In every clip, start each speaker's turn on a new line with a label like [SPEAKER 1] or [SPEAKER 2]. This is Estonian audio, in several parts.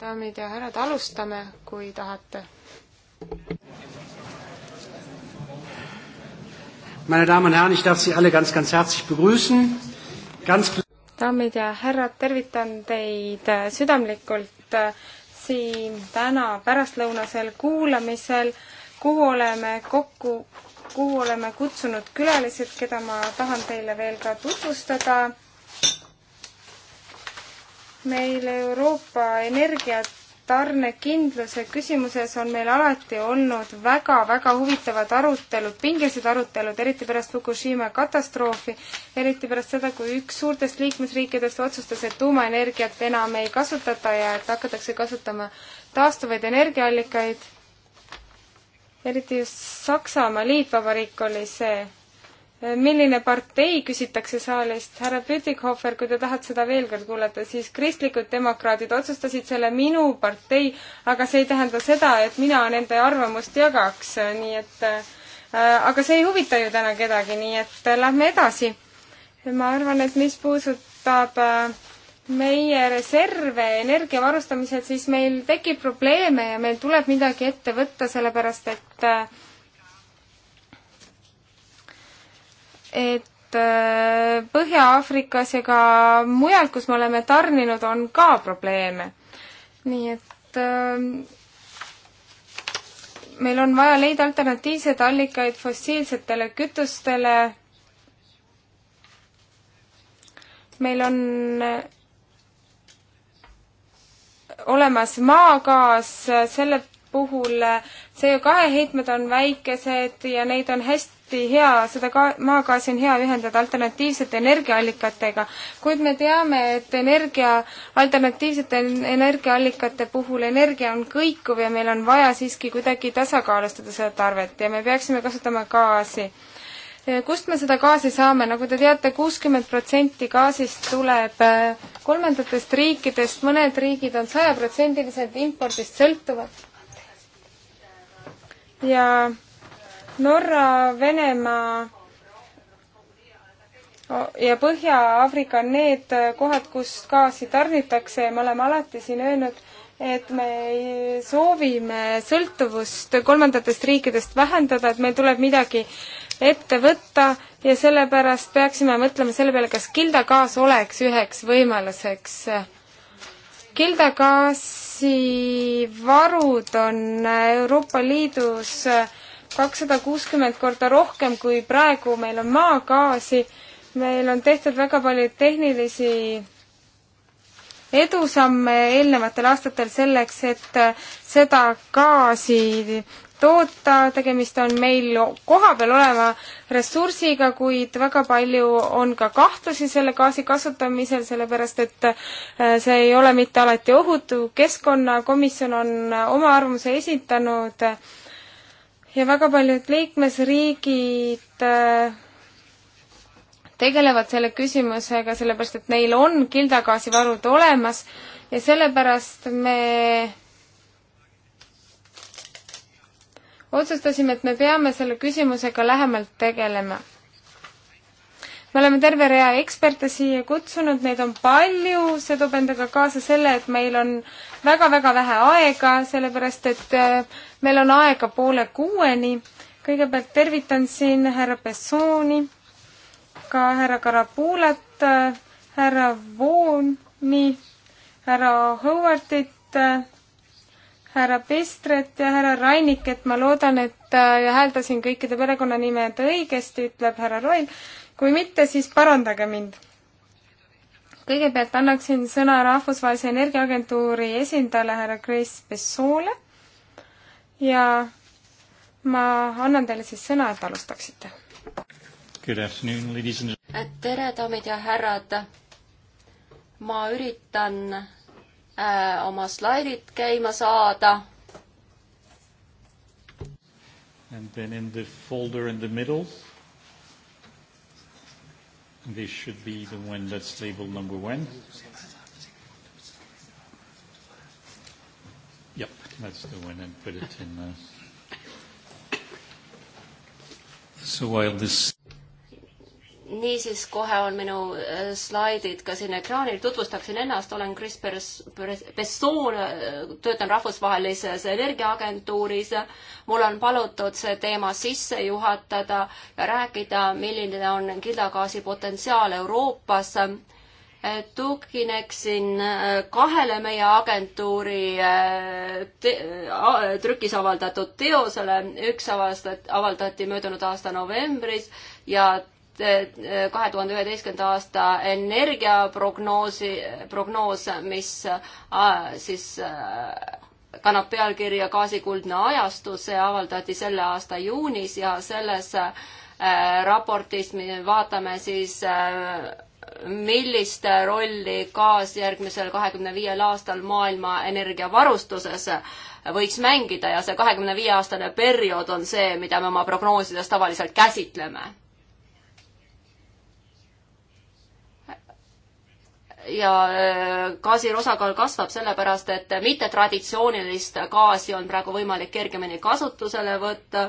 [SPEAKER 1] daamid ja härrad, alustame, kui tahate. Meine Damen und Herren, ich darf Sie alle ganz, ganz herzlich begrüßen. Ganz daamid ja härrad, tervitan teid südamlikult äh, siin täna pärastlõunasel kuulamisel, kuhu oleme kokku, kuhu oleme kutsunud külalised, keda ma tahan teile veel ka tutvustada meil Euroopa energiatarnekindluse küsimuses on meil alati olnud väga-väga huvitavad arutelud, pingelised arutelud, eriti pärast Fukushima katastroofi, eriti pärast seda, kui üks suurtest liikmesriikidest otsustas, et tuumaenergiat enam ei kasutata ja et hakatakse kasutama taastuvaid energiaallikaid. eriti just Saksamaa liitvabariik oli see milline partei, küsitakse saalist. härra Pütikhofer, kui te tahate seda veel kord kuulata, siis kristlikud demokraadid otsustasid selle minu partei, aga see ei tähenda seda, et mina nende arvamust jagaks, nii et äh, aga see ei huvita ju täna kedagi, nii et äh, lähme edasi. ma arvan, et mis puudutab äh, meie reserve energia varustamisel, siis meil tekib probleeme ja meil tuleb midagi ette võtta, sellepärast et äh, et äh, Põhja-Aafrikas ja ka mujal, kus me oleme tarninud, on ka probleeme. nii et äh, meil on vaja leida alternatiivseid allikaid fossiilsetele kütustele. meil on äh, olemas maagaas, selle puhul CO2 heitmed on väikesed ja neid on hästi alati hea, seda ka-, maagaasi on hea ühendada alternatiivsete energiaallikatega, kuid me teame, et energia, alternatiivsete energiaallikate puhul energia on kõikuv ja meil on vaja siiski kuidagi tasakaalustada seda tarvet ja me peaksime kasutama gaasi. kust me seda gaasi saame, nagu te teate, kuuskümmend protsenti gaasist tuleb äh, kolmandatest riikidest, mõned riigid on sajaprotsendiliselt impordist sõltuvad ja Norra, Venemaa ja Põhja-Aafrika on need kohad, kust gaasi tarnitakse ja me oleme alati siin öelnud, et me soovime sõltuvust kolmandatest riikidest vähendada, et meil tuleb midagi ette võtta ja sellepärast peaksime mõtlema selle peale, kas kildagaas oleks üheks võimaluseks. kildagaasi varud on Euroopa Liidus äh, kakssada kuuskümmend korda rohkem, kui praegu meil on maagaasi. meil on tehtud väga palju tehnilisi edusamme eelnevatel aastatel selleks, et seda gaasi toota, tegemist on meil kohapeal oleva ressursiga, kuid väga palju on ka kahtlusi selle gaasi kasutamisel, sellepärast et äh, see ei ole mitte alati ohutu. keskkonnakomisjon on oma arvamuse esitanud äh, ja väga paljud liikmesriigid äh, tegelevad selle küsimusega, sellepärast et neil on kildagaasivarud olemas ja sellepärast me otsustasime, et me peame selle küsimusega lähemalt tegelema me oleme terve rea eksperte siia kutsunud, neid on palju, see toob endaga kaasa selle, et meil on väga-väga vähe aega, sellepärast et äh, meil on aega poole kuueni. kõigepealt tervitan siin härra Bessoni, ka härra Karapuulat, härra Vooni, härra Howardit, härra Pestret ja härra Rainik, et ma loodan, et äh, hääldasin kõikide perekonnanimed õigesti, ütleb härra Roil kui mitte, siis parandage mind. kõigepealt annaksin sõna Rahvusvahelise Energiaagentuuri esindajale härra Chris Pessoole ja ma annan teile siis sõna, et alustaksite. tere, daamid
[SPEAKER 2] ja härrad. ma üritan äh, oma slaidid käima saada
[SPEAKER 1] And then in the folder in the middle This should be the one that's labeled number one. Yep, that's the one, and put it in. Uh, so while this
[SPEAKER 2] niisiis, kohe on minu äh, slaidid ka siin ekraanil, tutvustaksin ennast, olen Kris Besson, äh, töötan rahvusvahelises energiaagentuuris. mul on palutud see teema sisse juhatada ja rääkida, milline on kildagaasi potentsiaal Euroopas. Äh, tugineksin kahele meie agentuuri trükis avaldatud teosele, üks avastati, avaldati möödunud aasta novembris ja Eh, kahe tuhande üheteistkümnenda aasta energiaprognoosi, prognoos, mis a, siis eh, kannab pealkirja Gaasikuldne ajastu, see avaldati selle aasta juunis ja selles eh, raportis me vaatame siis, millist rolli gaas järgmisel kahekümne viiel aastal maailma energiavarustuses võiks mängida ja see kahekümne viie aastane periood on see, mida me oma prognoosides tavaliselt käsitleme ja äh, gaasile osakaal kasvab sellepärast, et mittetraditsioonilist gaasi on praegu võimalik kergemini kasutusele võtta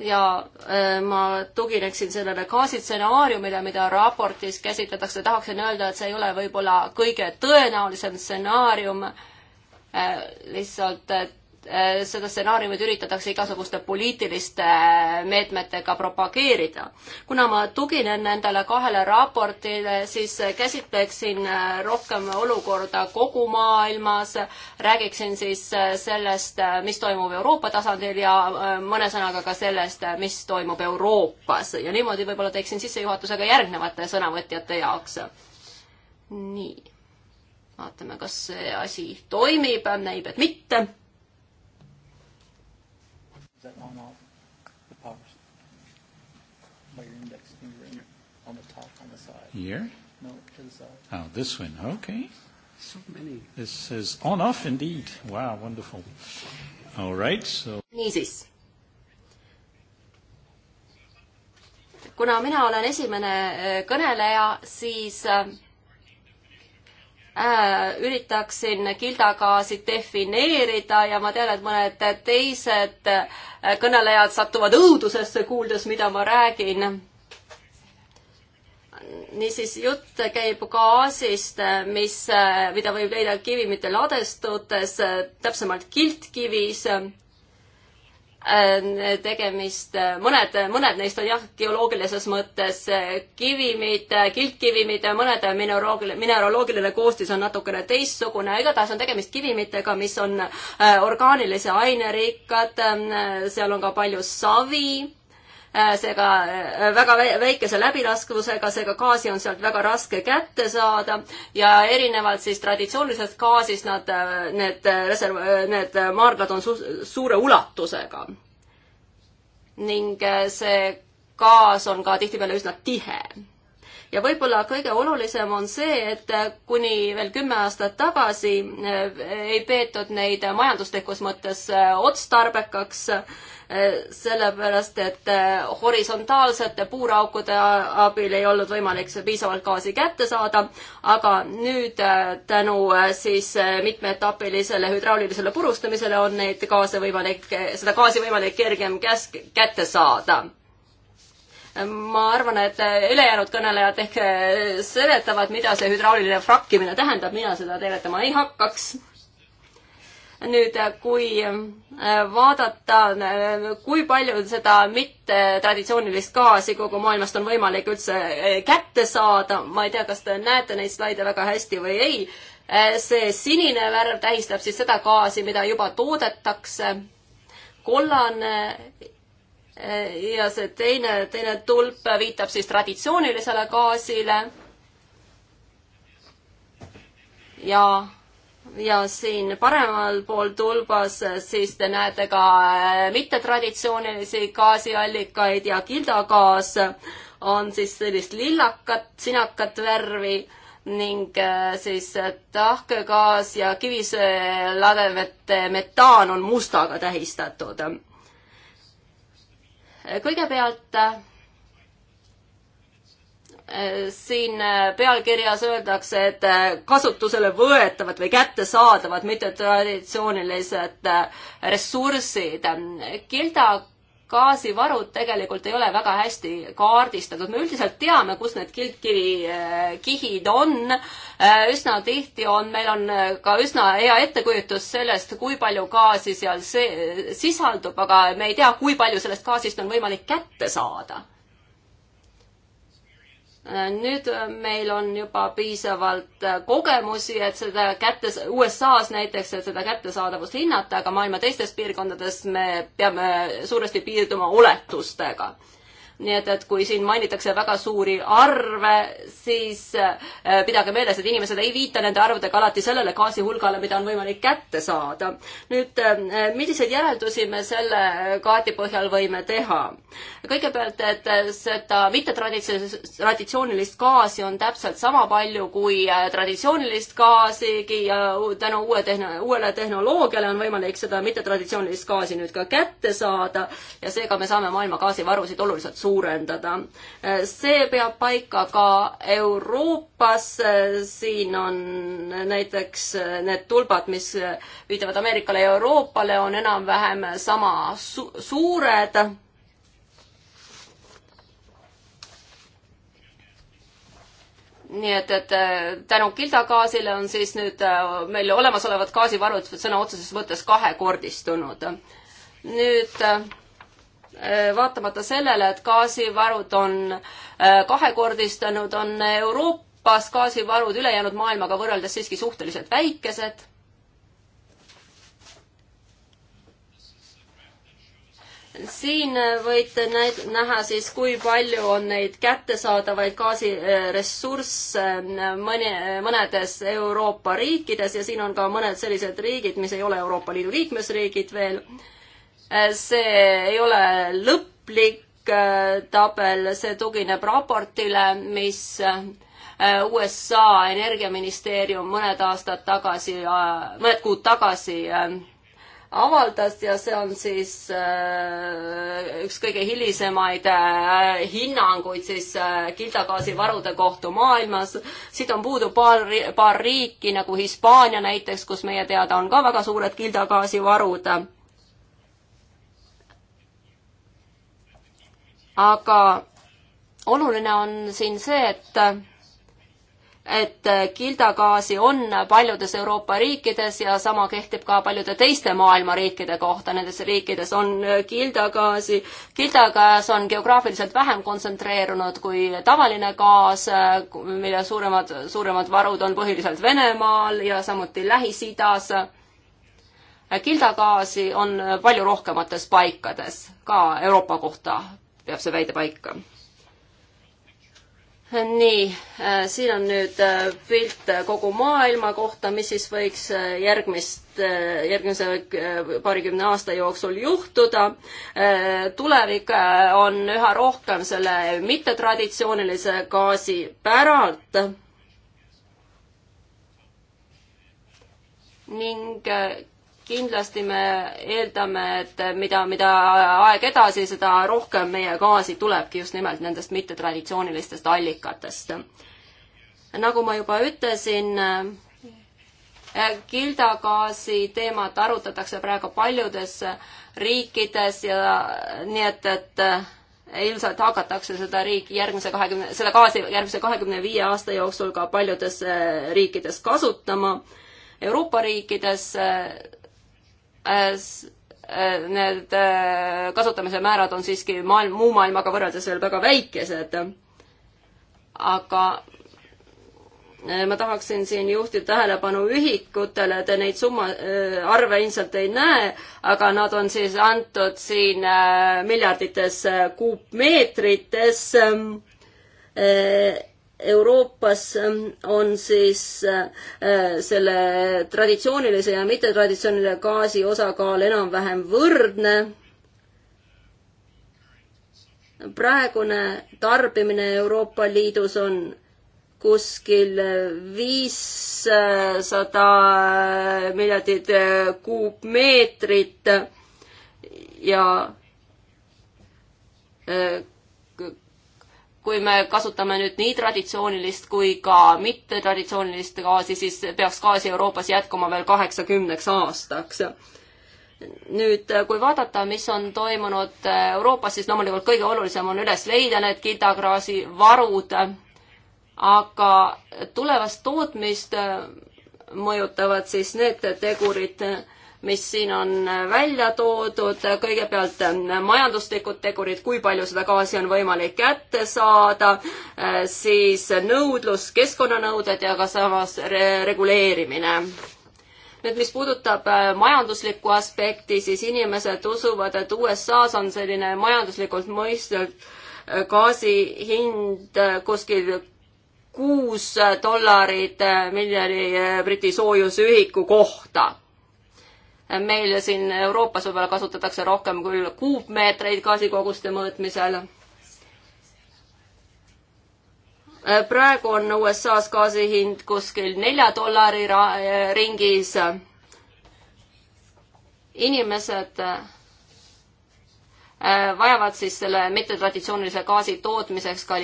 [SPEAKER 2] ja äh, ma tugineksin sellele gaasitsenaariumile, mida raportis käsitletakse, tahaksin öelda, et see ei ole võib-olla kõige tõenäolisem stsenaarium, äh, lihtsalt et Äh, seda stsenaariumit üritatakse igasuguste poliitiliste äh, meetmetega propageerida. kuna ma tuginen nendele kahele raportile, siis käsitleksin äh, rohkem olukorda kogu maailmas, räägiksin siis sellest, mis toimub Euroopa tasandil ja mõne sõnaga ka sellest, mis toimub Euroopas ja niimoodi võib-olla teeksin sissejuhatuse ka järgnevate sõnavõtjate jaoks. nii, vaatame, kas see asi toimib, näib, et mitte
[SPEAKER 1] that on off the powers by your index finger on the top, on the side. Here? No, to the side. Oh, this one. Okay. So many. This is on off indeed. Wow, wonderful. All right, so.
[SPEAKER 2] niisiis. kuna mina olen esimene äh, kõneleja, siis äh, Äh, üritaksin kildagaasi defineerida ja ma tean, et mõned teised äh, kõnelejad satuvad õudusesse, kuuldes, mida ma räägin. niisiis, jutt käib gaasist, mis, äh, mida võib leida kivimite ladestutes, täpsemalt kiltkivis tegemist, mõned, mõned neist on jah, geoloogilises mõttes kivimid, kildkivimid, mõned mineraaloogiline, mineraaloogiline koostis on natukene teistsugune, igatahes on tegemist kivimitega, mis on äh, orgaanilise ainerikkad, seal on ka palju savi Äh, seega äh, väga väikese läbilaskvusega, seega gaasi on sealt väga raske kätte saada ja erinevalt siis traditsioonilisest gaasist nad, äh, need reserv, need maardlad on su suure ulatusega. ning see gaas on ka tihtipeale üsna tihe ja võib-olla kõige olulisem on see, et äh, kuni veel kümme aastat tagasi äh, ei peetud neid majanduslikus mõttes äh, otstarbekaks, sellepärast et horisontaalsete puuraukude abil ei olnud võimalik piisavalt gaasi kätte saada, aga nüüd tänu siis mitmeetapilisele hüdraulilisele purustamisele on neid gaase võimalik, seda gaasi võimalik kergem käsk-, kätte saada ma arvan, et ülejäänud kõnelejad ehk seletavad, mida see hüdrauliline frakkimine tähendab, mina seda seletama ei hakkaks. nüüd, kui äh, vaadata, äh, kui palju seda mittetraditsioonilist gaasi kogu maailmast on võimalik üldse äh, kätte saada, ma ei tea, kas te näete neid slaide väga hästi või ei, see sinine värv tähistab siis seda gaasi, mida juba toodetakse, kollane ja see teine, teine tulp viitab siis traditsioonilisele gaasile. ja, ja siin paremal pool tulbas siis te näete ka äh, mittetraditsioonilisi gaasiallikaid ja kildagaas on siis sellist lillakat, sinakat värvi ning äh, siis tahkegaas ja kivisöelademete metaan on mustaga tähistatud kõigepealt äh, siin äh, pealkirjas öeldakse, et äh, kasutusele võetavad või kättesaadavad mittetraditsioonilised ressursid. Gilda gaasivarud tegelikult ei ole väga hästi kaardistatud, me üldiselt teame, kus need kildkivikihid äh, on, äh, üsna tihti on, meil on äh, ka üsna hea ettekujutus sellest, kui palju gaasi seal see, sisaldub, aga me ei tea, kui palju sellest gaasist on võimalik kätte saada nüüd äh, meil on juba piisavalt äh, kogemusi, et seda kätte, USA-s näiteks, et seda kättesaadavust hinnata, aga maailma teistes piirkondades me peame suuresti piirduma oletustega nii et, et kui siin mainitakse väga suuri arve, siis äh, pidage meeles, et inimesed ei viita nende arvudega alati sellele gaasi hulgale, mida on võimalik kätte saada. nüüd, äh, milliseid järeldusi me selle kaardi põhjal võime teha? kõigepealt, et äh, seda mittetraditsioonilist gaasi on täpselt sama palju kui traditsioonilist gaasigi ja tänu uue tehn-, uuele tehnoloogiale on võimalik seda mittetraditsioonilist gaasi nüüd ka kätte saada ja seega me saame maailma gaasivarusid oluliselt suurendada suurendada. see peab paika ka Euroopas, siin on näiteks need tulbad, mis viitavad Ameerikale ja Euroopale, on enam-vähem sama su suured nii et, et tänu kildagaasile on siis nüüd meil olemasolevad gaasivarud sõna otseses mõttes kahekordistunud. nüüd Äh, vaatamata sellele, et gaasivarud on äh, kahekordistanud, on Euroopas gaasivarud ülejäänud maailmaga võrreldes siiski suhteliselt väikesed. siin äh, võite näid, näha siis, kui palju on neid kättesaadavaid gaasiressursse mõne, mõnedes Euroopa riikides ja siin on ka mõned sellised riigid, mis ei ole Euroopa Liidu liikmesriigid veel Äh, see ei ole lõplik äh, tabel, see tugineb raportile, mis äh, USA energiaministeerium mõned aastad tagasi, mõned kuud tagasi avaldas ja see on siis üks kõige hilisemaid hinnanguid siis kildagaasivarude kohta maailmas. siit on puudu paar, paar riiki nagu Hispaania näiteks, kus meie teada on ka väga suured kildagaasivarud aga oluline on siin see, et et kildagaasi on paljudes Euroopa riikides ja sama kehtib ka paljude teiste maailma riikide kohta. Nendes riikides on kildagaasi, kildagaas on geograafiliselt vähem kontsentreerunud kui tavaline gaas, mille suuremad, suuremad varud on põhiliselt Venemaal ja samuti Lähis-Idas. kildagaasi on palju rohkemates paikades ka Euroopa kohta peab see väide paika. nii, äh, siin on nüüd äh, pilt äh, kogu maailma kohta, mis siis võiks järgmist, järgmise paarikümne aasta jooksul juhtuda. tulevik on üha rohkem selle mittetraditsioonilise gaasi päralt ning kindlasti me eeldame, et mida, mida aeg edasi, seda rohkem meie gaasi tulebki just nimelt nendest mittetraditsioonilistest allikatest. nagu ma juba ütlesin, kildagaasi äh, teemat arutatakse praegu paljudes riikides ja nii et, et äh, ilmselt hakatakse seda riiki järgmise kahekümne, seda gaasi järgmise kahekümne viie aasta jooksul ka paljudes äh, riikides kasutama. Euroopa riikides Äh, äh, need äh, kasutamise määrad on siiski maailm, muu maailmaga võrreldes veel väga väikesed. aga ma tahaksin siin juhtida tähelepanu ühikutele, te neid summa, arve ilmselt ei näe, aga nad on siis antud siin miljardites kuupmeetritesse Euroopas ähm, on siis äh, selle traditsioonilise ja mittetraditsioonilise gaasi osakaal enam-vähem võrdne. praegune tarbimine Euroopa Liidus on kuskil viissada miljardit äh, kuupmeetrit ja äh, kui me kasutame nüüd nii traditsioonilist kui ka mittetraditsioonilist gaasi, siis peaks gaasi Euroopas jätkuma veel kaheksakümneks aastaks. nüüd, kui vaadata, mis on toimunud Euroopas, siis loomulikult kõige olulisem on üles leida need kildagraasi varud, aga tulevast tootmist mõjutavad siis need tegurid, mis siin on välja toodud, kõigepealt ähm, majanduslikud tegurid, kui palju seda gaasi on võimalik kätte saada, äh, siis nõudlus, keskkonnanõuded ja ka samas re reguleerimine. nüüd, mis puudutab äh, majanduslikku aspekti, siis inimesed usuvad, et USA-s on selline majanduslikult mõistlik äh, gaasi hind kuskil kuus dollarit miljoni Briti soojusühiku kohta meil siin Euroopas võib-olla kasutatakse rohkem küll kuupmeetreid gaasikoguste mõõtmisel. praegu on USA-s gaasi hind kuskil nelja dollari ringis. inimesed äh, vajavad siis selle mittetraditsioonilise gaasi tootmiseks ka äh,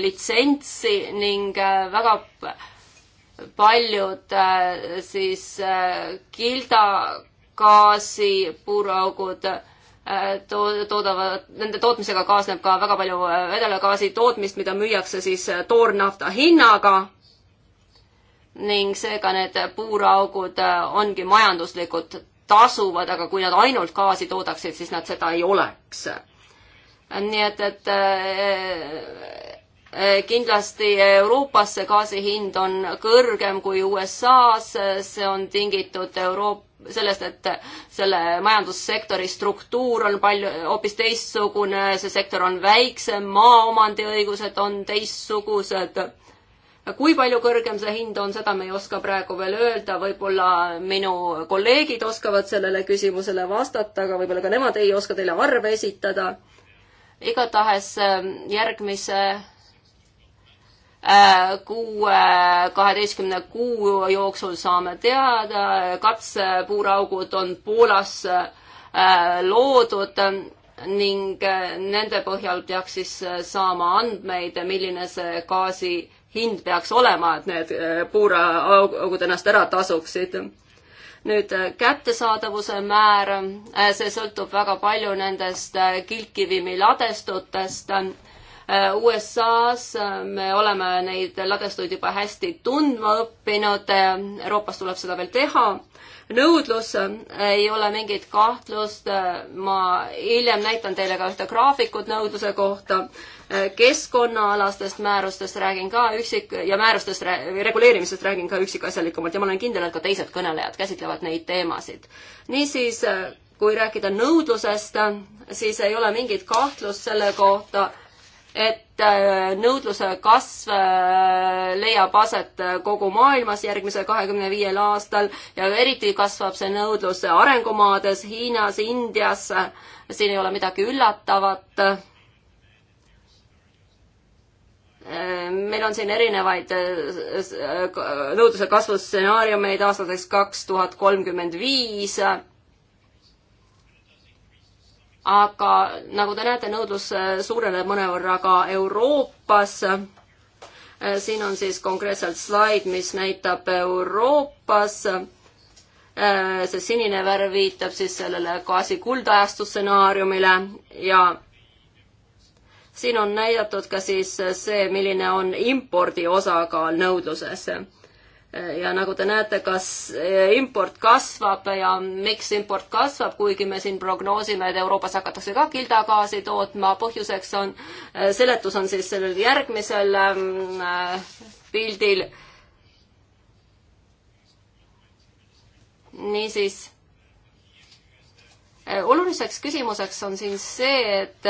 [SPEAKER 2] litsentsi ning äh, väga paljud äh, siis äh, kildagaasipuuraugud äh, to-, toodavad, nende tootmisega kaasneb ka väga palju vedelagaasi tootmist, mida müüakse siis toornafta hinnaga. ning seega need puuraugud ongi majanduslikult tasuvad, aga kui nad ainult gaasi toodaksid, siis nad seda ei oleks. nii et, et Eh, kindlasti Euroopas see gaasi hind on kõrgem kui USA-s, see on tingitud Euroop-, sellest, et selle majandussektori struktuur on palju, hoopis teistsugune, see sektor on väiksem, maaomandiõigused on teistsugused. kui palju kõrgem see hind on, seda me ei oska praegu veel öelda, võib-olla minu kolleegid oskavad sellele küsimusele vastata, aga võib-olla ka nemad ei oska teile arve esitada. igatahes eh, järgmise Äh, kuu, äh, kaheteistkümne kuu jooksul saame teada, katsepuuraugud äh, on Poolas loodud ning nende põhjal peaks siis saama andmeid, milline see gaasi hind peaks olema, et need puuraaugud ennast ära tasuksid. nüüd kättesaadavuse määr, see sõltub väga palju nendest kilkivimi ladestutest Äh, USA-s äh, me oleme neid ladestuid juba hästi tundma õppinud, äh, Euroopas tuleb seda veel teha. nõudlus, ei ole mingit kahtlust, ma hiljem näitan teile ka ühte graafikut nõudluse kohta, keskkonnaalastest määrustest räägin ka üksik- ja määrustest rää-, reguleerimisest räägin ka üksikasjalikumalt ja ma olen kindel, et ka teised kõnelejad käsitlevad neid teemasid. niisiis, kui rääkida nõudlusest, siis ei ole mingit kahtlust selle kohta, et äh, nõudluse kasv äh, leiab aset äh, kogu maailmas järgmisel kahekümne viiel aastal ja eriti kasvab see nõudlus arengumaades, Hiinas, Indias. siin ei ole midagi üllatavat. meil on siin erinevaid nõudluse kasvustsenaariumeid aastateks kaks tuhat kolmkümmend viis aga nagu te näete, nõudlus äh, suureneb mõnevõrra ka Euroopas. Äh, siin on siis konkreetselt slaid, mis näitab Euroopas. Äh, see sinine värv viitab siis sellele gaasi kuldajastusstsenaariumile ja siin on näidatud ka siis see, milline on impordi osakaal nõudluses ja nagu te näete, kas eh, import kasvab ja miks import kasvab, kuigi me siin prognoosime, et Euroopas hakatakse ka kildagaasi tootma, põhjuseks on, eh, seletus on siis sellel järgmisel mm, eh, pildil. niisiis, oluliseks küsimuseks on siin see, et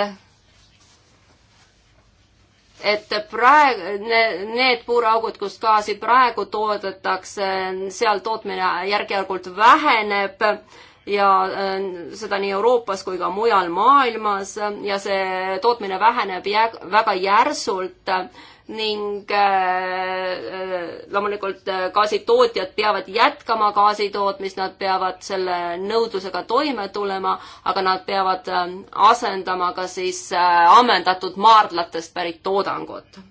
[SPEAKER 2] et praegu ne,, need puuraugud, kust gaasi praegu toodetakse, seal tootmine järk-järgult väheneb ja äh, seda nii Euroopas kui ka mujal maailmas ja see tootmine väheneb jä, väga järsult ning äh, äh, loomulikult äh, gaasitootjad peavad jätkama gaasitootmist, nad peavad selle nõudlusega toime tulema, aga nad peavad ähm, asendama ka siis ammendatud maardlatest pärit toodangut.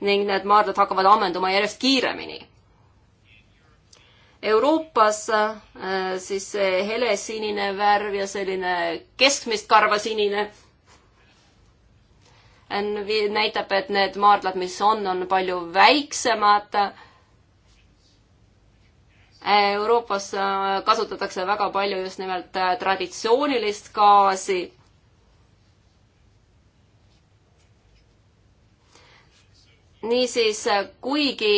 [SPEAKER 2] ning need maardlad hakkavad ammenduma järjest kiiremini Euroopas siis see hele sinine värv ja selline keskmist karva sinine näitab, et need maardlad, mis on, on palju väiksemad. Euroopas äh, kasutatakse väga palju just nimelt äh, traditsioonilist gaasi niisiis, kuigi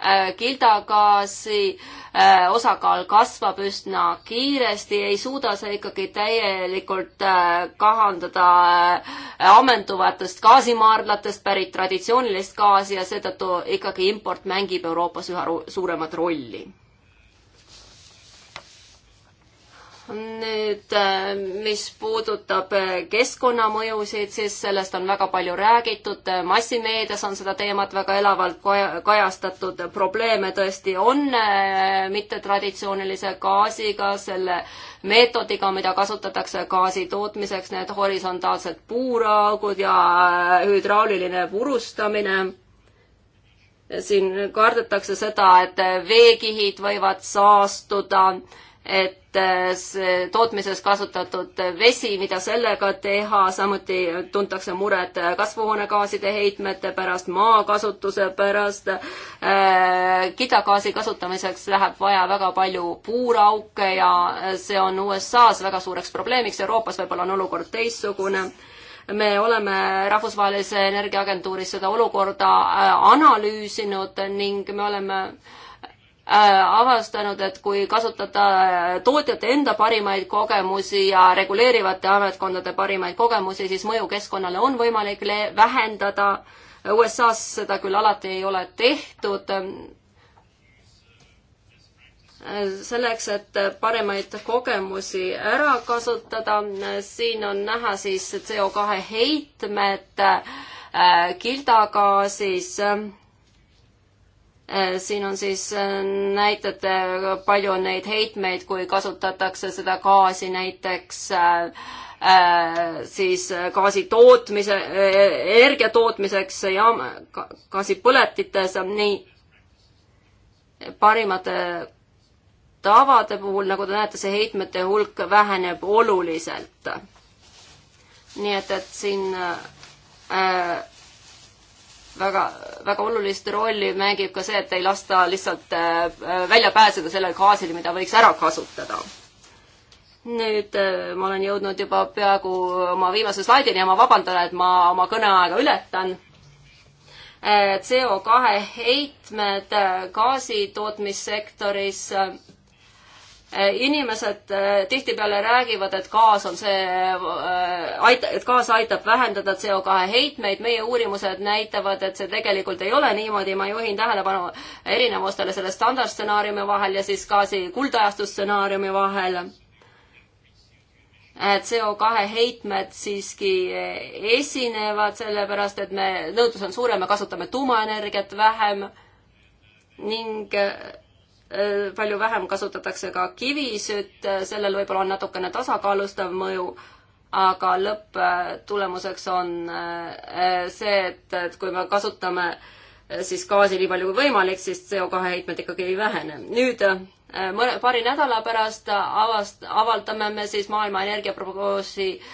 [SPEAKER 2] Äh, kildagaasi äh, osakaal kasvab üsna kiiresti, ei suuda see ikkagi täielikult äh, kahandada ammenduvatest gaasimaardlatest pärit traditsioonilist gaasi ja seetõttu ikkagi import mängib Euroopas üha suuremat rolli nüüd, äh, mis puudutab äh, keskkonnamõjusid, siis sellest on väga palju räägitud, äh, massimeedias on seda teemat väga elavalt kajastatud, probleeme tõesti on mittetraditsioonilise gaasiga, selle meetodiga, mida kasutatakse gaasi tootmiseks, need horisontaalsed puuraugud ja hüdrauliline purustamine siin kardetakse seda, et veekihid võivad saastuda, et tootmises kasutatud vesi, mida sellega teha, samuti tuntakse muret kasvuhoonegaaside heitmete pärast, maakasutuse pärast. Äh, kidagaasi kasutamiseks läheb vaja väga palju puurauke ja see on USA-s väga suureks probleemiks, Euroopas võib-olla on olukord teistsugune me oleme Rahvusvahelise Energiaagentuuris seda olukorda äh, analüüsinud ning me oleme äh, Äh, avastanud, et kui kasutada äh, tootjate enda parimaid kogemusi ja reguleerivate ametkondade parimaid kogemusi, siis mõju keskkonnale on võimalik vähendada. USA-s seda küll alati ei ole tehtud. selleks, et parimaid kogemusi ära kasutada, siin on näha siis CO kahe heitmed, äh, kildagaas siis äh, Äh, siin on siis äh, näited, äh, palju on neid heitmeid, kui kasutatakse seda gaasi näiteks siis gaasi tootmise, energia tootmiseks ja gaasipõletites, nii parimate tavade puhul, nagu te näete, see heitmete hulk väheneb oluliselt. nii et, et siin äh, väga, väga olulist rolli mängib ka see, et ei lasta lihtsalt äh, äh, välja pääseda sellel gaasil, mida võiks ära kasutada. nüüd äh, ma olen jõudnud juba peaaegu oma viimase slaidini ja ma vabandan, et ma oma kõneaega ületan. CO2 heitmed gaasitootmissektoris Eh, inimesed eh, tihtipeale räägivad, et gaas on see, eh, et gaas aitab vähendada CO2 heitmeid, meie uurimused näitavad, et see tegelikult ei ole niimoodi, ma juhin tähelepanu erinevustele selle standardstsenaariumi vahel ja siis gaasi kuldajastusstsenaariumi vahel. CO2 heitmed siiski esinevad, sellepärast et me, nõudlus on suurem, me kasutame tuumaenergiat vähem ning Äh, palju vähem kasutatakse ka kivisütt, äh, sellel võib-olla on natukene tasakaalustav mõju, aga lõpptulemuseks on äh, see, et, et kui me kasutame siis gaasi nii palju kui võimalik, siis CO2 heitmed ikkagi ei vähene. nüüd mõne, paari nädala pärast avast-, avaldame me siis maailma energiaprognoosi äh,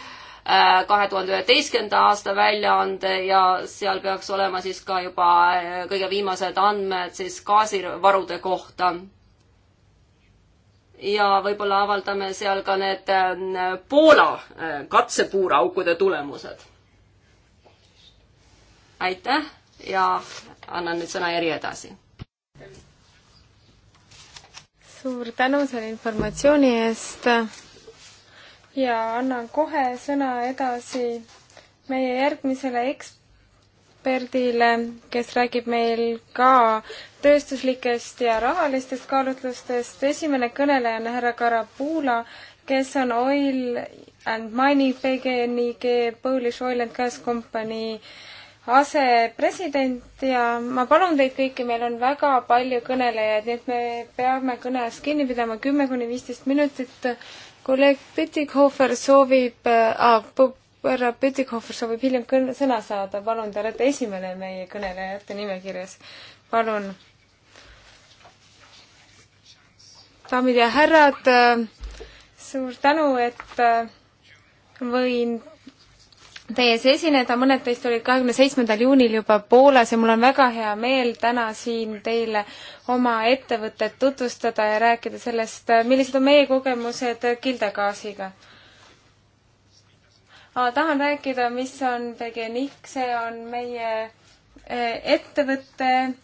[SPEAKER 2] kahe tuhande üheteistkümnenda aasta väljaande ja seal peaks olema siis ka juba eh, kõige viimased andmed siis gaasivarude kohta. ja võib-olla avaldame seal ka need eh, Poola eh, katsepuuraukude tulemused. aitäh ja annan nüüd sõna Eri edasi.
[SPEAKER 1] suur tänu selle informatsiooni eest ja annan kohe sõna edasi meie järgmisele eksperdile, kes räägib meil ka tööstuslikest ja rahalistest kaalutlustest. esimene kõneleja on härra Karabula, kes on Oil and Mining PGNiG Polish Oil and Gas Company asepresident ja ma palun teid kõiki, meil on väga palju kõnelejaid, nii et me peame kõne ajast kinni pidama kümme kuni viisteist minutit kolleeg Pütikhofer soovib äh,, härra Pütikhofer soovib hiljem kõne, sõna saada, palun, te olete esimene meie kõnelejate nimekirjas, palun. daamid ja härrad äh,, suur tänu, et äh, võin teie ees esineda, mõned teist olid kahekümne seitsmendal juunil juba Poolas ja mul on väga hea meel täna siin teile oma ettevõtet tutvustada ja rääkida sellest, millised on meie kogemused kildegaasiga. tahan rääkida, mis on Begenik, see on meie e, ettevõte.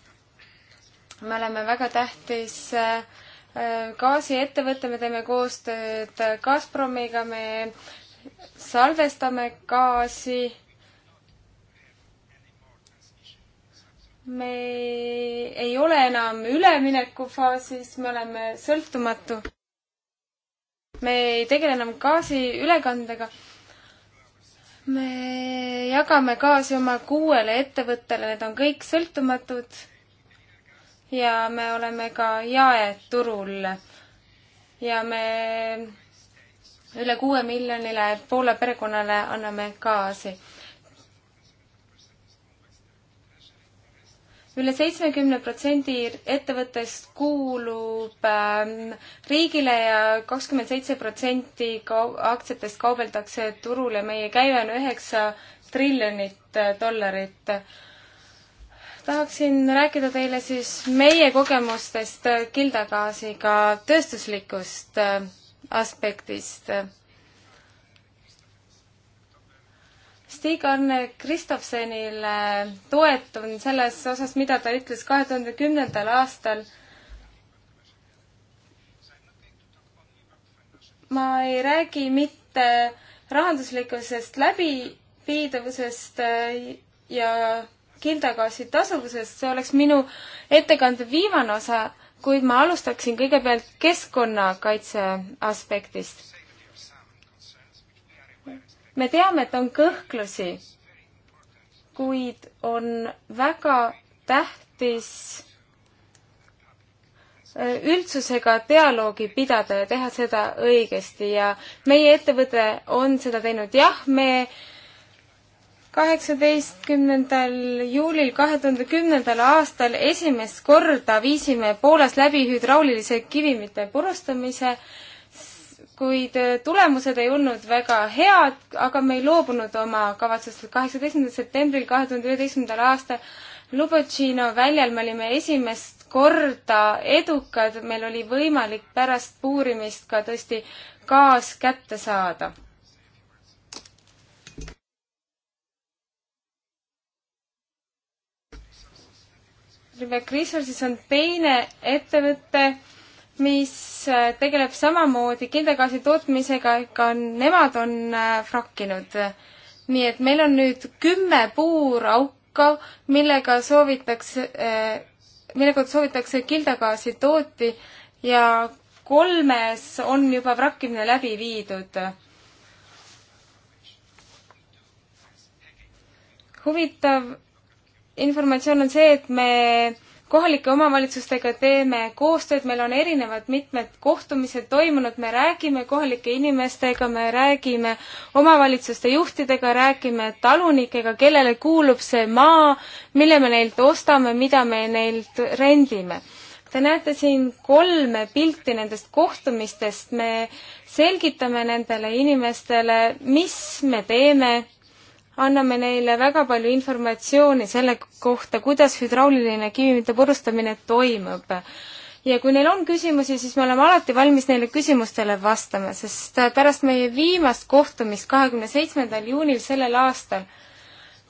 [SPEAKER 1] me oleme väga tähtis e, e, gaasiettevõte, me teeme koostööd Gazpromiga, me salvestame gaasi. me ei ole enam üleminekufaasis, me oleme sõltumatu. me ei tegele enam gaasi ülekandega. me jagame gaasi oma kuuele ettevõttele, need on kõik sõltumatud. ja me oleme ka jaeturul ja me üle kuue miljonile Poola perekonnale anname gaasi. üle seitsmekümne protsendi ettevõttest kuulub ähm, riigile ja kakskümmend seitse protsenti aktsiatest kaubeldakse turul ja meie käive on üheksa triljonit äh, dollarit tahaksin rääkida teile siis meie kogemustest äh, kildagaasiga tööstuslikust aspektist. Stig-Anne Kristofsenile toetun selles osas, mida ta ütles kahe tuhande kümnendal aastal. ma ei räägi mitte rahanduslikkusest läbiviidavusest ja kildagaasi tasuvusest, see oleks minu ettekande viimane osa kuid ma alustaksin kõigepealt keskkonnakaitse aspektist. me teame, et on kõhklusi, kuid on väga tähtis äh, üldsusega dialoogi pidada ja teha seda õigesti ja meie ettevõte on seda teinud, jah, me äh, kaheksateistkümnendal juulil kahe tuhande kümnendal aastal esimest korda viisime Poolas läbi hüdraulilise kivimite purustamise, kuid tulemused ei olnud väga head, aga me ei loobunud oma kavatsustest. kaheksateistkümnendal septembril kahe tuhande üheteistkümnendal aastal Lubotšino väljal me olime esimest korda edukad, meil oli võimalik pärast puurimist ka tõesti gaas kätte saada Rebecca Resources on teine ettevõte, mis äh, tegeleb samamoodi kindagaasi tootmisega, ka nemad on äh, frakkinud. nii et meil on nüüd kümme puurauka, millega soovitakse, äh, millega soovitakse kildagaasi tooti ja kolmes on juba frakkimine läbi viidud. huvitav informatsioon on see, et me kohalike omavalitsustega teeme koostööd, meil on erinevad mitmed kohtumised toimunud, me räägime kohalike inimestega, me räägime omavalitsuste juhtidega, räägime talunikega, kellele kuulub see maa, mille me neilt ostame, mida me neilt rendime. Te näete siin kolme pilti nendest kohtumistest, me selgitame nendele inimestele, mis me teeme anname neile väga palju informatsiooni selle kohta, kuidas hüdrauliline kivimite purustamine toimub. ja kui neil on küsimusi, siis me oleme alati valmis neile küsimustele vastama, sest pärast meie viimast kohtumist kahekümne seitsmendal juunil sellel aastal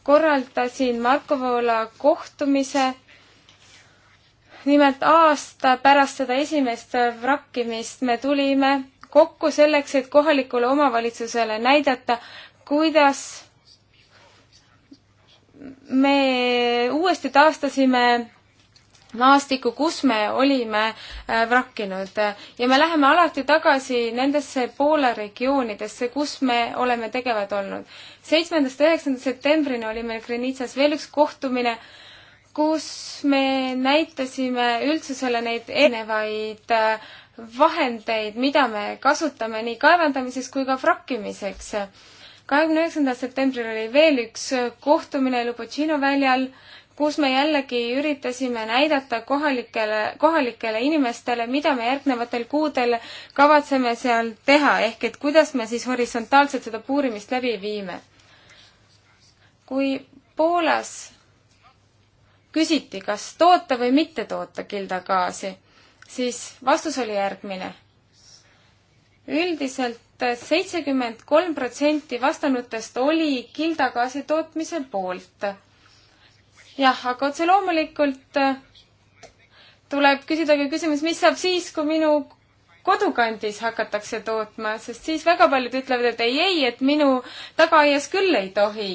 [SPEAKER 1] korraldasin Marko Voola kohtumise nimelt aasta pärast seda esimest vrakkimist me tulime kokku selleks, et kohalikule omavalitsusele näidata, kuidas me uuesti taastasime maastiku, kus me olime äh, vrakkinud ja me läheme alati tagasi nendesse Poola regioonidesse, kus me oleme tegevad olnud. seitsmendast üheksanda septembrini oli meil Grenitsas veel üks kohtumine, kus me näitasime üldsusele neid erinevaid äh, vahendeid, mida me kasutame nii kaevandamiseks kui ka vrakkimiseks kahekümne üheksandal septembril oli veel üks äh, kohtumine Lubotšino väljal, kus me jällegi üritasime näidata kohalikele, kohalikele inimestele, mida me järgnevatel kuudel kavatseme seal teha, ehk et kuidas me siis horisontaalselt seda puurimist läbi viime. kui Poolas küsiti, kas toota või mitte toota kildagaasi, siis vastus oli järgmine. üldiselt et seitsekümmend kolm protsenti vastanutest oli kildagaasi tootmise poolt. jah, aga otse loomulikult äh, tuleb küsida ka küsimus, mis saab siis, kui minu kodukandis hakatakse tootma, sest siis väga paljud ütlevad, et ei, ei, et minu tagaaias küll ei tohi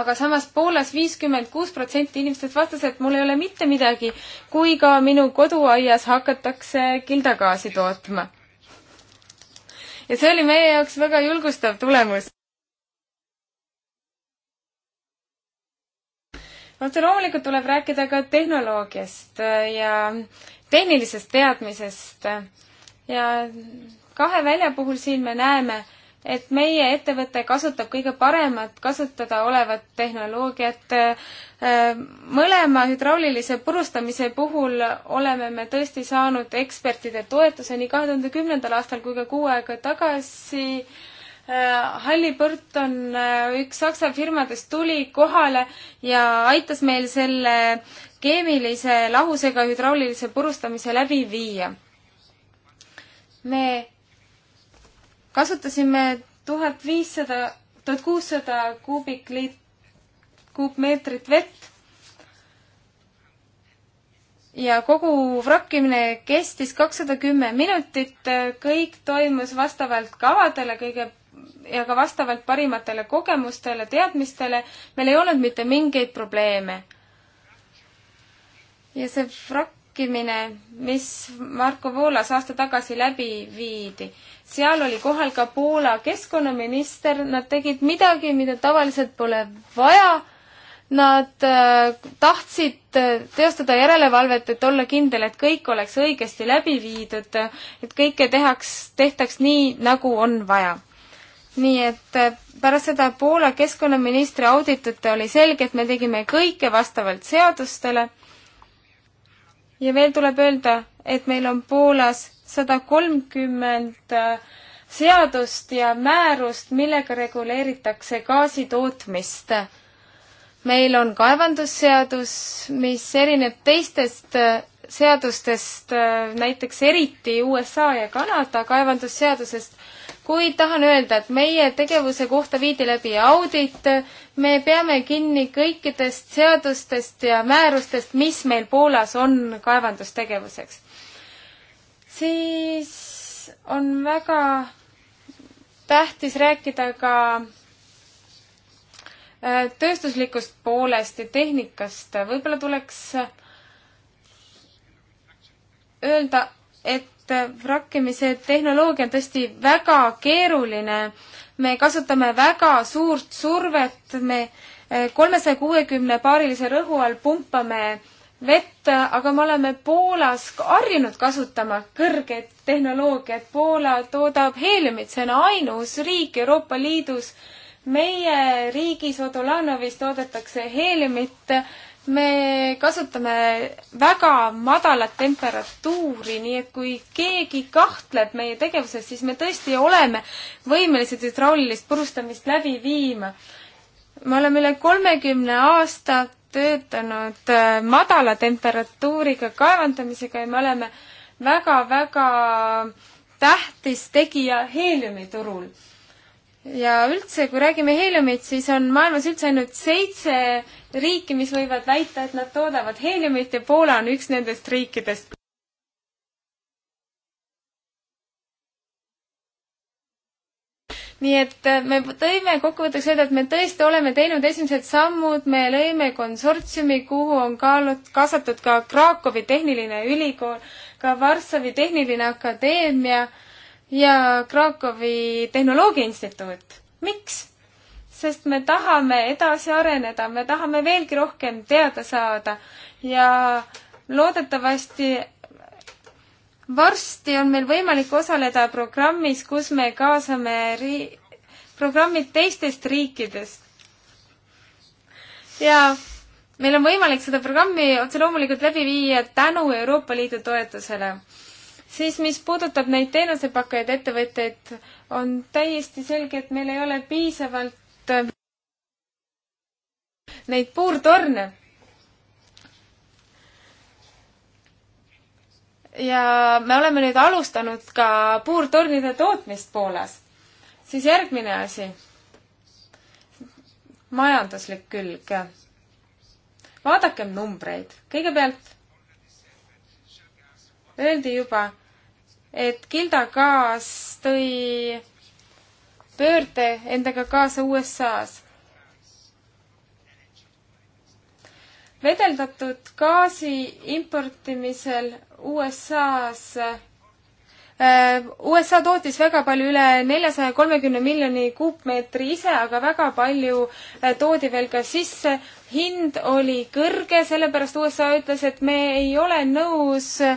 [SPEAKER 1] aga samas Poolas viiskümmend kuus protsenti inimestest vastas, et mul ei ole mitte midagi, kui ka minu koduaias hakatakse kildagaasi tootma ja see oli meie jaoks väga julgustav tulemus. otse loomulikult tuleb rääkida ka tehnoloogiast äh, ja tehnilisest teadmisest ja kahe välja puhul siin me näeme, et meie ettevõte kasutab kõige paremat kasutada olevat tehnoloogiat. Äh, mõlema hüdraulilise purustamise puhul oleme me tõesti saanud ekspertide toetuse nii kahe tuhande kümnendal aastal kui ka kuu aega tagasi. Äh, Halliburton, äh, üks Saksa firmadest, tuli kohale ja aitas meil selle keemilise lahusega hüdraulilise purustamise läbi viia. me kasutasime tuhat viissada, tuhat kuussada kuubikliit-, kuupmeetrit vett ja kogu vrakkimine kestis kakssada kümme minutit, kõik toimus vastavalt kavadele, kõige ja ka vastavalt parimatele kogemustele, teadmistele, meil ei olnud mitte mingeid probleeme. ja see vrakk rääkimine, mis Marko Voolas aasta tagasi läbi viidi. seal oli kohal ka Poola keskkonnaminister, nad tegid midagi, mida tavaliselt pole vaja. Nad äh, tahtsid äh, teostada järelevalvet, et olla kindel, et kõik oleks õigesti läbi viidud, et kõike tehaks, tehtaks nii, nagu on vaja nii et äh, pärast seda Poola keskkonnaministri auditit oli selge, et me tegime kõike vastavalt seadustele ja veel tuleb öelda, et meil on Poolas sada kolmkümmend äh, seadust ja määrust, millega reguleeritakse gaasi tootmist. meil on kaevandusseadus, mis erineb teistest äh, seadustest, äh, näiteks eriti USA ja Kanada kaevandusseadusest kuid tahan öelda, et meie tegevuse kohta viidi läbi audit, me peame kinni kõikidest seadustest ja määrustest, mis meil Poolas on kaevandustegevuseks. siis on väga tähtis rääkida ka äh, tööstuslikust poolest ja tehnikast. võib-olla tuleks öelda, et et vrakkimise tehnoloogia on tõesti väga keeruline. me kasutame väga suurt survet, me eh, kolmesaja kuuekümne paarilise rõhu all pumpame vett, aga me oleme Poolas harjunud kasutama kõrget tehnoloogiat. Poola toodab heeliumit, see on ainus riik Euroopa Liidus, meie riigis Odolanovis toodetakse heeliumit, me kasutame väga madalat temperatuuri, nii et kui keegi kahtleb meie tegevuses, siis me tõesti oleme võimelised hüdraulilist purustamist läbi viima. me oleme üle kolmekümne aasta töötanud äh, madala temperatuuriga kaevandamisega ja me oleme väga-väga tähtis tegija heeliumiturul ja üldse, kui räägime heeliumit, siis on maailmas üldse ainult seitse riiki, mis võivad väita, et nad toodavad heeliumit ja Poola on üks nendest riikidest. nii et äh, me tõime, kokkuvõtteks öelda, et me tõesti oleme teinud esimesed sammud, me lõime konsortsiumi, kuhu on kaalut-, kaasatud ka Krakowi Tehniline Ülikool, ka Varssavi Tehniline Akadeemia äh, ja Krakowi Tehnoloogia Instituut. miks? sest me tahame edasi areneda, me tahame veelgi rohkem teada saada ja loodetavasti varsti on meil võimalik osaleda programmis, kus me kaasame ri-, programmid teistest riikidest. ja meil on võimalik seda programmi otse loomulikult läbi viia tänu Euroopa Liidu toetusele siis mis puudutab neid teenusepakkujaid, ettevõtteid, on täiesti selge, et meil ei ole piisavalt äh, neid puurtorne. ja me oleme nüüd alustanud ka puurtornide tootmist Poolas. siis järgmine asi, majanduslik külg. vaadakem numbreid, kõigepealt öeldi juba, et Gilda Kaas tõi pöörde endaga kaasa USA-s. vedeldatud gaasi importimisel USA-s äh, USA tootis väga palju, üle neljasaja kolmekümne miljoni kuupmeetri ise, aga väga palju äh, toodi veel ka sisse. hind oli kõrge, sellepärast USA ütles, et me ei ole nõus äh,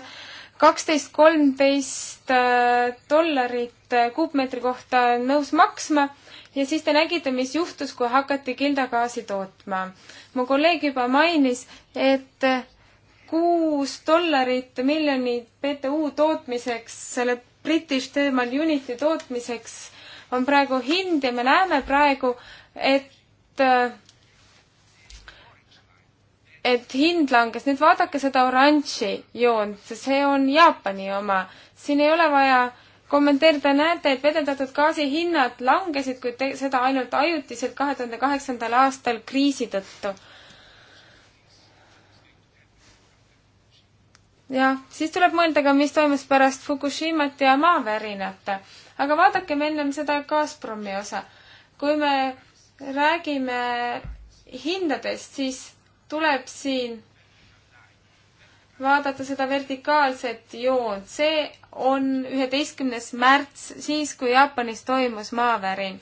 [SPEAKER 1] kaksteist, kolmteist äh, dollarit äh, kuupmeetri kohta nõus maksma ja siis te nägite, mis juhtus, kui hakati kildagaasi tootma. mu kolleeg juba mainis, et kuus dollarit miljonit BTU tootmiseks, selle British Thermal Unity tootmiseks on praegu hind ja me näeme praegu, et äh, et hind langes, nüüd vaadake seda oranži joont, see on Jaapani oma. siin ei ole vaja kommenteerida, näete, et vedeldatud gaasi hinnad langesid, kuid seda ainult ajutiselt kahe tuhande kaheksandal aastal kriisi tõttu. jah, siis tuleb mõelda ka, mis toimus pärast Fukushimat ja maavärinat. aga vaadakem ennem seda Gazpromi osa. kui me räägime hindadest, siis tuleb siin vaadata seda vertikaalset joont, see on üheteistkümnes märts, siis kui Jaapanis toimus maavärin.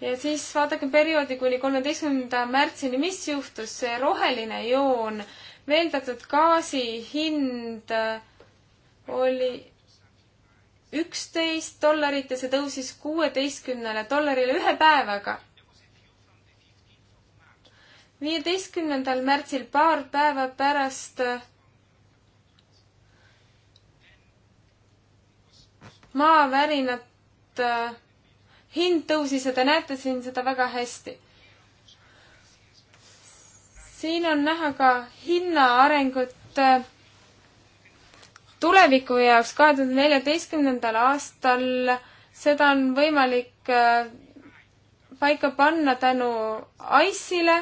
[SPEAKER 1] ja siis vaadake perioodi kuni kolmeteistkümnenda märtsini, mis juhtus, see roheline joon, veeldatud gaasi hind oli üksteist dollarit ja see tõusis kuueteistkümnele dollarile ühe päevaga viieteistkümnendal märtsil, paar päeva pärast maavärinat hind tõusis ja te näete siin seda väga hästi. siin on näha ka hinna arengut tuleviku jaoks kahe tuhande neljateistkümnendal aastal. seda on võimalik paika panna tänu ICE-ile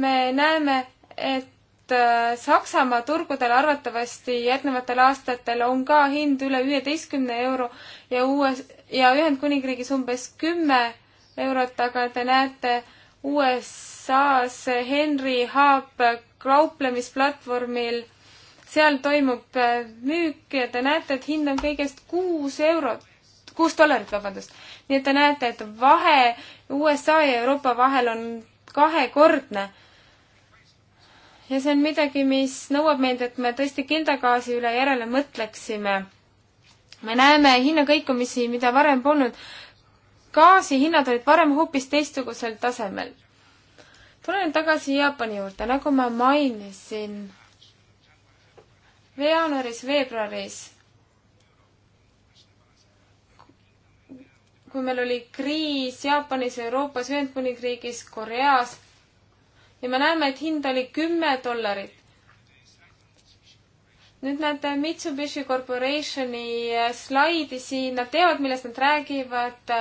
[SPEAKER 1] me näeme, et äh, Saksamaa turgudel arvatavasti järgnevatel aastatel on ka hind üle viieteistkümne euro ja uues ja Ühendkuningriigis umbes kümme eurot, aga te näete USA-s Henry Hub kauplemisplatvormil, seal toimub äh, müük ja te näete, et hind on kõigest kuus eurot, kuus dollarit, vabandust. nii et te näete, et vahe USA ja Euroopa vahel on kahekordne ja see on midagi, mis nõuab meilt, et me tõesti kildagaasi üle järele mõtleksime. me näeme hinnakõikumisi, mida varem polnud. gaasi hinnad olid varem hoopis teistsugusel tasemel. tulen tagasi Jaapani juurde, nagu ma mainisin jaanuaris, veebruaris kui meil oli kriis Jaapanis, Euroopas, Ühendkuningriigis, Koreas ja me näeme, et hind oli kümme dollarit. nüüd näete Mitsubishi Corporationi äh, slaidi siin, nad teavad, millest nad räägivad.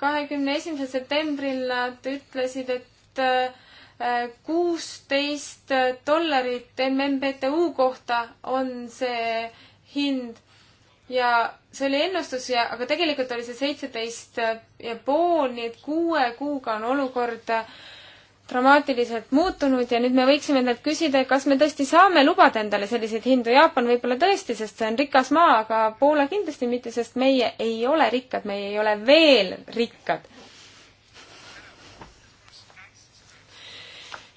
[SPEAKER 1] kahekümne esimesel septembril nad ütlesid, et äh, kuusteist dollarit MMBTU kohta on see hind ja see oli ennustus ja, aga tegelikult oli see seitseteist ja pool, nii et kuue kuuga on olukord äh, dramaatiliselt muutunud ja nüüd me võiksime endalt küsida, kas me tõesti saame lubada endale selliseid hindu. Jaapan võib-olla tõesti, sest see on rikas maa, aga Poola kindlasti mitte, sest meie ei ole rikkad, meie ei ole veel rikkad.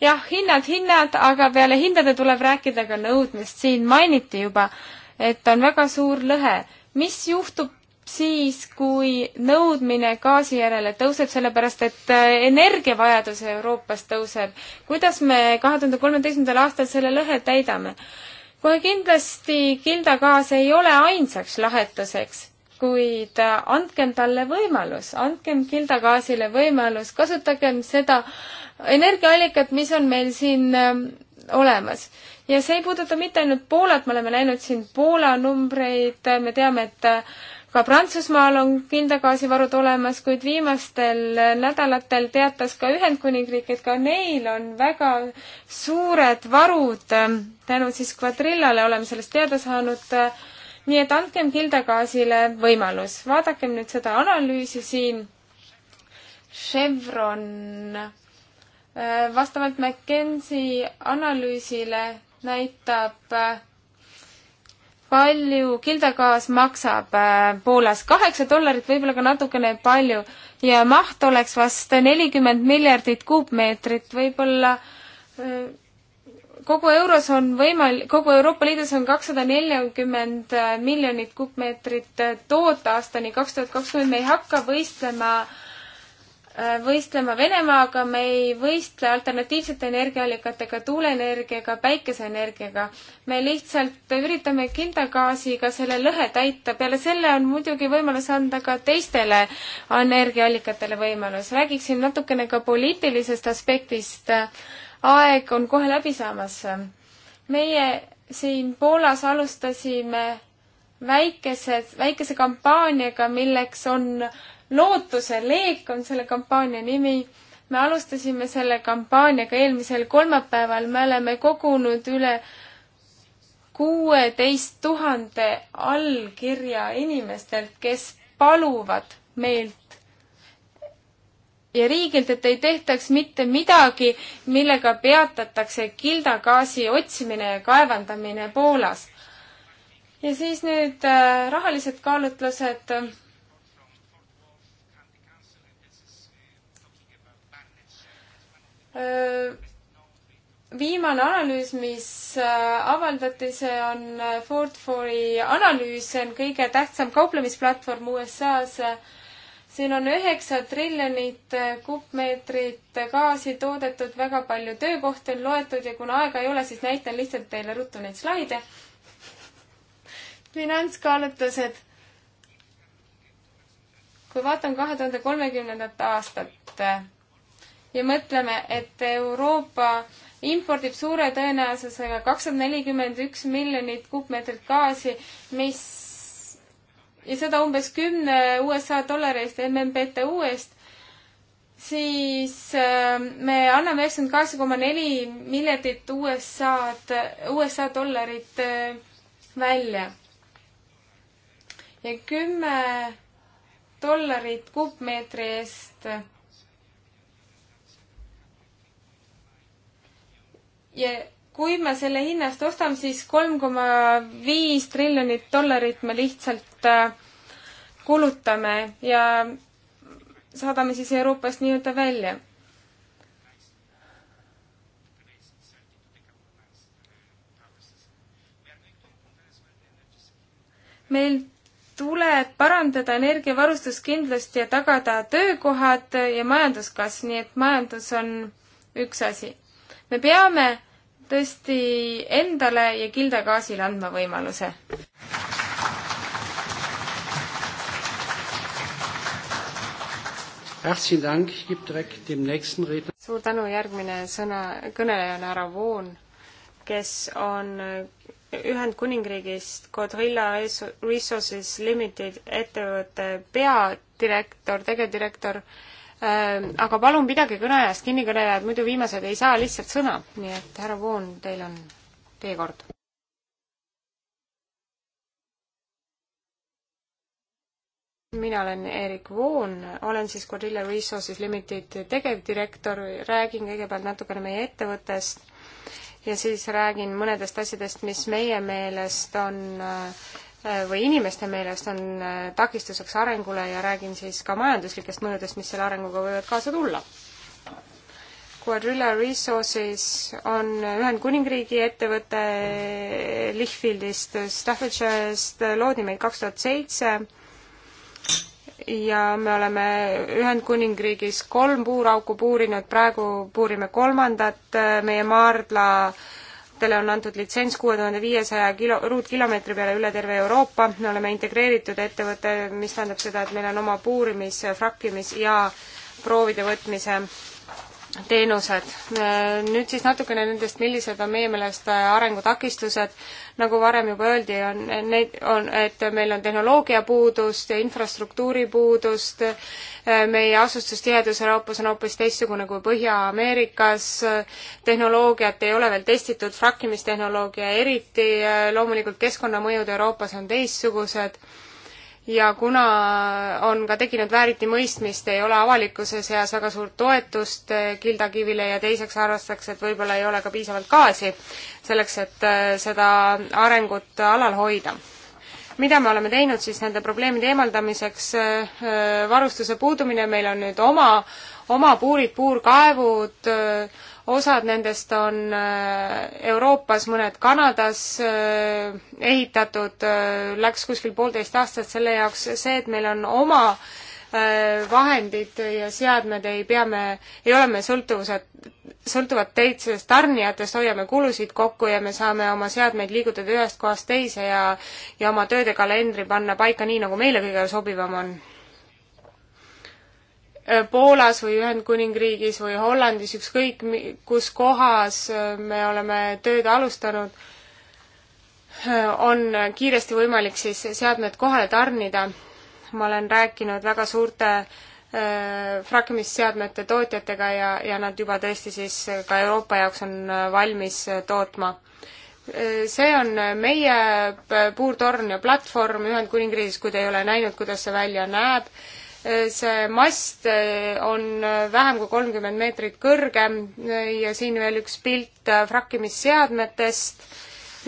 [SPEAKER 1] jah, hinnad, hinnad, aga peale hindade tuleb rääkida ka nõudmist. siin mainiti juba, et on väga suur lõhe. mis juhtub siis, kui nõudmine gaasi järele tõuseb, sellepärast et äh, energiavajadus Euroopas tõuseb. kuidas me kahe tuhande kolmeteistkümnendal aastal selle lõhe täidame? kohe kindlasti kildagaas ei ole ainsaks lahenduseks, kuid äh, andkem talle võimalus, andkem kildagaasile võimalus, kasutagem seda energiaallikat, mis on meil siin ähm, olemas. ja see ei puuduta mitte ainult Poolat, me oleme näinud siin Poola numbreid, me teame, et äh, ka Prantsusmaal on kindagaasivarud olemas, kuid viimastel nädalatel teatas ka Ühendkuningriik, et ka neil on väga suured varud. tänu siis kvadrillale oleme sellest teada saanud. nii et andkem kildagaasile võimalus. vaadakem nüüd seda analüüsi siin. Chevron vastavalt McKenzie analüüsile näitab palju kildagaas maksab äh, Poolas, kaheksa dollarit, võib-olla ka natukene palju ja maht oleks vast nelikümmend miljardit kuupmeetrit, võib-olla äh, kogu euros on võimal-, kogu Euroopa Liidus on kakssada neljakümmend äh, miljonit kuupmeetrit toota aastani kaks tuhat kakskümmend, me ei hakka võistlema äh, Äh, võistlema Venemaaga, me ei võistle alternatiivsete energiaallikatega, tuuleenergiaga, päikeseenergiaga. me lihtsalt üritame kindagaasiga selle lõhe täita, peale selle on muidugi võimalus anda ka teistele energiaallikatele võimalus. räägiksin natukene ka poliitilisest aspektist. aeg on kohe läbi saamas. meie siin Poolas alustasime väikese, väikese kampaaniaga, milleks on lootuse leek on selle kampaania nimi. me alustasime selle kampaaniaga eelmisel kolmapäeval, me oleme kogunud üle kuueteist tuhande allkirja inimestelt, kes paluvad meilt ja riigilt, et ei tehtaks mitte midagi, millega peatatakse kildagaasi otsimine ja kaevandamine Poolas. ja siis nüüd äh, rahalised kaalutlused viimane analüüs, mis avaldati, see on Ford Fouri analüüs, see on kõige tähtsam kauplemisplatvorm USA-s. siin on üheksa triljonit kuupmeetrit gaasi toodetud, väga palju töökohti on loetud ja kuna aega ei ole, siis näitan lihtsalt teile ruttu neid slaide. finantskaalutlused. kui vaatan kahe tuhande kolmekümnendat aastat ja mõtleme, et Euroopa impordib suure tõenäosusega kakssada nelikümmend üks miljonit kuupmeetrit gaasi, mis ja seda umbes kümne USA dollari eest MMBTU eest, siis äh, me anname üheksakümmend kaheksa koma neli miljardit USA-d, USA dollarit äh, välja. ja kümme dollarit kuupmeetri eest ja kui me selle hinnast ostame, siis kolm koma viis triljonit dollarit me lihtsalt äh, kulutame ja saadame siis Euroopast nii-öelda välja. meil tuleb parandada energiavarustuskindlust ja tagada töökohad ja majanduskasv, nii et majandus on üks asi me peame tõesti endale ja Gilda Gaasile andma võimaluse. suur tänu, järgmine sõna, kõneleja on härra Voon, kes on Ühendkuningriigist Codrilla Resources Limited ettevõtte peadirektor, tegevdirektor Äh, aga palun pidage kõneajast kinni, kõnelejad, muidu viimased ei saa lihtsalt sõna, nii et härra Voon, teil on teie kord. mina olen Erik Voon, olen siis Gorilla Resources Limited tegevdirektor, räägin kõigepealt natukene meie ettevõttest ja siis räägin mõnedest asjadest, mis meie meelest on äh, Äh, või inimeste meelest on äh, takistuseks arengule ja räägin siis ka majanduslikest mõjudest, mis selle arenguga võivad kaasa tulla. Quadrilla Resources on Ühendkuningriigi ettevõte Lichfieldist, Staffordshire'st, loodi meid kaks tuhat seitse ja me oleme Ühendkuningriigis kolm puurauku puurinud, praegu puurime kolmandat, äh, meie maardla äh, ettevõtetele on antud litsents kuue tuhande viiesaja kilo, ruutkilomeetri peale üle terve Euroopa, me oleme integreeritud ettevõte, mis tähendab seda, et meil on oma puurimis, frakkimis ja proovide võtmise teenused. Äh, nüüd siis natukene nendest, millised on meie meelest äh, arengutakistused. nagu varem juba öeldi, on neid, on, et meil on tehnoloogia puudust ja infrastruktuuri puudust, äh, meie asustustihedus Euroopas on hoopis teistsugune kui Põhja-Ameerikas, tehnoloogiat ei ole veel testitud, frakkimistehnoloogia eriti, loomulikult keskkonnamõjud Euroopas on teistsugused ja kuna on ka tekkinud vääritimõistmist, ei ole avalikkuse seas väga suurt toetust kildakivile eh, ja teiseks arvatakse, et võib-olla ei ole ka piisavalt gaasi selleks, et eh, seda arengut alal hoida. mida me oleme teinud siis nende probleemide eemaldamiseks, eh, varustuse puudumine, meil on nüüd oma, oma puurid, puurkaevud, osad nendest on äh, Euroopas, mõned Kanadas äh, ehitatud, äh, läks kuskil poolteist aastat selle jaoks, see, et meil on oma vahendid ja seadmed ei pea me, ei ole me sõltuvused, sõltuvad teistest tarnijatest, hoiame kulusid kokku ja me saame oma seadmeid liigutada ühest kohast teise ja ja oma tööde kalendri panna paika nii, nagu meile kõige sobivam on Äh, Poolas või Ühendkuningriigis või Hollandis, ükskõik kus kohas äh, me oleme tööd alustanud, äh, on kiiresti võimalik siis seadmed kohale tarnida. ma olen rääkinud väga suurte äh, frakkimisseadmete tootjatega ja, ja nad juba tõesti siis ka Euroopa jaoks on valmis tootma. see on meie puurtorn ja platvorm Ühendkuningriigis, kui te ei ole näinud, kuidas see välja näeb see mast äh, on äh, vähem kui kolmkümmend meetrit kõrge äh, ja siin veel üks pilt frakkimisseadmetest.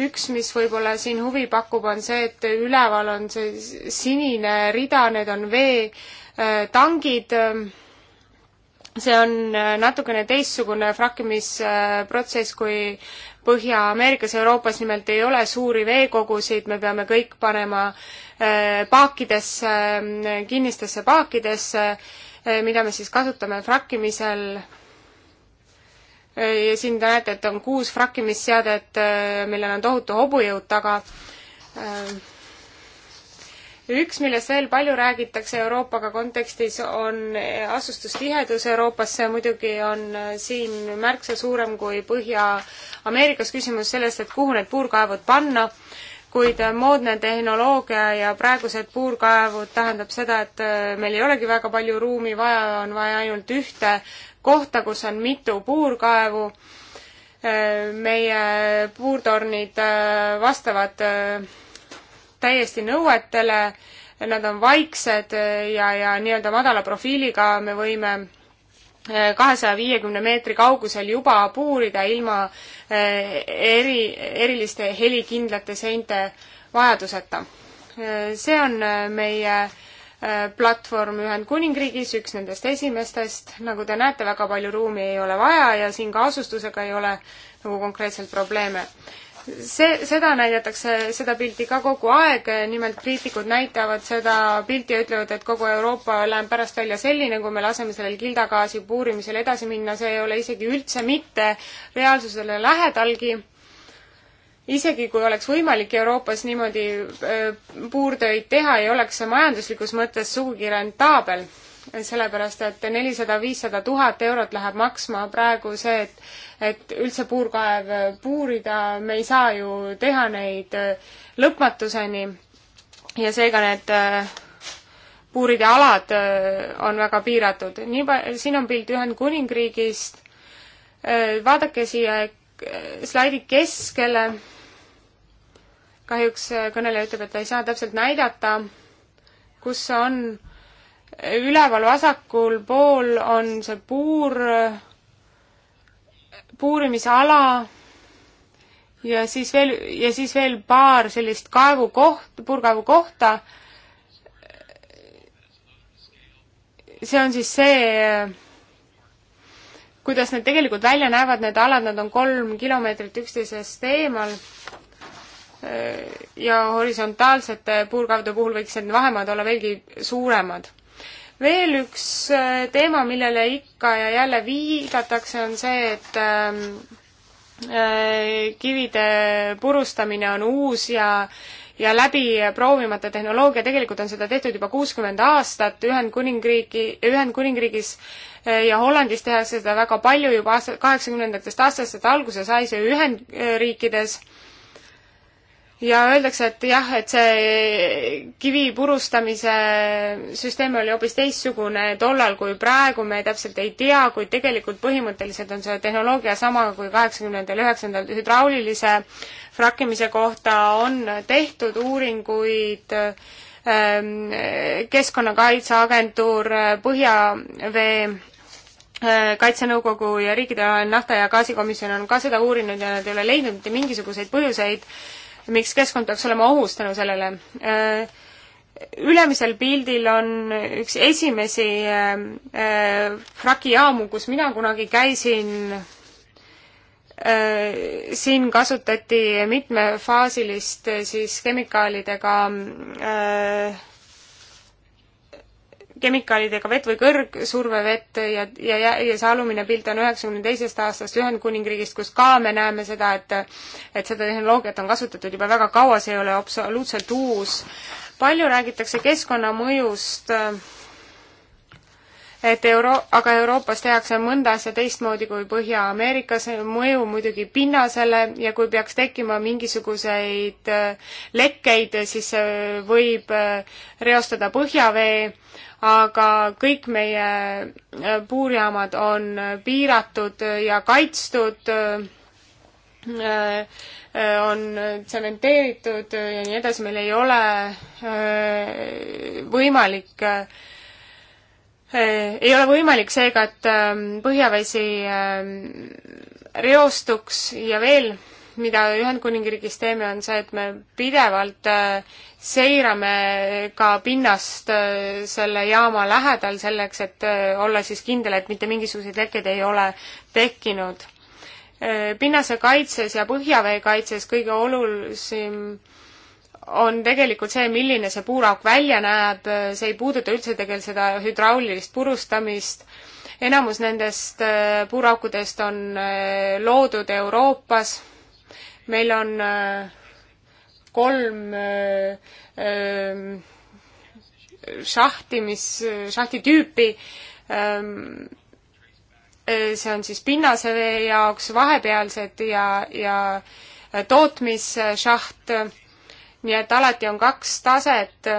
[SPEAKER 1] üks, mis võib-olla siin huvi pakub, on see, et üleval on see sinine rida, need on veetangid. see on natukene teistsugune frakkimisprotsess kui Põhja-Ameerikas, Euroopas nimelt ei ole suuri veekogusid, me peame kõik panema äh, paakidesse, äh, kinnistesse paakidesse, äh, mida me siis kasutame frakkimisel. ja siin te näete, et on kuus frakkimisseadet, millel on tohutu hobujõud taga üks, millest veel palju räägitakse Euroopaga kontekstis, on asustustihedus Euroopas, see muidugi on äh, siin märksa suurem kui Põhja-Ameerikas, küsimus sellest, et kuhu need puurkaevud panna, kuid äh, moodne tehnoloogia ja praegused puurkaevud tähendab seda, et äh, meil ei olegi väga palju ruumi vaja, on vaja ainult ühte kohta, kus on mitu puurkaevu, meie puurtornid vastavad täiesti nõuetele, nad on vaiksed ja, ja nii-öelda madala profiiliga me võime eh, kahesaja viiekümne meetri kaugusel juba puurida ilma eh, eri, eriliste helikindlate seinte vajaduseta. Eh, see on meie platvorm Ühendkuningriigis, üks nendest esimestest, nagu te näete, väga palju ruumi ei ole vaja ja siin ka asustusega ei ole nagu konkreetselt probleeme see, seda näidatakse, seda pilti ka kogu aeg, nimelt kriitikud näitavad seda pilti ja ütlevad, et kogu Euroopa läheb pärast välja selline, kui me laseme sellel kildagaasi puurimisel edasi minna, see ei ole isegi üldse mitte reaalsusele lähedalgi. isegi kui oleks võimalik Euroopas niimoodi äh, puurtöid teha, ei oleks see majanduslikus mõttes sugugi rentaabel sellepärast et nelisada, viissada tuhat eurot läheb maksma praegu see, et, et üldse puurkaev puurida, me ei saa ju teha neid äh, lõpmatuseni. ja seega need äh, puuride alad äh, on väga piiratud. nii pa-, siin on pilt Ühendkuningriigist. vaadake siia slaidi keskele. kahjuks kõneleja ütleb, et ta ei saa täpselt näidata, kus see on üleval vasakul pool on see puur, puurimisala ja siis veel, ja siis veel paar sellist kaevukoht, puurkaevukohta. see on siis see, kuidas need tegelikult välja näevad, need alad, nad on kolm kilomeetrit üksteisest eemal ja horisontaalsete puurkaevude puhul võiks need vahemaad olla veelgi suuremad veel üks äh, teema, millele ikka ja jälle viidatakse, on see, et ähm, äh, kivide purustamine on uus ja ja läbi proovimata tehnoloogia, tegelikult on seda tehtud juba kuuskümmend aastat Ühendkuningriigi, Ühendkuningriigis äh, ja Hollandis tehakse seda väga palju juba aasta, kaheksakümnendatest aastatest alguse sai see Ühendriikides äh, ja öeldakse, et jah, et see kivi purustamise süsteem oli hoopis teistsugune tollal kui praegu, me täpselt ei tea, kuid tegelikult põhimõtteliselt on see tehnoloogia sama kui kaheksakümnendal, üheksakümnendal hüdraulilise frakkimise kohta on tehtud uuringuid, ähm, keskkonnakaitseagentuur, äh, Põhjavee äh, kaitsenõukogu ja riikide nafta- ja gaasikomisjon on ka seda uurinud ja nad ei ole leidnud mitte mingisuguseid põhjuseid, miks keskkond peaks olema ohus tänu sellele. Äh, ülemisel pildil on üks esimesi äh, äh, frakijaamu, kus mina kunagi käisin. siin kasutati mitmefaasilist siis kemikaalidega äh, kemikaalidega vett või kõrgsurvevett ja, ja, ja, ja see alumine pilt on üheksakümne teisest aastast Ühendkuningriigist, kus ka me näeme seda, et et seda tehnoloogiat on kasutatud juba väga kaua, see ei ole absoluutselt uus. palju räägitakse keskkonnamõjust, et Euro-, aga Euroopas tehakse mõnda asja teistmoodi kui Põhja-Ameerikas, mõju muidugi pinnasele ja kui peaks tekkima mingisuguseid äh, lekkeid, siis see võib äh, reostada põhjavee aga kõik meie äh, puurjaamad on äh, piiratud äh, ja kaitstud, on tsementeeritud ja nii edasi, meil ei ole võimalik ei ole võimalik seega, et põhjavesi reostuks ja veel mida Ühendkuningriigis teeme, on see, et me pidevalt äh, seirame ka pinnast äh, selle jaama lähedal selleks, et äh, olla siis kindel, et mitte mingisuguseid lekkeid ei ole tekkinud. pinnase kaitses ja põhjavee kaitses kõige olulisem on tegelikult see, milline see puurauk välja näeb, see ei puuduta üldse tegelikult seda hüdraulilist purustamist enamus nendest puuraukudest on loodud Euroopas meil on äh, kolm äh, äh, šahti, mis, šahti tüüpi, ähm, see on siis pinnasevee jaoks vahepealsed ja, ja tootmisšaht, nii et alati on kaks taset,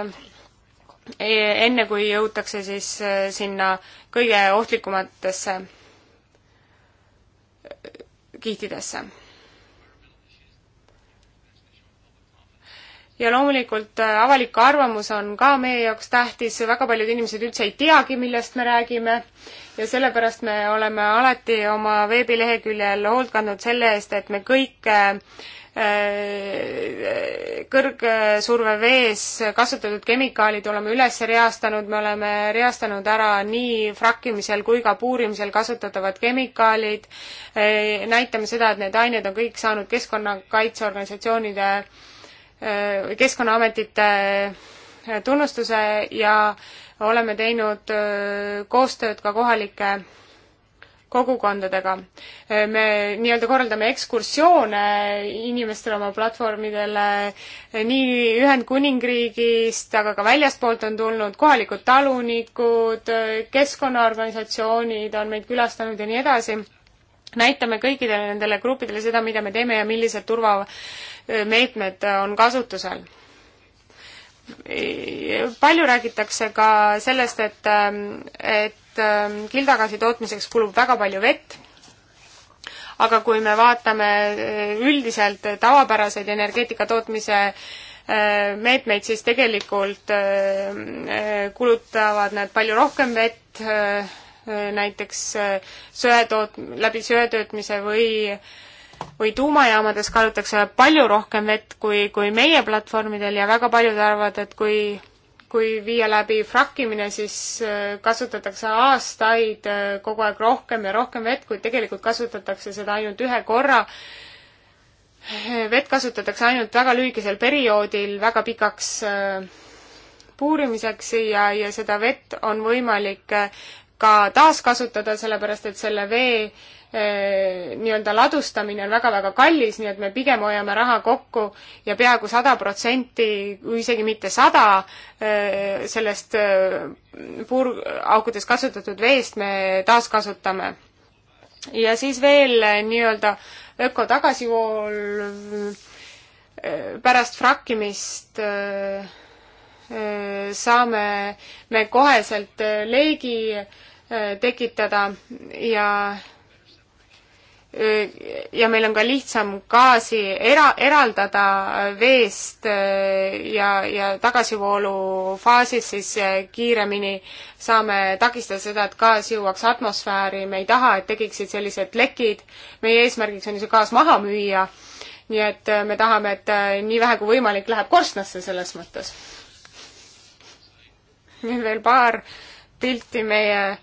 [SPEAKER 1] enne kui jõutakse siis sinna kõige ohtlikumatesse kihtidesse ja loomulikult äh, avalik arvamus on ka meie jaoks tähtis, väga paljud inimesed üldse ei teagi, millest me räägime ja sellepärast me oleme alati oma veebileheküljel hoolt kandnud selle eest, et me kõike äh, äh, kõrgsurvevees kasutatud kemikaalid oleme üles reastanud, me oleme reastanud ära nii frakkimisel kui ka puurimisel kasutatavad kemikaalid, näitame seda, et need ained on kõik saanud keskkonnakaitseorganisatsioonide Äh, keskkonnaametite äh, tunnustuse ja oleme teinud äh, koostööd ka kohalike kogukondadega. me nii-öelda korraldame ekskursioone inimestele oma platvormidele nii Ühendkuningriigist, aga ka väljastpoolt on tulnud kohalikud talunikud, keskkonnaorganisatsioonid on meid külastanud ja nii edasi näitame kõikidele nendele gruppidele seda, mida me teeme ja millised turvameetmed on kasutusel. palju räägitakse ka sellest, et, et kildagaasi tootmiseks kulub väga palju vett, aga kui me vaatame üldiselt tavapäraseid energeetika tootmise äh, meetmeid, siis tegelikult äh, kulutavad nad palju rohkem vett, äh, Äh, näiteks äh, söetoot-, läbi söetöötmise või või tuumajaamades kaelutakse palju rohkem vett kui, kui meie platvormidel ja väga paljud arvavad, et kui kui viia läbi frakkimine, siis äh, kasutatakse aastaid kogu aeg rohkem ja rohkem vett, kuid tegelikult kasutatakse seda ainult ühe korra. vett kasutatakse ainult väga lühikesel perioodil väga pikaks puurimiseks ja, ja seda vett on võimalik ka taaskasutada, sellepärast et selle vee eh, nii-öelda ladustamine on väga-väga kallis, nii et me pigem hoiame raha kokku ja peaaegu sada protsenti, kui isegi mitte sada, eh, sellest eh, puuraukudes kasutatud veest me taaskasutame. ja siis veel nii-öelda öko tagasivool pärast frakkimist äh, Äh, saame me koheselt äh, leegi äh, tekitada ja ja meil on ka lihtsam gaasi era-, eraldada veest ja, ja tagasivoolu faasis siis kiiremini saame takistada seda, et gaas jõuaks atmosfääri, me ei taha, et tekiksid sellised lekid, meie eesmärgiks on ju see gaas maha müüa, nii et me tahame, et nii vähe kui võimalik läheb korstnasse selles mõttes veel paar pilti meie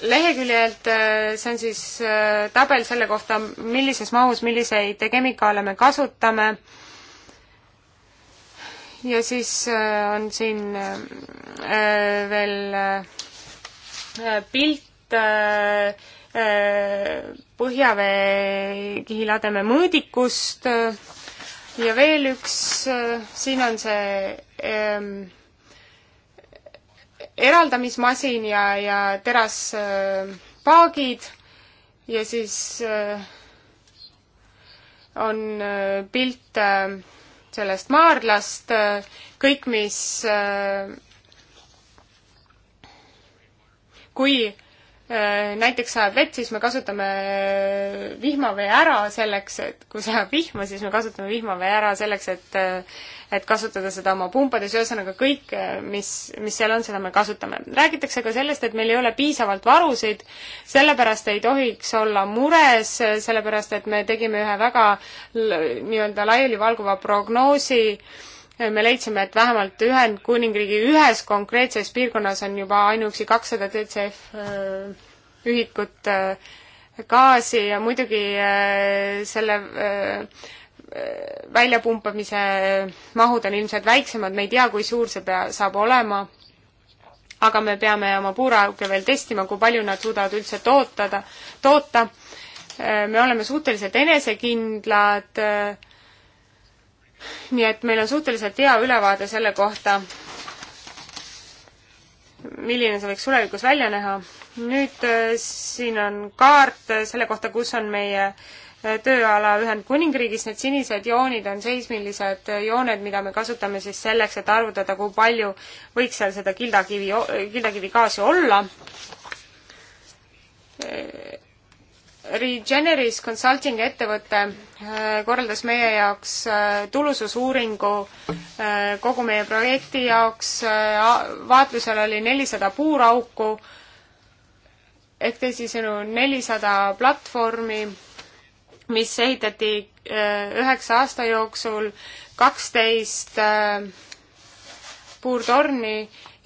[SPEAKER 1] leheküljelt, see on siis äh, tabel selle kohta, millises mahus milliseid kemikaale me kasutame. ja siis äh, on siin äh, veel pilt põhjavee kihilademe mõõdikust ja veel üks, siin on see ähm, eraldamismasin ja, ja teraspaagid äh, ja siis äh, on äh, pilt sellest maardlast, kõik, mis kui Äh, näiteks sajab vett, siis me kasutame äh, vihmavee ära selleks, et kui sajab vihma, siis me kasutame vihmavee ära selleks, et äh, et kasutada seda oma pumpades, ühesõnaga kõik, mis, mis seal on, seda me kasutame. räägitakse ka sellest, et meil ei ole piisavalt varusid, sellepärast ei tohiks olla mures, sellepärast et me tegime ühe väga nii-öelda laialivalguva prognoosi äh, me leidsime, et vähemalt Ühendkuningriigi ühes konkreetses piirkonnas on juba ainuüksi kakssada DCF äh, ühikut äh, gaasi ja muidugi äh, selle väljapumpamise mahud on ilmselt väiksemad, me ei tea, kui suur see pea, saab olema, aga me peame oma puurauke veel testima, kui palju nad suudavad üldse tootada, toota. me oleme suhteliselt enesekindlad äh, nii et meil on suhteliselt hea ülevaade selle kohta, milline see võiks tulevikus välja näha. nüüd äh, siin on kaart selle kohta, kus on meie äh, tööala Ühendkuningriigis, need sinised joonid on seismilised äh, jooned, mida me kasutame siis selleks, et arvutada, kui palju võiks seal seda kildakivi, kildakivigaasi olla Regeneris Consulting ettevõte äh, korraldas meie jaoks äh, tulususuuringu äh, kogu meie projekti jaoks, vaatlusel oli nelisada puurauku, ehk teisisõnu nelisada platvormi, mis ehitati üheksa aasta jooksul, kaksteist puurtorni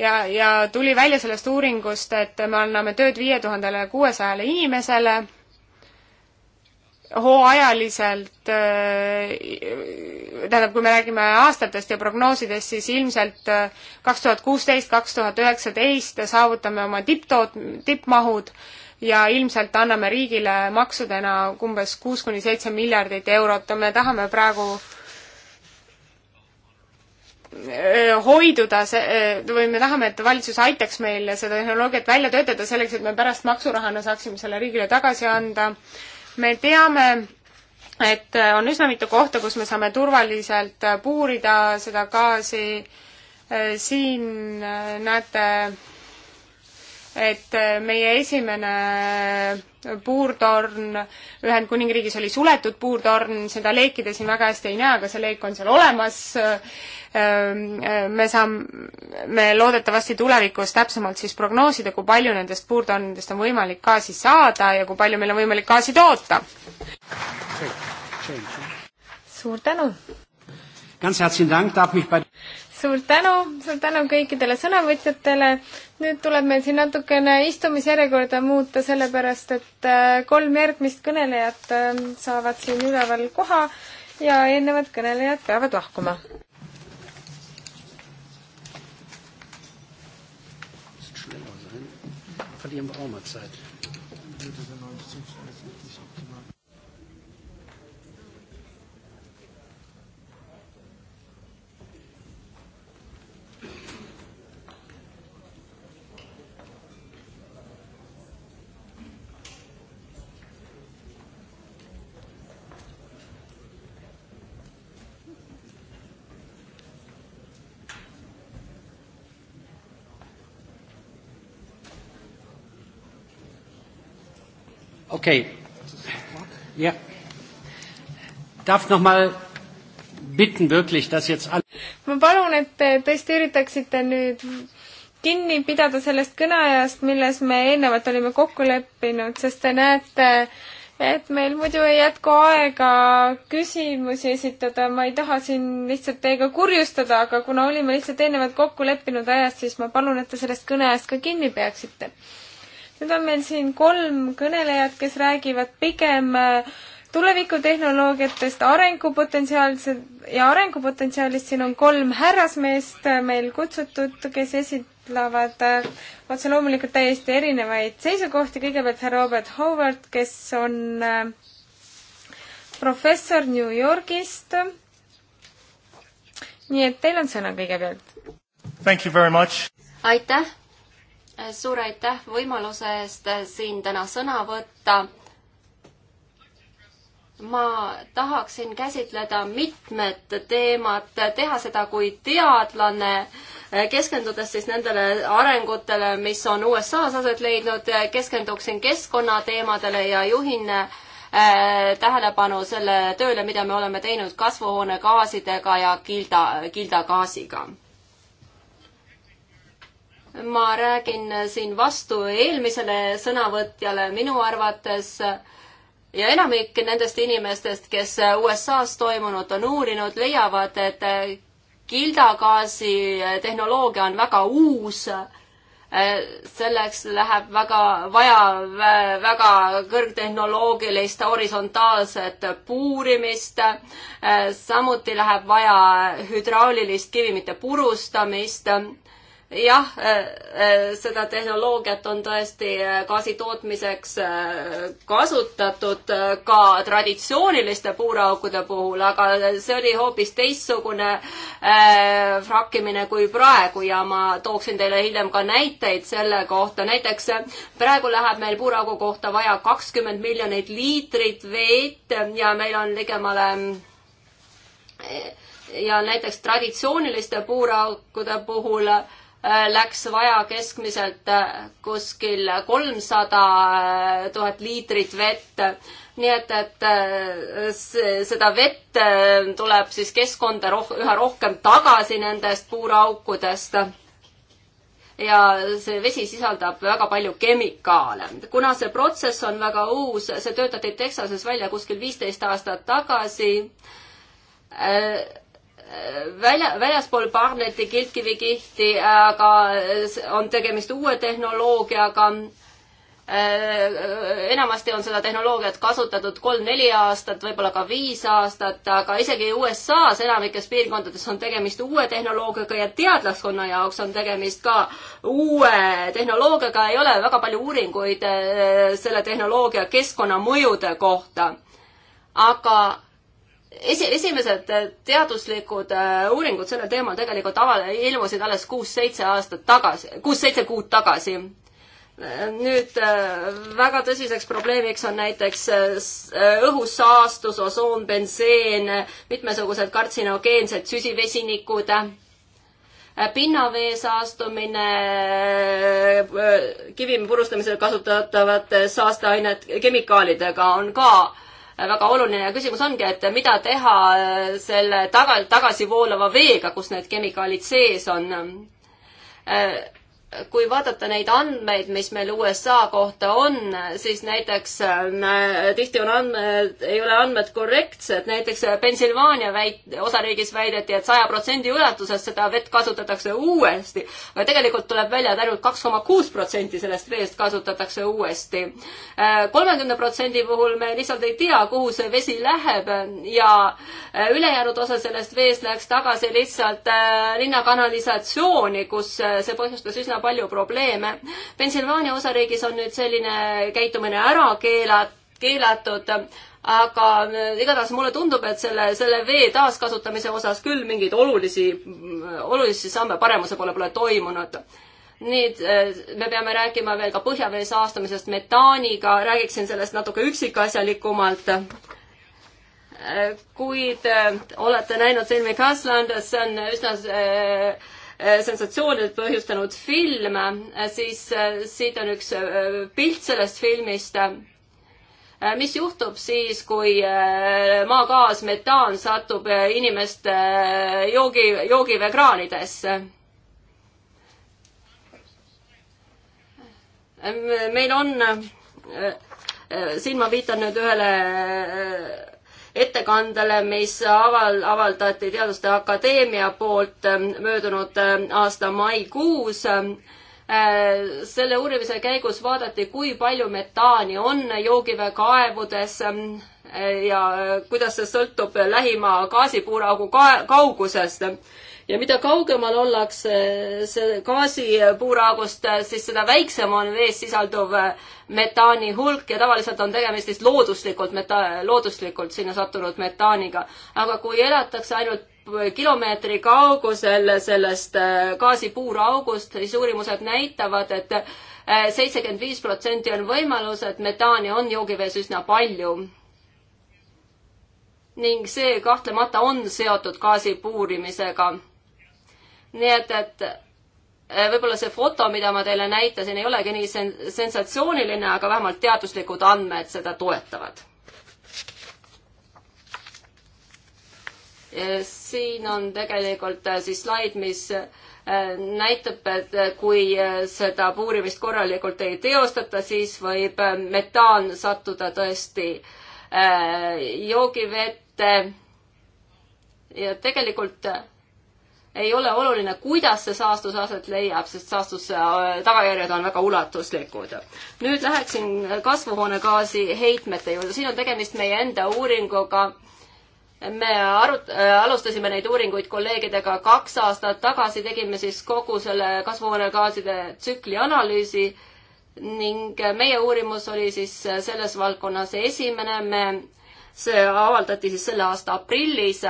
[SPEAKER 1] ja, ja tuli välja sellest uuringust, et me anname tööd viie tuhandele kuuesajale inimesele hooajaliselt, tähendab, kui me räägime aastatest ja prognoosidest, siis ilmselt eh, kaks tuhat kuusteist, kaks tuhat üheksateist saavutame oma tipptoot-, tippmahud ja ilmselt anname riigile maksudena umbes kuus kuni seitse miljardit eurot, me tahame praegu eh, hoiduda see, eh, või me tahame, et valitsus aitaks meil seda tehnoloogiat välja töötada selleks, et me pärast maksurahana saaksime selle riigile tagasi anda me teame, et äh, on üsna mitu kohta, kus me saame turvaliselt äh, puurida seda gaasi. Äh, siin näete et äh, meie esimene puurtorn Ühendkuningriigis oli suletud puurtorn, seda leekide siin väga hästi ei näe, aga see leek on seal olemas. Ähm, äh, me saame, me loodetavasti tulevikus täpsemalt siis prognoosida, kui palju nendest puurtornidest on võimalik gaasi saada ja kui palju meil on võimalik gaasi toota. suur tänu! suur tänu, suur tänu kõikidele sõnavõtjatele. nüüd tuleb meil siin natukene istumisjärjekorda muuta, sellepärast et äh, kolm järgmist kõnelejat äh, saavad siin üleval koha ja eelnevad kõnelejad peavad lahkuma. verlieren wir auch mal Zeit. Okay. Ja. Darf noch mal bitten wirklich, dass jetzt alle ma palun, et te tõesti üritaksite nüüd kinni pidada sellest kõneajast, milles me eelnevalt olime kokku leppinud, sest te näete, et meil muidu ei jätku aega küsimusi esitada, ma ei taha siin lihtsalt teiega kurjustada, aga kuna olime lihtsalt eelnevalt kokku leppinud ajast, siis ma palun, et te sellest kõneajast ka kinni peaksite nüüd on meil siin kolm kõnelejat, kes räägivad pigem äh, tulevikutehnoloogiatest, arengupotentsiaalsed ja arengupotentsiaalist, siin on kolm härrasmeest äh, meil kutsutud, kes esitlevad äh, otse loomulikult täiesti erinevaid seisukohti, kõigepealt härra Robert Howard, kes on professor New Yorgist. nii et teil on sõna kõigepealt.
[SPEAKER 2] aitäh suur aitäh võimaluse eest siin täna sõna võtta. ma tahaksin käsitleda mitmed teemad, teha seda kui teadlane, keskendudes siis nendele arengutele, mis on USA-s aset leidnud, keskenduksin keskkonnateemadele ja juhin äh, tähelepanu selle tööle, mida me oleme teinud kasvuhoonegaasidega ja kilda, kildagaasiga ma räägin siin vastu eelmisele sõnavõtjale, minu arvates ja enamik nendest inimestest, kes USA-s toimunut on uurinud, leiavad, et kildagaasi tehnoloogia on väga uus. selleks läheb väga vaja väga kõrgtehnoloogilist horisontaalset puurimist. samuti läheb vaja hüdraulilist kivimite purustamist jah, äh, äh, seda tehnoloogiat on tõesti äh, gaasi tootmiseks kasutatud ka traditsiooniliste puuraukude puhul, aga see oli hoopis teistsugune frakkimine kui praegu ja ma tooksin teile hiljem ka näiteid selle kohta. näiteks praegu läheb meil puuraugu kohta vaja kakskümmend miljonit liitrit vett ja meil on ligemale ja näiteks traditsiooniliste puuraukude puhul äh, Äh, läks vaja keskmiselt äh, kuskil kolmsada äh, tuhat liitrit vett. nii et, et seda vett tuleb siis keskkonda roh üha rohkem tagasi nendest puuraukudest. ja see vesi sisaldab väga palju kemikaale. kuna see protsess on väga uus, see töötati Texases välja kuskil viisteist aastat tagasi äh, välja, väljaspool Barneti kilkivikihti, aga on tegemist uue tehnoloogiaga. Äh, enamasti on seda tehnoloogiat kasutatud kolm-neli aastat, võib-olla ka viis aastat, aga isegi USA-s enamikes piirkondades on tegemist uue tehnoloogiaga ja teadlaskonna jaoks on tegemist ka uue tehnoloogiaga, ei ole väga palju uuringuid äh, selle tehnoloogia keskkonnamõjude kohta. aga esi, esimesed äh, teaduslikud äh, uuringud sellel teemal tegelikult aval-, ilmusid alles kuus-seitse aastat tagasi, kuus-seitse kuud tagasi. Äh, nüüd väga tõsiseks probleemiks on näiteks õhusaastus, osoon, benseen, mitmesugused kartsinogeensed süsivesinikud, pinnavee saastumine, kivimi purustamisel kasutatavate saasteainet, kemikaalidega on ka väga oluline küsimus ongi, et mida teha äh, selle taga, tagasivoolava veega, kus need kemikaalid sees on äh, kui vaadata neid andmeid, mis meil USA kohta on, siis näiteks äh, tihti on andmed, ei ole andmed korrektsed, näiteks äh, Pennsylvania väit-, osariigis väideti et, et saja protsendi ulatuses seda vett kasutatakse uuesti, aga tegelikult tuleb välja, et ainult kaks koma kuus protsenti sellest veest kasutatakse uuesti. Äh, kolmekümne protsendi puhul me lihtsalt ei tea, kuhu see vesi läheb ja ülejäänud osa sellest veest läks tagasi lihtsalt linnakanalisatsiooni, kus see põhjustas üsna palju probleeme. Pennsylvania osariigis on nüüd selline käitumine ära keela-, keelatud, aga äh, igatahes mulle tundub, et selle, selle vee taaskasutamise osas küll mingeid olulisi, mm, olulisi samme paremuse poole pole toimunud nüüd äh, me peame rääkima veel ka põhjavee saastamisest metaaniga, räägiksin sellest natuke üksikasjalikumalt. Äh, kuid olete näinud filmi Gasland, see on üsna Äh, sensatsioonid põhjustanud film, äh, siis äh, siit on üks pilt sellest filmist. mis juhtub siis, kui maagaas, metaan satub inimeste joogi, joogiveekraanidesse? meil on, siin ma viitan nüüd ühele ettekandele, mis aval, avaldati Teaduste Akadeemia poolt ähm, möödunud ähm, aasta maikuus ähm, äh, selle uurimise käigus vaadati, kui palju metaani on joogiveekaevudes ja äh, kuidas see sõltub lähima gaasipuuraugu kaugusest ja mida kaugemal ollakse see gaasipuuraagust, siis seda väiksem on vees sisalduv metaani hulk ja tavaliselt on tegemist siis looduslikult meta-, looduslikult sinna sattunud metaaniga. aga kui elatakse ainult kilomeetri kaugusel sellest äh, gaasipuuraugust, siis uurimused näitavad et, et äh, seitsekümmend viis protsenti on võimalus, et metaani on joogivees üsna palju ning see kahtlemata on seotud gaasi puurimisega nii et, et äh, võib-olla see foto, mida ma teile näitasin, ei olegi nii sen-, sensatsiooniline, aga vähemalt teaduslikud andmed seda toetavad. siin on tegelikult äh, siis slaid, mis äh, näitab, et kui seda puurimist korralikult ei teostata, siis võib metaan sattuda tõesti joogivette. ja tegelikult ei ole oluline, kuidas see saastus aset leiab, sest saastuse äh, tagajärjed on väga ulatuslikud. nüüd läheksin kasvuhoonegaasi heitmete juurde, siin on tegemist meie enda uuringuga. me arut-, äh, alustasime neid uuringuid kolleegidega kaks aastat tagasi, tegime siis kogu selle kasvuhoonegaaside tsükli analüüsi ning meie uurimus oli siis selles valdkonnas esimene, me, see avaldati siis selle aasta aprillis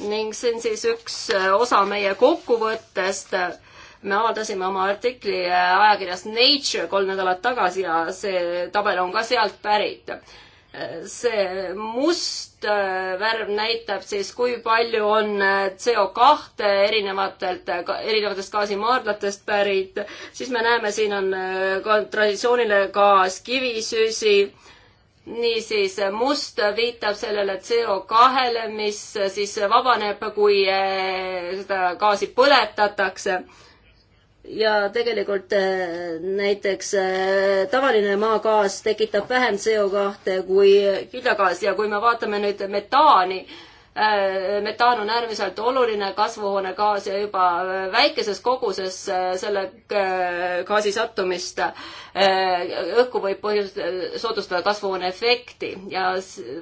[SPEAKER 2] ning see on siis üks äh, osa meie kokkuvõttest. me avaldasime oma artikli äh, ajakirjas Nature kolm nädalat tagasi ja see tabel on ka sealt pärit äh, see must värv näitab siis, kui palju on CO kahte erinevatelt, erinevatest gaasimaardlatest pärit, siis me näeme, siin on ka traditsiooniline gaas, kivisüsi, niisiis must viitab sellele CO2-le, mis siis vabaneb, kui eh, seda gaasi põletatakse. ja tegelikult eh, näiteks eh, tavaline maagaas tekitab vähem CO2 kui küljagaas ja kui me vaatame nüüd metaani, Äh, metaan on äärmiselt oluline kasvuhoonegaas ja juba äh, väikeses koguses äh, selle gaasi sattumist õhku võib põhjust-, soodustada kasvuhooneefekti ja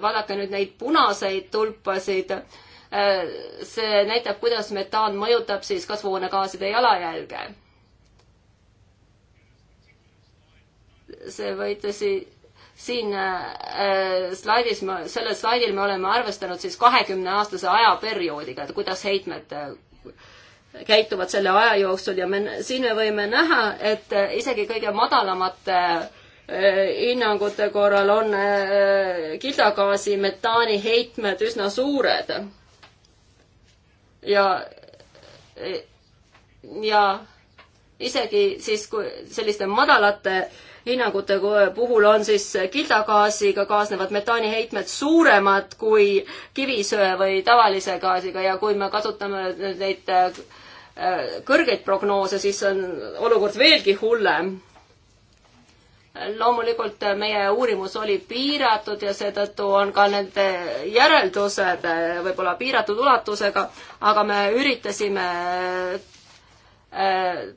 [SPEAKER 2] vaadake nüüd neid punaseid tulpasid, see näitab, kuidas metaan mõjutab siis kasvuhoonegaaside jalajälge. see võite siis siin äh, slaidis, sellel slaidil me oleme arvestanud siis kahekümne aastase ajaperioodiga, et kuidas heitmed äh, käituvad selle aja jooksul ja me, siin me võime näha, et äh, isegi kõige madalamate äh, hinnangute korral on äh, kildagaasi metaani heitmed üsna suured. ja, ja isegi siis, kui selliste madalate äh, hinnangute puhul on siis kildagaasiga kaasnevad metaaniheitmed suuremad kui kivisöe või tavalise gaasiga ja kui me kasutame neid äh, kõrgeid prognoose, siis on olukord veelgi hullem. loomulikult meie uurimus oli piiratud ja seetõttu on ka nende järeldused äh, võib-olla piiratud ulatusega, aga me üritasime äh,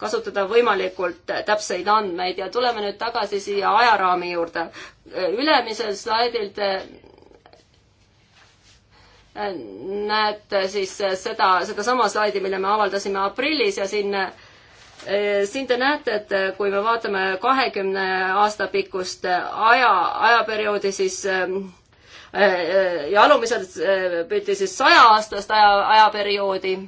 [SPEAKER 2] kasutada võimalikult täpseid andmeid ja tuleme nüüd tagasi siia ajaraami juurde. ülemisel slaidil te näete siis seda, sedasama slaidi, mille me avaldasime aprillis ja siin siin te näete, et kui me vaatame kahekümne aasta pikkust aja, ajaperioodi, siis ja alumiselt püüti siis saja aastast aja, ajaperioodi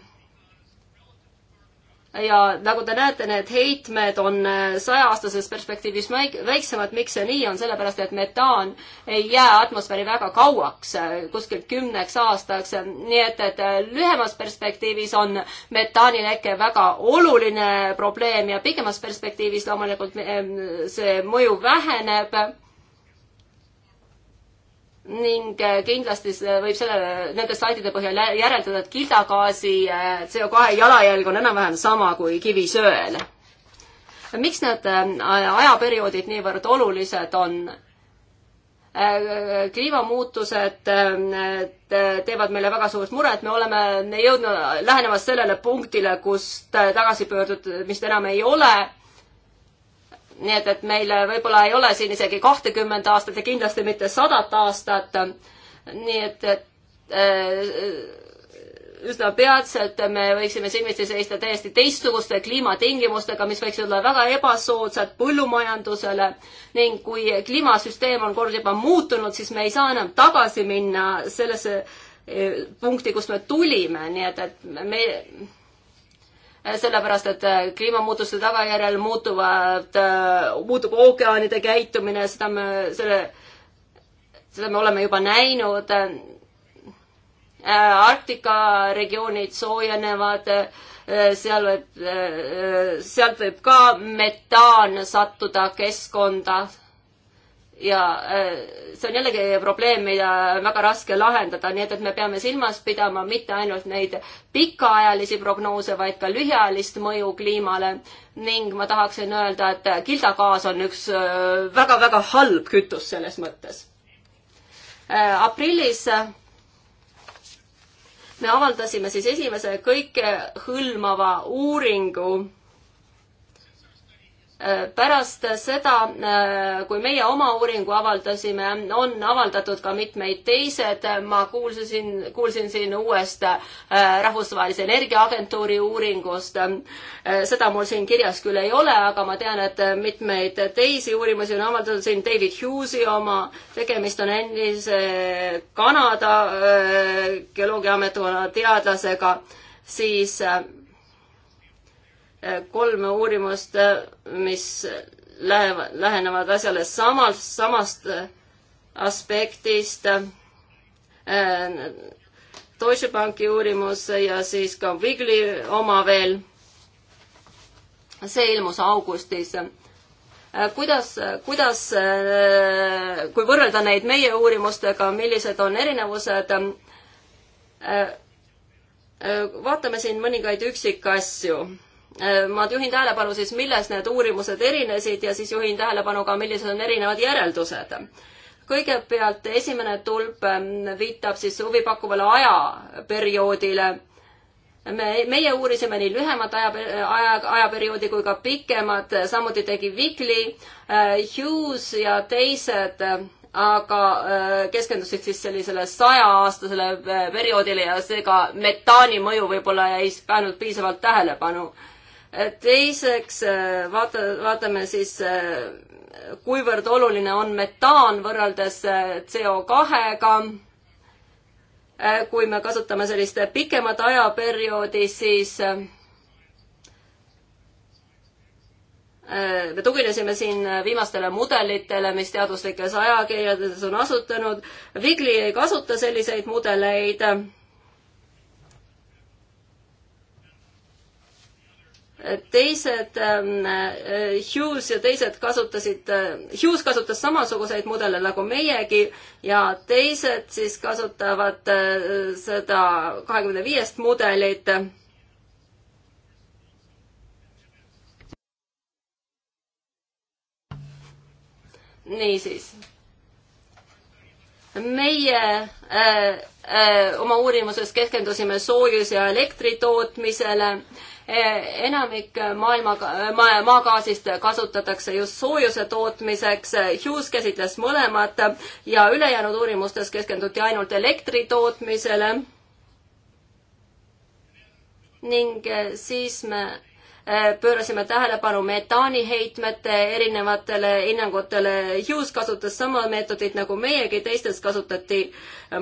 [SPEAKER 2] ja nagu te näete, need heitmed on äh, saja-aastases perspektiivis väiksemad, miks see nii on, sellepärast et metaan ei jää atmosfääri väga kauaks, äh, kuskil kümneks aastaks, nii et, et äh, lühemas perspektiivis on metaanileke väga oluline probleem ja pikemas perspektiivis loomulikult see mõju väheneb ning äh, kindlasti võib selle, nende slaidide põhjal järeldada, et kildagaasi äh, CO2 jalajälg on enam-vähem sama kui kivisöel. miks need äh, ajaperioodid niivõrd olulised on? kliimamuutused teevad meile väga suurt muret, me oleme jõudnud, lähenemas sellele punktile, kust tagasipöördumist enam ei ole nii et, et meil äh, võib-olla ei ole siin isegi kahtekümmend aastat ja kindlasti mitte sadat aastat. nii et, et äh, üsna peatselt me võiksime silmitsi seista täiesti teistsuguste kliimatingimustega, mis võiksid olla väga ebasoodsad põllumajandusele ning kui kliimasüsteem on kord juba muutunud, siis me ei saa enam tagasi minna sellesse äh, punkti, kust me tulime, nii et, et me sellepärast et äh, kliimamuutuste tagajärjel muutuvad, äh, muutub ookeanide käitumine, seda me, selle, seda me oleme juba näinud. Äh, Arktika regioonid soojenevad, seal võib, sealt võib ka metaan sattuda keskkonda ja äh, see on jällegi probleem, mida väga raske lahendada, nii et, et me peame silmas pidama mitte ainult neid pikaajalisi prognoose, vaid ka lühiajalist mõju kliimale. ning ma tahaksin öelda, et kildagaas on üks väga-väga äh, halb kütus selles mõttes. Äh, aprillis me avaldasime siis esimese kõikehõlmava uuringu Äh, pärast seda, äh, kui meie oma uuringu avaldasime, on avaldatud ka mitmeid teised, ma kuulsin, kuulsin siin uuest äh, Rahvusvahelise Energiaagentuuri uuringust. seda mul siin kirjas küll ei ole, aga ma tean, et mitmeid teisi uurimusi on avaldatud siin David Hughes'i oma, tegemist on endise Kanada geoloogiaametkonna teadlasega, siis kolme uurimust, mis lähevad, lähenevad asjale samast, samast aspektist. Deutsche Banki uurimus ja siis ka Wigli oma veel. see ilmus augustis. kuidas, kuidas, kui võrrelda neid meie uurimustega, millised on erinevused? vaatame siin mõningaid üksikasju Äh, ma juhin tähelepanu siis, milles need uurimused erinesid ja siis juhin tähelepanu ka, millised on erinevad järeldused. kõigepealt esimene tulp ähm, viitab siis huvipakkuvale ajaperioodile. me, meie uurisime nii lühemat aja, aja, ajaperioodi kui ka pikemat, samuti tegi Wigli, äh, Hughes ja teised aga äh, keskendusid siis sellisele sajaaastasele perioodile ja seega metaani mõju võib-olla jäi ainult piisavalt tähelepanu teiseks äh, vaata, vaatame siis, äh, kuivõrd oluline on metaan võrreldes äh, CO kahega. kui me kasutame sellist pikemat ajaperioodi, siis me tuginesime siin viimastele mudelitele, mis teaduslikes ajakirjades on asutanud. Vigli ei kasuta selliseid mudeleid teised ähm, äh,, Hughes ja teised kasutasid äh,, Hughes kasutas samasuguseid mudeleid nagu meiegi ja teised siis kasutavad äh, seda kahekümne viiest mudelit. niisiis. meie äh, äh, oma uurimuses keskendusime soojus- ja elektritootmisele äh, Eh, enamik maailma eh, ma,, maagaasist kasutatakse just soojuse tootmiseks. Hughes käsitles mõlemat ja ülejäänud uurimustes keskenduti ainult elektri tootmisele. ning eh, siis me pöörasime tähelepanu metaaniheitmete erinevatele hinnangutele. Hughes kasutas sama meetodit nagu meiegi, teistes kasutati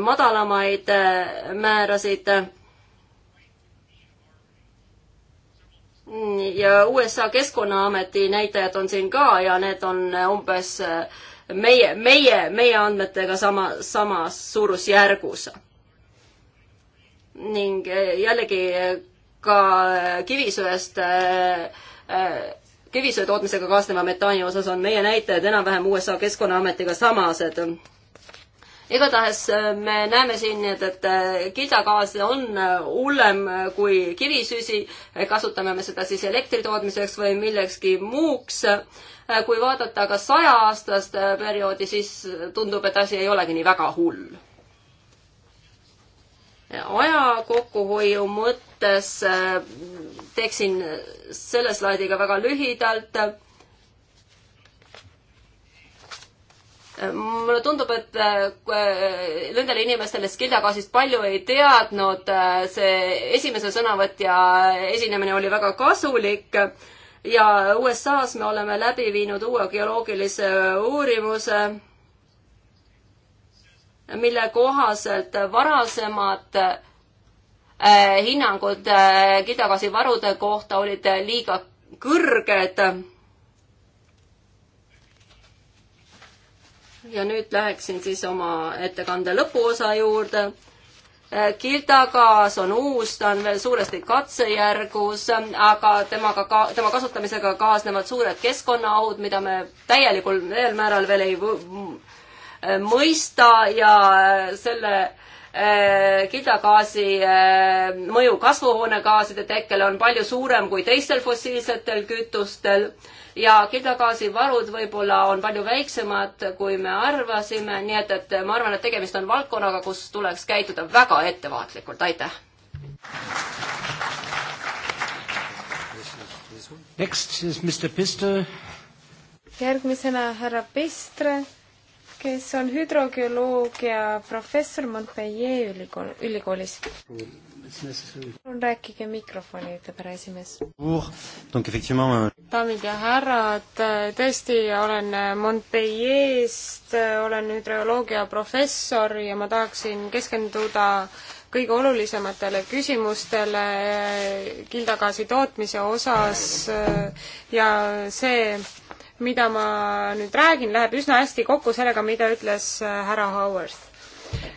[SPEAKER 2] madalamaid määrasid ja USA keskkonnaameti näitajad on siin ka ja need on umbes äh, meie, meie, meie andmetega sama, samas suurusjärgus. ning äh, jällegi äh, ka kivisöest, kivisöe tootmisega kaasneva metaani osas on meie näitajad enam-vähem USA keskkonnaametiga samased igatahes äh, me näeme siin, et, et äh, kildagaas on äh, hullem kui kivisüsi, kasutame me seda siis elektri tootmiseks või millekski muuks. kui vaadata aga sajaaastast perioodi, siis tundub, et asi ei olegi nii väga hull. aja kokkuhoiu mõttes teeksin selle slaidiga väga lühidalt mulle tundub, et äh, nendele inimestele Skildagaasist palju ei teadnud, see esimese sõnavõtja esinemine oli väga kasulik ja USA-s me oleme läbi viinud uue geoloogilise uurimuse, mille kohaselt varasemad äh, hinnangud Skildagaasi äh, varude kohta olid liiga kõrged ja nüüd läheksin siis oma ettekande lõpuosa juurde. Äh, Gildagaas on uus, ta on veel suuresti katsejärgus, aga temaga ka,, tema kasutamisega kaasnevad suured keskkonnaaud, mida me täielikul määral veel ei äh, mõista ja äh, selle äh, Äh, kildagaasi äh, mõju kasvuhoonegaaside tekkel on palju suurem kui teistel fossiilsetel kütustel ja kildagaasivarud võib-olla on palju väiksemad, kui me arvasime, nii et, et ma arvan, et tegemist on valdkonnaga, kus tuleks käituda väga ettevaatlikult, aitäh.
[SPEAKER 1] Next is Mr Pistor. järgmisena härra Pistre kes on hüdrogeoloogia professor Montpellier ülikool, ülikoolis. palun rääkige mikrofoni, ütleb härra esimees. Euh, daamid ja härrad, tõesti olen Montpellier'st, olen hüdrogeoloogia professor ja ma tahaksin keskenduda kõige olulisematele küsimustele kildagaasi tootmise osas ja see mida ma nüüd räägin, läheb üsna hästi kokku sellega, mida ütles äh, härra Howard.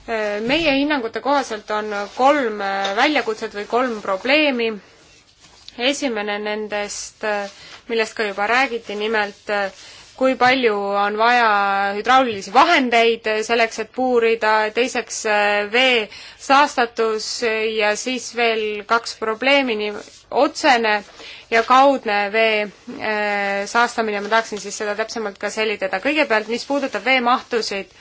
[SPEAKER 1] Äh, meie hinnangute kohaselt on kolm äh, väljakutset või kolm probleemi. esimene nendest, millest ka juba räägiti, nimelt kui palju on vaja hüdraulilisi vahendeid selleks, et puurida, teiseks eh, vee saastatus ja siis veel kaks probleemi, nii otsene ja kaudne vee eh, saastamine, ma tahaksin siis seda täpsemalt ka selitada. kõigepealt, mis puudutab veemahtusid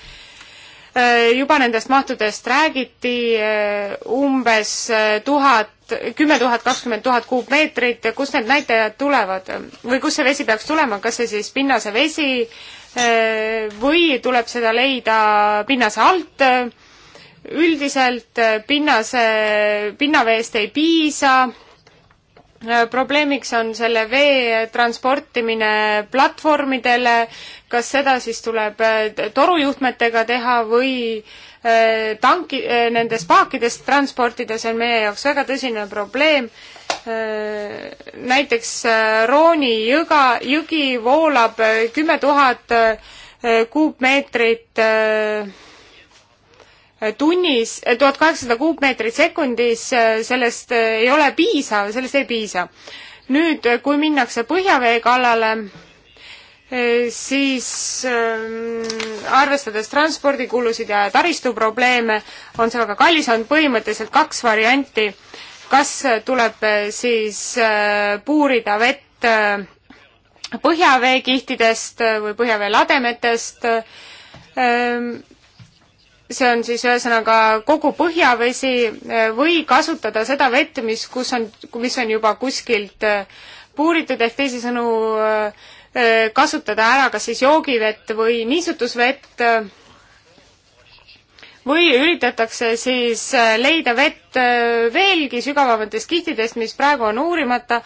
[SPEAKER 1] Äh, juba nendest mahtudest räägiti, äh, umbes äh, tuhat, kümme tuhat, kakskümmend tuhat kuupmeetrit, kust need näitajad tulevad või kust see vesi peaks tulema, kas see siis pinnase vesi või tuleb seda leida pinnase alt? üldiselt pinnase, pinnaveest ei piisa Äh, probleemiks on selle vee transportimine platvormidele, kas seda siis tuleb äh, torujuhtmetega teha või äh, tanki, nendest paakidest transportida, see on meie jaoks väga tõsine probleem. näiteks Rooni jõga, jõgi voolab kümme tuhat kuupmeetrit tunnis, tuhat kaheksasada kuupmeetrit sekundis, äh, sellest äh, ei ole piisav, sellest ei piisa. nüüd, äh, kui minnakse põhjavee kallale, siis ähm, arvestades transpordikulusid ja taristuprobleeme, on see väga kallis, on põhimõtteliselt kaks varianti. kas tuleb siis puurida vett põhjaveekihtidest või põhjaveelademetest, ähm, see on siis ühesõnaga kogu põhjavesi eh, või kasutada seda vett, mis, kus on, mis on juba kuskilt eh, puuritud, ehk teisisõnu eh, kasutada ära kas siis joogivett või niisutusvett või üritatakse siis leida vett veelgi sügavamatest kihtidest, mis praegu on uurimata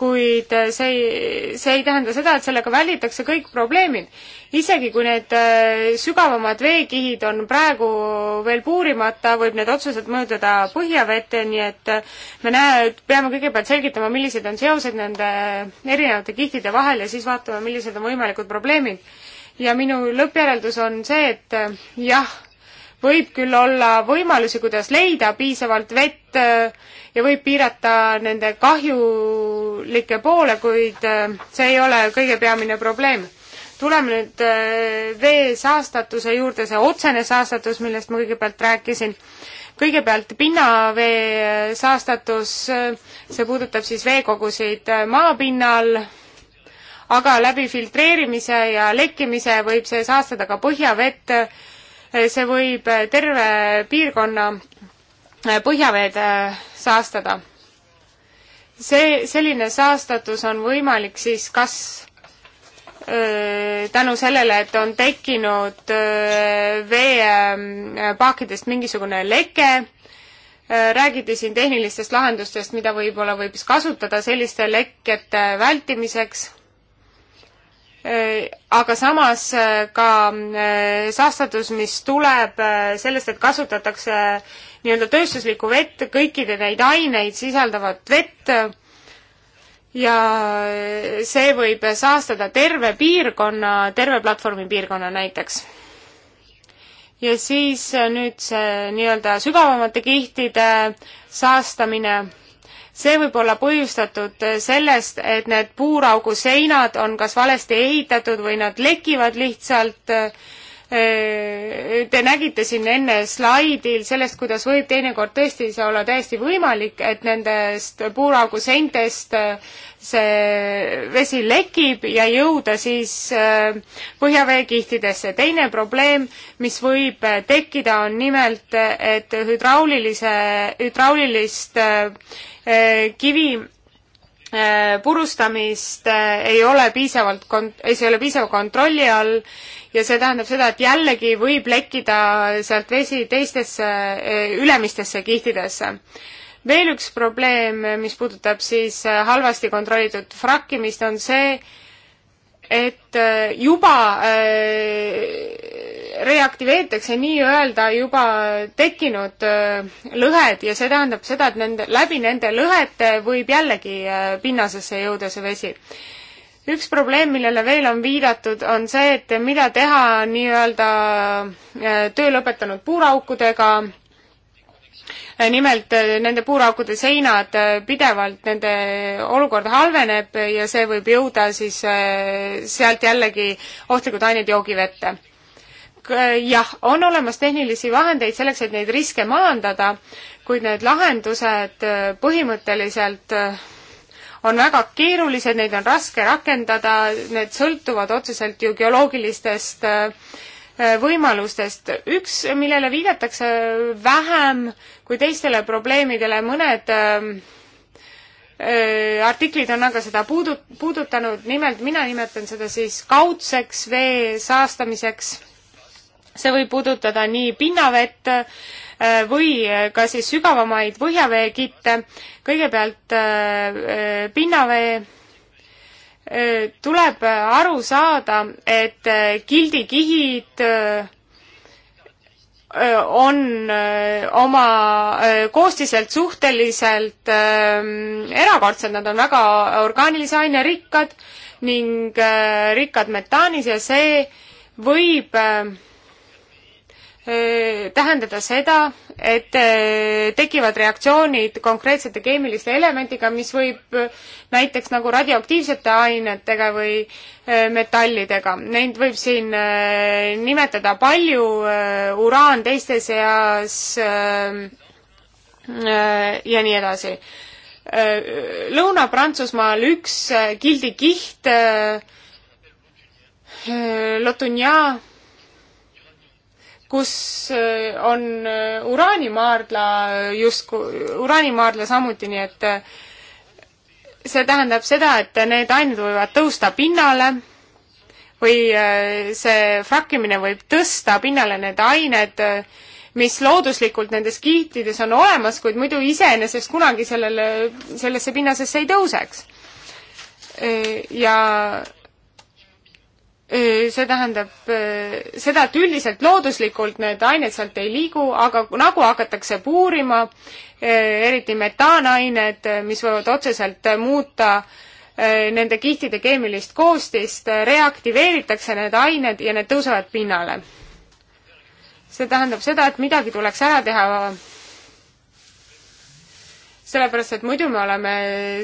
[SPEAKER 1] kuid see ei, see ei tähenda seda, et sellega välditakse kõik probleemid. isegi kui need äh, sügavamad veekihid on praegu veel puurimata, võib need otseselt mõjutada põhjavette, nii et äh, me näe, peame kõigepealt selgitama, millised on seosed nende äh, erinevate kihtide vahel ja siis vaatame, millised on võimalikud probleemid. ja minu lõppjäreldus on see, et jah, võib küll olla võimalusi, kuidas leida piisavalt vett äh, ja võib piirata nende kahjulikke poole, kuid äh, see ei ole kõige peamine probleem. tuleme nüüd äh, vee saastatuse juurde, see otsene saastatus, millest ma kõigepealt rääkisin. kõigepealt pinnavee saastatus, see puudutab siis veekogusid maapinnal, aga läbi filtreerimise ja lekkimise võib see saastada ka põhjavett see võib eh, terve piirkonna eh, põhjaveed eh, saastada. see, selline saastatus on võimalik siis kas tänu sellele, et on tekkinud veepaakidest mingisugune leke, räägiti siin tehnilistest lahendustest, mida võib-olla võib siis kasutada selliste lekkete vältimiseks Äh, aga samas äh, ka äh, saastatus, mis tuleb sellest, et kasutatakse nii-öelda tööstuslikku vett, kõikide neid aineid sisaldavat vett ja see võib saastada terve piirkonna, terve platvormi piirkonna näiteks. ja siis nüüd see nii-öelda sügavamate kihtide saastamine see võib olla põhjustatud eh, sellest, et need puuraugu seinad on kas valesti ehitatud või nad lekivad lihtsalt äh, Äh, te nägite siin enne slaidil sellest, kuidas võib teinekord tõesti see olla täiesti võimalik, et nendest puuraugu seintest äh, see vesi lekib ja jõuda siis äh, põhjaveekihtidesse. teine probleem, mis võib tekkida, on nimelt, et hüdraulilise, hüdraulilist kivi purustamist ei ole piisavalt, see ei ole piisava kontrolli all ja see tähendab seda, et jällegi võib lekkida sealt vesi teistesse, eh, ülemistesse kihtidesse veel üks probleem, mis puudutab siis eh, halvasti kontrollitud frakkimist, on see, et eh, juba reaktiveeritakse nii-öelda juba tekkinud lõhed ja see tähendab seda, et nende, läbi nende lõhete võib jällegi pinnasesse jõuda see vesi üks probleem, millele veel on viidatud, on see, et mida teha nii-öelda äh, töö lõpetanud puuraukudega, äh, nimelt äh, nende puuraukude seinad pidevalt, nende olukord halveneb ja see võib jõuda siis sealt jällegi ohtlikud ained joogivette. jah, on olemas tehnilisi vahendeid selleks, et neid riske maandada, kuid need lahendused põhimõtteliselt on väga keerulised, neid on raske rakendada, need sõltuvad otseselt ju geoloogilistest äh, võimalustest. üks, millele viidatakse vähem kui teistele probleemidele, mõned ähm, äh, artiklid on aga seda puudu-, puudutanud, nimelt mina nimetan seda siis kaudseks vee saastamiseks. see võib puudutada nii pinnavett, Äh, või äh, ka siis sügavamaid põhjaveekitte, kõigepealt äh, pinnavee tuleb aru saada, et gildikihid on oma koostiselt suhteliselt ähm, erakordsed, nad on väga orgaanilise aine rikkad ning rikkad metaanis ja see võib äh, Äh, tähendada seda, et äh, tekivad reaktsioonid konkreetsete keemiliste elementiga, mis võib äh, näiteks nagu radioaktiivsete ainetega või metallidega. Neid võib siin nimetada palju, uraan teiste seas ähm, ja nii edasi. Lõuna-Prantsusmaal üks kildikiht, Lotunia kus äh, on äh, uraanimaardla justkui, uraanimaardla samuti, nii et äh, see tähendab seda, et need ained võivad tõusta pinnale või see frakkimine võib tõsta pinnale need ained, mis looduslikult nendes kiitides on olemas, kuid muidu iseenesest kunagi sellele, sellesse pinnasesse ei tõuseks. ja see tähendab seda, et üldiselt looduslikult need ained sealt ei liigu, aga nagu hakatakse puurima, eriti metaanained, mis võivad otseselt muuta nende kihtide keemilist koostist, reaktiveeritakse need ained ja need tõusevad pinnale. see tähendab seda, et midagi tuleks ära teha sellepärast, et muidu me oleme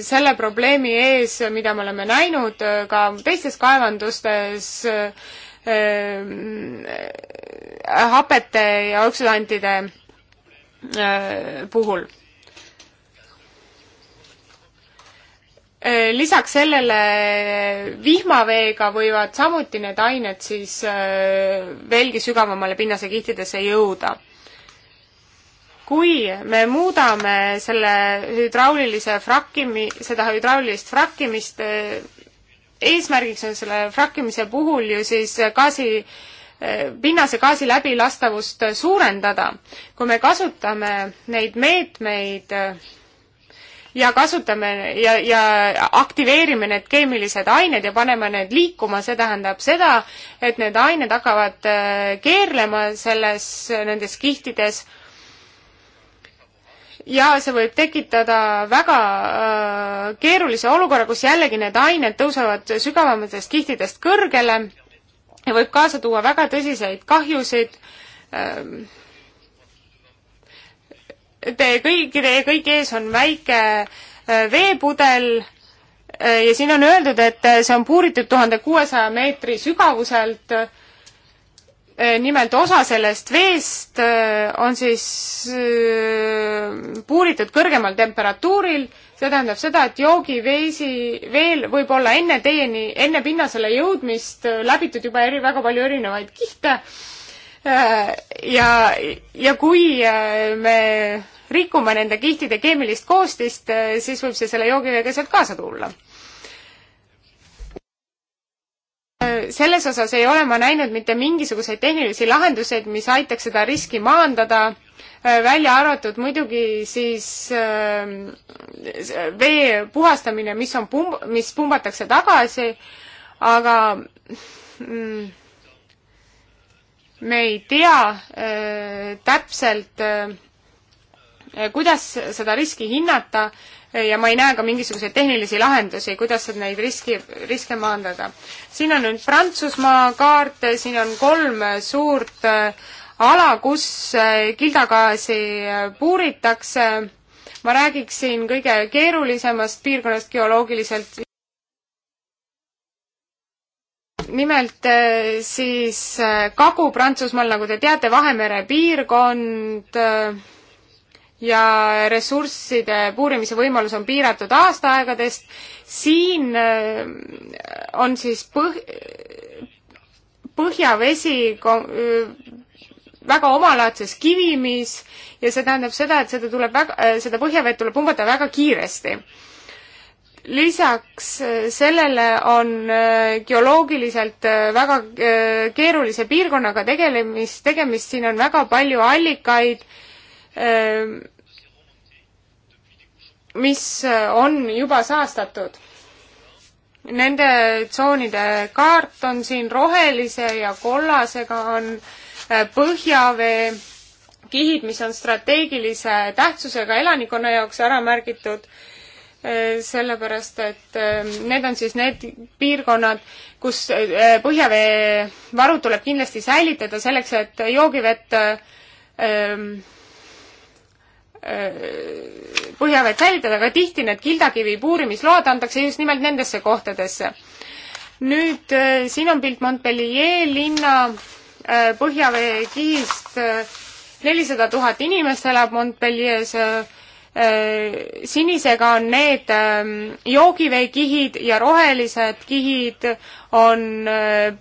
[SPEAKER 1] selle probleemi ees, mida me oleme näinud äh, ka teistes kaevandustes äh, äh, hapete ja oksüdantide äh, puhul. Äh, lisaks sellele vihmaveega võivad samuti need ained siis äh, veelgi sügavamale pinnasekihtidesse jõuda kui me muudame selle hüdraulilise frakkimi, seda hüdraulilist frakkimist, eh, eesmärgiks on selle frakkimise puhul ju siis gaasi, eh, pinnase gaasi läbilastavust suurendada. kui me kasutame neid meetmeid eh, ja kasutame ja, ja aktiveerime need keemilised ained ja paneme need liikuma, see tähendab seda, et need ained hakkavad keerlema selles, nendes kihtides ja see võib tekitada väga äh, keerulise olukorra, kus jällegi need ained tõusevad sügavamatest kihtidest kõrgele ja võib kaasa tuua väga tõsiseid kahjusid ähm,. Te kõigi, teie kõigi ees on väike äh, veepudel äh, ja siin on öeldud, et äh, see on puuritud tuhande kuuesaja meetri sügavuselt äh, Äh, nimelt osa sellest veest äh, on siis äh, puuritud kõrgemal temperatuuril, see tähendab seda, et joogiveesi veel võib olla enne teieni, enne pinnasele jõudmist läbitud juba eri, väga palju erinevaid kihte. ja, ja kui me rikume nende kihtide keemilist koostist, siis võib see selle joogiveega sealt kaasa tulla Äh, selles osas ei ole ma näinud mitte mingisuguseid tehnilisi lahenduseid, mis aitaks seda riski maandada, äh, välja arvatud muidugi siis äh, vee puhastamine, mis on pumb-, mis pumbatakse tagasi, aga mm, me ei tea äh, täpselt äh,, kuidas seda riski hinnata äh, ja ma ei näe ka mingisuguseid tehnilisi lahendusi, kuidas neid riski, riske maandada. siin on nüüd Prantsusmaa kaart, siin on kolm suurt äh, ala, kus äh, kildagaasi äh, puuritakse. ma räägiksin kõige keerulisemast piirkonnast geoloogiliselt. nimelt siis Kagu-Prantsusmaal, nagu te teate, Vahemere piirkond ja ressursside puurimise võimalus on piiratud aastaaegadest, siin äh, on siis põh-, põhjavesi äh, väga omalaadses kivimis ja see tähendab seda, et seda tuleb väga, äh, seda põhjavett tuleb pumbata väga kiiresti lisaks sellele on geoloogiliselt väga keerulise piirkonnaga tegelemist, tegemist, siin on väga palju allikaid Ehm, mis äh, on juba saastatud. Nende tsoonide kaart on siin rohelise ja kollasega on äh, põhjavee kihid, mis on strateegilise tähtsusega elanikkonna jaoks ära märgitud äh, sellepärast, et need on siis need piirkonnad, kus põhjavee varu tuleb kindlasti säilitada selleks, et joogivett põhjavett säilitada, aga tihti need kildakivi puurimisload antakse just nimelt nendesse kohtadesse. nüüd äh, siin on pilt Montpellier linna äh, põhjaveekihist, äh, nelisada tuhat inimest elab Montpellieris, sinisega on need ähm, joogiveekihid ja rohelised kihid on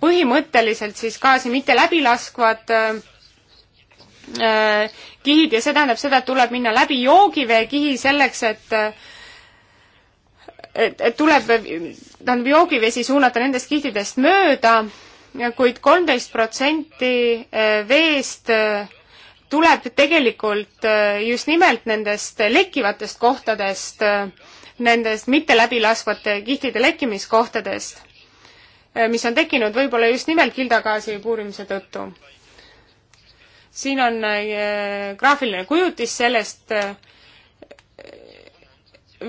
[SPEAKER 1] põhimõtteliselt siis gaasi mitte läbilaskvad kihid ja see tähendab seda, et tuleb minna läbi joogiveekihi selleks, et et, et tuleb, tähendab joogivesi suunata nendest kihtidest mööda, kuid kolmteist protsenti eh, veest eh, tuleb tegelikult eh, just nimelt nendest lekkivatest kohtadest, nendest mitte läbilaskvate kihtide lekkimiskohtadest, mis on tekkinud võib-olla just nimelt kildagaasi puurimise tõttu siin on äh, graafiline kujutis sellest, äh,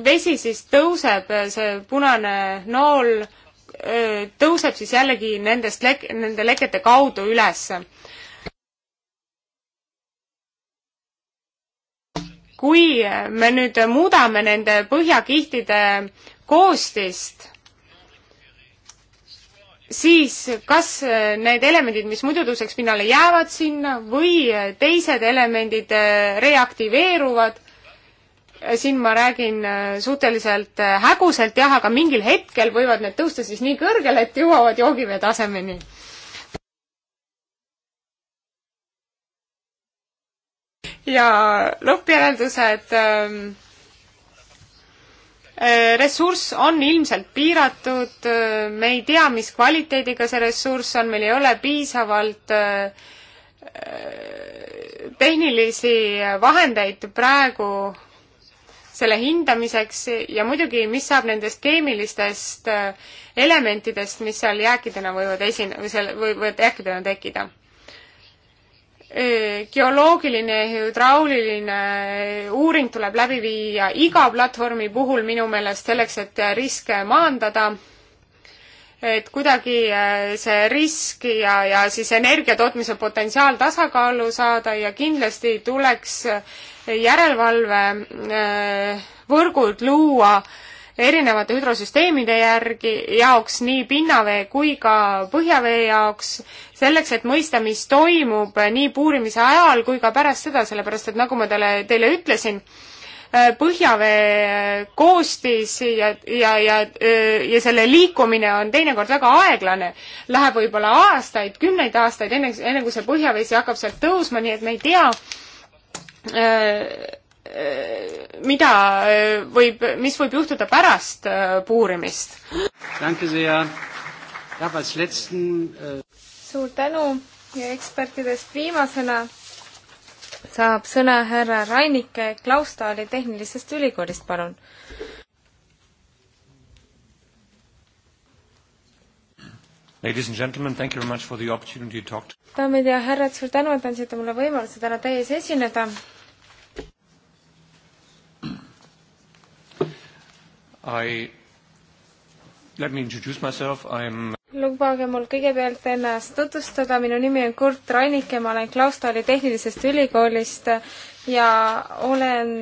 [SPEAKER 1] vesi siis tõuseb, äh, see punane nool tõuseb siis jällegi nendest lek-, nende lekete kaudu üles. kui me nüüd muudame nende põhjakihtide koostist, siis kas äh, need elemendid, mis muidu tõuseks pinnale, jäävad sinna või äh, teised elemendid äh, reaktiveeruvad. siin ma räägin suhteliselt häguselt jah, aga mingil hetkel võivad need tõusta siis nii kõrgele, et jõuavad joogivee tasemeni. ja lõppjäreldused ähm, Äh, ressurss on ilmselt piiratud, äh, me ei tea, mis kvaliteediga see ressurss on, meil ei ole piisavalt äh, tehnilisi vahendeid praegu selle hindamiseks ja muidugi, mis saab nendest keemilistest elementidest, mis seal jääkidena võivad esine- või seal võivad jääkidena tekkida Eh, geoloogiline ja hüdrauliline uuring tuleb läbi viia iga platvormi puhul minu meelest selleks, et riske maandada, et kuidagi eh, see risk ja, ja siis energia tootmise potentsiaal tasakaalu saada ja kindlasti tuleks eh, järelevalvevõrgud luua äh, erinevate hüdrosüsteemide järgi, jaoks, nii pinnavee kui ka põhjavee jaoks, selleks, et mõista, mis toimub nii puurimise ajal kui ka pärast seda, sellepärast et nagu ma teile, teile ütlesin, äh, põhjavee äh, koostis ja, ja, ja, äh, ja selle liikumine on teinekord väga aeglane. Läheb võib-olla aastaid, kümneid aastaid, enne, enne kui see põhjavesi hakkab sealt tõusma, nii et me ei tea, mida äh, võib, mis võib juhtuda pärast äh, puurimist. Äh, suur tänu ja ekspertidest viimasena saab sõna härra Rainike Klaustaali Tehnilisest Ülikoolist, palun. Ladies and gentlemen, thank you very much for the opportunity to talk to daamid ja härrad, suur tänu, et andsite mulle võimaluse täna teie ees esineda
[SPEAKER 2] I, let me introduce myself, I am
[SPEAKER 1] lubage mul kõigepealt ennast tutvustada, minu nimi on Kurt Rannik ja ma olen Klaustali Tehnilisest Ülikoolist ja olen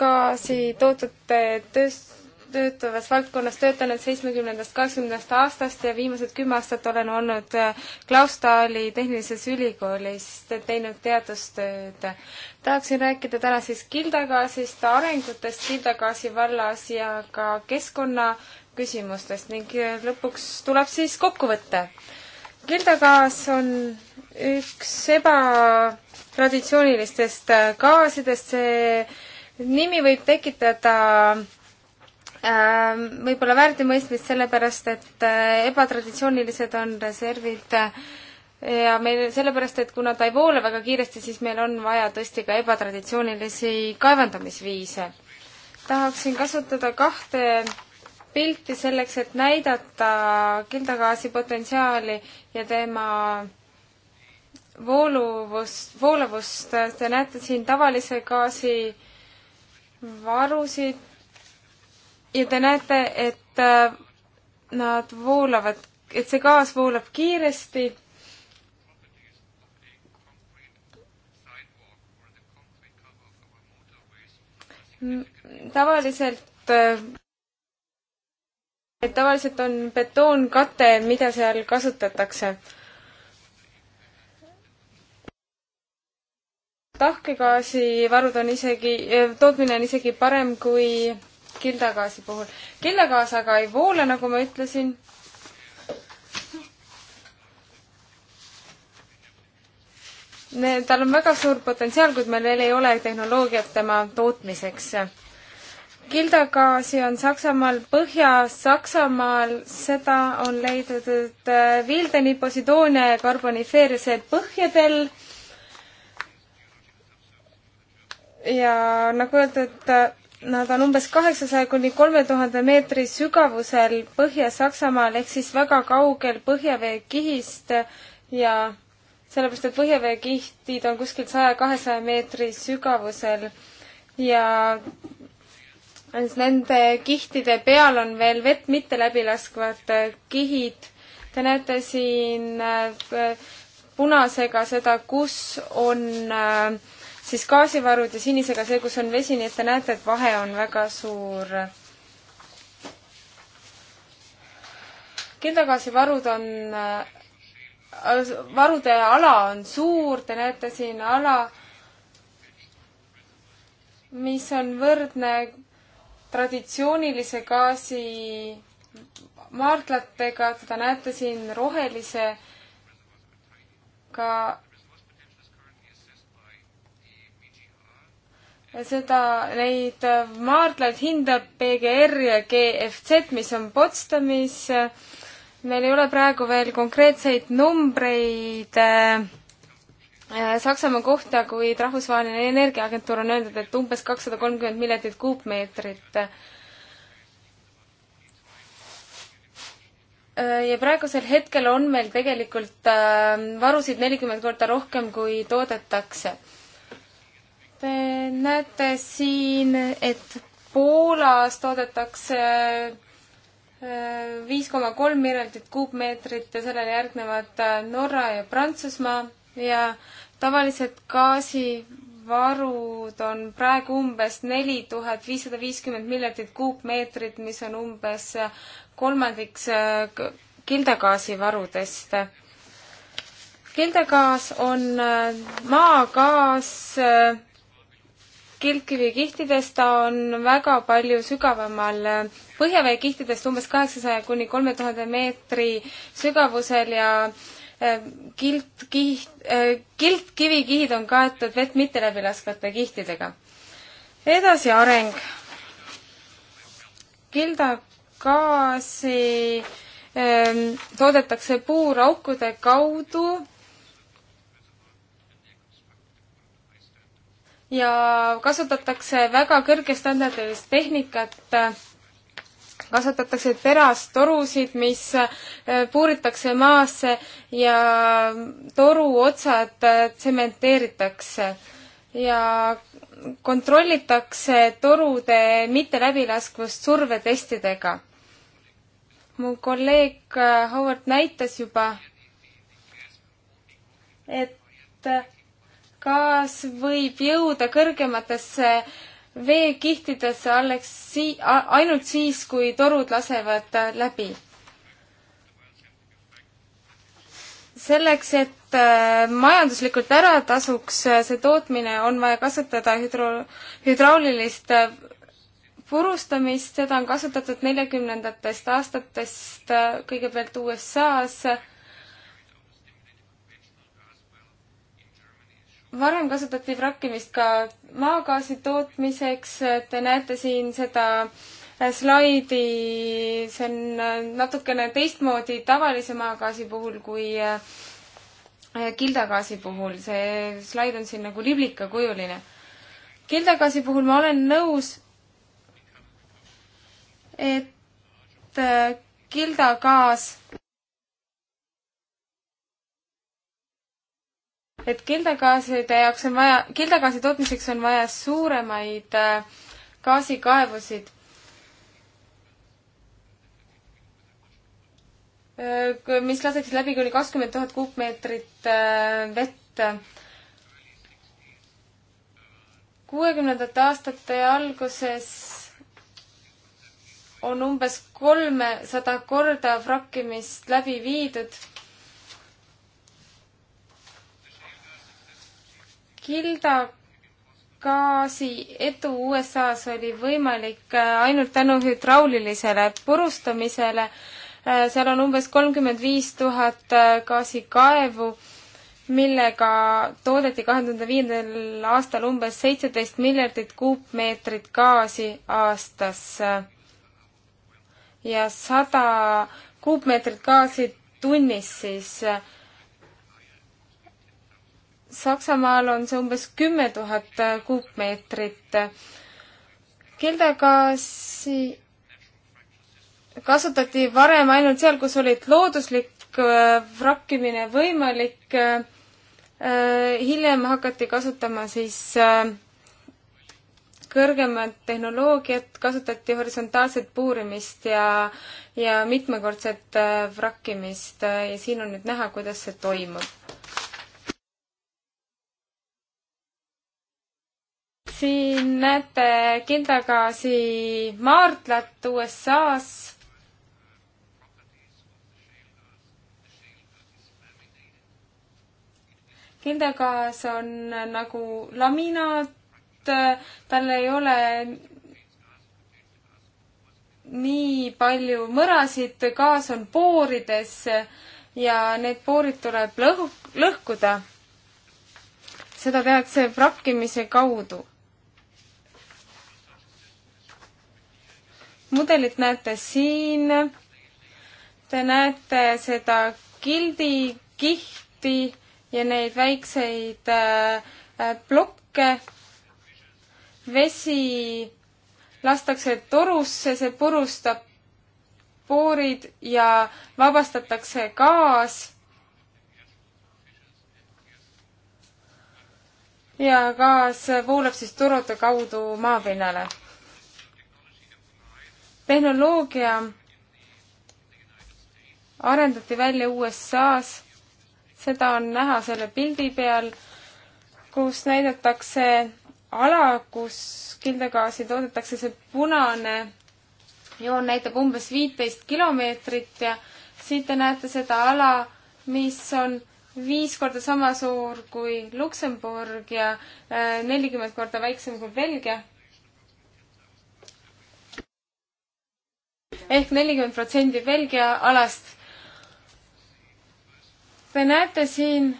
[SPEAKER 1] gaasi äh, toodete tööst-, töötavas valdkonnas töötanud seitsmekümnendast, kaheksakümnendast aastast ja viimased kümme aastat olen olnud äh, Klaustali Tehnilises Ülikoolis, teinud teadustööd. tahaksin rääkida täna siis kildagaasist, arengutest kildagaasi vallas ja ka keskkonnaküsimustest ning äh, lõpuks tuleb siis kokkuvõte. kildagaas on üks ebatraditsioonilistest äh, gaasidest, see nimi võib tekitada Ähm, võib-olla väärtimõistmist, sellepärast et äh, ebatraditsioonilised on reservid äh, ja meil sellepärast, et kuna ta ei voola väga kiiresti, siis meil on vaja tõesti ka ebatraditsioonilisi kaevandamisviise. tahaksin kasutada kahte pilti selleks, et näidata kildagaasi potentsiaali ja tema vooluvust, voolavust. Te näete siin tavalise gaasi varusid ja te näete, et äh, nad voolavad, et see gaas voolab kiiresti tavaliselt, äh, tavaliselt on betoonkate, mida seal kasutatakse. tahkegaasivarud on isegi, äh, tootmine on isegi parem kui kildagaasi puhul. kildagaas aga ei voola, nagu ma ütlesin. tal on väga suur potentsiaal, kuid meil veel ei ole tehnoloogiat tema tootmiseks. kildagaasi on Saksamaal, Põhja-Saksamaal, seda on leidunud äh, Wildeni, Posidoonia ja Carbonifeerise põhjadel ja nagu öeldud, äh, Nad on umbes kaheksasaja kuni kolme tuhande meetri sügavusel Põhja-Saksamaal ehk siis väga kaugel põhjaveekihist ja sellepärast, et põhjaveekihtid on kuskil saja-kahesaja meetri sügavusel ja nende kihtide peal on veel vett mitte läbi laskvad kihid. Te näete siin äh, punasega seda, kus on äh, siis gaasivarud ja sinisega see, kus on vesi, nii et te näete, et vahe on väga suur. kildagaasivarud on, äh, varude ala on suur, te näete siin ala, mis on võrdne traditsioonilise gaasi maardlatega, seda näete siin rohelise ka seda, neid maardlaid hindab PGR ja GFZ, mis on Potsdamis. meil ei ole praegu veel konkreetseid numbreid äh, Saksamaa kohta, kuid Rahvusvaheline Energiaagentuur on öelnud, et umbes kakssada kolmkümmend miljardit kuupmeetrit. Äh, ja praegusel hetkel on meil tegelikult äh, varusid nelikümmend korda rohkem, kui toodetakse Te näete siin, et Poolas toodetakse äh, viis koma kolm miljardit kuupmeetrit ja sellele järgnevad äh, Norra ja Prantsusmaa ja tavaliselt gaasivarud on praegu umbes neli tuhat viissada viiskümmend miljardit kuupmeetrit, mis on umbes äh, kolmandiks kildagaasivarudest. kildagaas on maagaas kilkkivikihtidest, ta on väga palju sügavamal põhjaveekihtidest, umbes kaheksasaja kuni kolme tuhande meetri sügavusel ja eh, kiltkiht, eh, kiltkivikihid on kaetud vett mitte läbi laskvate kihtidega. edasi areng. kildagaasi eh, toodetakse puuraukude kaudu ja kasutatakse väga kõrgestandardilist tehnikat, kasutatakse terastorusid, mis äh, puuritakse maasse ja toru otsad äh, tsementeeritakse ja kontrollitakse torude mitteläbilaskvust survetestidega. mu kolleeg äh, Howard näitas juba, et gaas võib jõuda kõrgematesse veekihtidesse alles sii-, ainult siis, kui torud lasevad läbi. selleks, et äh, majanduslikult ära tasuks äh, see tootmine, on vaja kasutada hüdro-, hüdraulilist äh, purustamist, seda on kasutatud neljakümnendatest aastatest kõigepealt USA-s varem kasutati vrakkimist ka maagaasi tootmiseks, te näete siin seda slaidi, see on natukene teistmoodi tavalise maagaasi puhul kui äh, kildagaasi puhul, see slaid on siin nagu liblikakujuline. kildagaasi puhul ma olen nõus, et äh, kildagaas et kildagaaside jaoks on vaja, kildagaasi tootmiseks on vaja suuremaid äh, gaasikaevusid. Äh, mis laseksid läbi kuni kakskümmend tuhat kuupmeetrit äh, vett. kuuekümnendate aastate alguses on umbes kolmesada korda frakkimist läbi viidud Gilda gaasi edu USA-s oli võimalik äh, ainult tänu hüdraulilisele purustamisele. Äh, seal on umbes kolmkümmend viis tuhat äh, gaasikaevu, millega toodeti kahe tuhande viiendal aastal umbes seitseteist miljardit kuupmeetrit gaasi aastas. ja sada kuupmeetrit gaasi tunnis siis Saksamaal on see umbes kümme tuhat kuupmeetrit. keldagaasi kasutati varem ainult seal, kus olid looduslik äh, vrakkimine võimalik. Äh, hiljem hakati kasutama siis äh, kõrgemat tehnoloogiat, kasutati horisontaalset puurimist ja, ja mitmekordset vrakkimist ja siin on nüüd näha, kuidas see toimub siin näete Kindagaasi maardlat USA-s. Kindagaas on nagu laminaat, tal ei ole nii palju mõrasid, gaas on poorides ja need poorid tuleb lõh-, lõhkuda seda tehakse frakkimise kaudu. mudelit näete siin. Te näete seda gildi kihti ja neid väikseid äh, plokke. vesi lastakse torusse, see purustab boorid ja vabastatakse gaas. ja gaas voolab siis torude kaudu maapinnale tehnoloogia arendati välja USA-s, seda on näha selle pildi peal, kus näidatakse ala, kus kildegaasi toodetakse, see punane joon näitab umbes viiteist kilomeetrit ja siit te näete seda ala, mis on viis korda sama suur kui Luksemburg ja äh, nelikümmend korda väiksem kui Belgia ehk nelikümmend protsenti Belgia alast. Te näete siin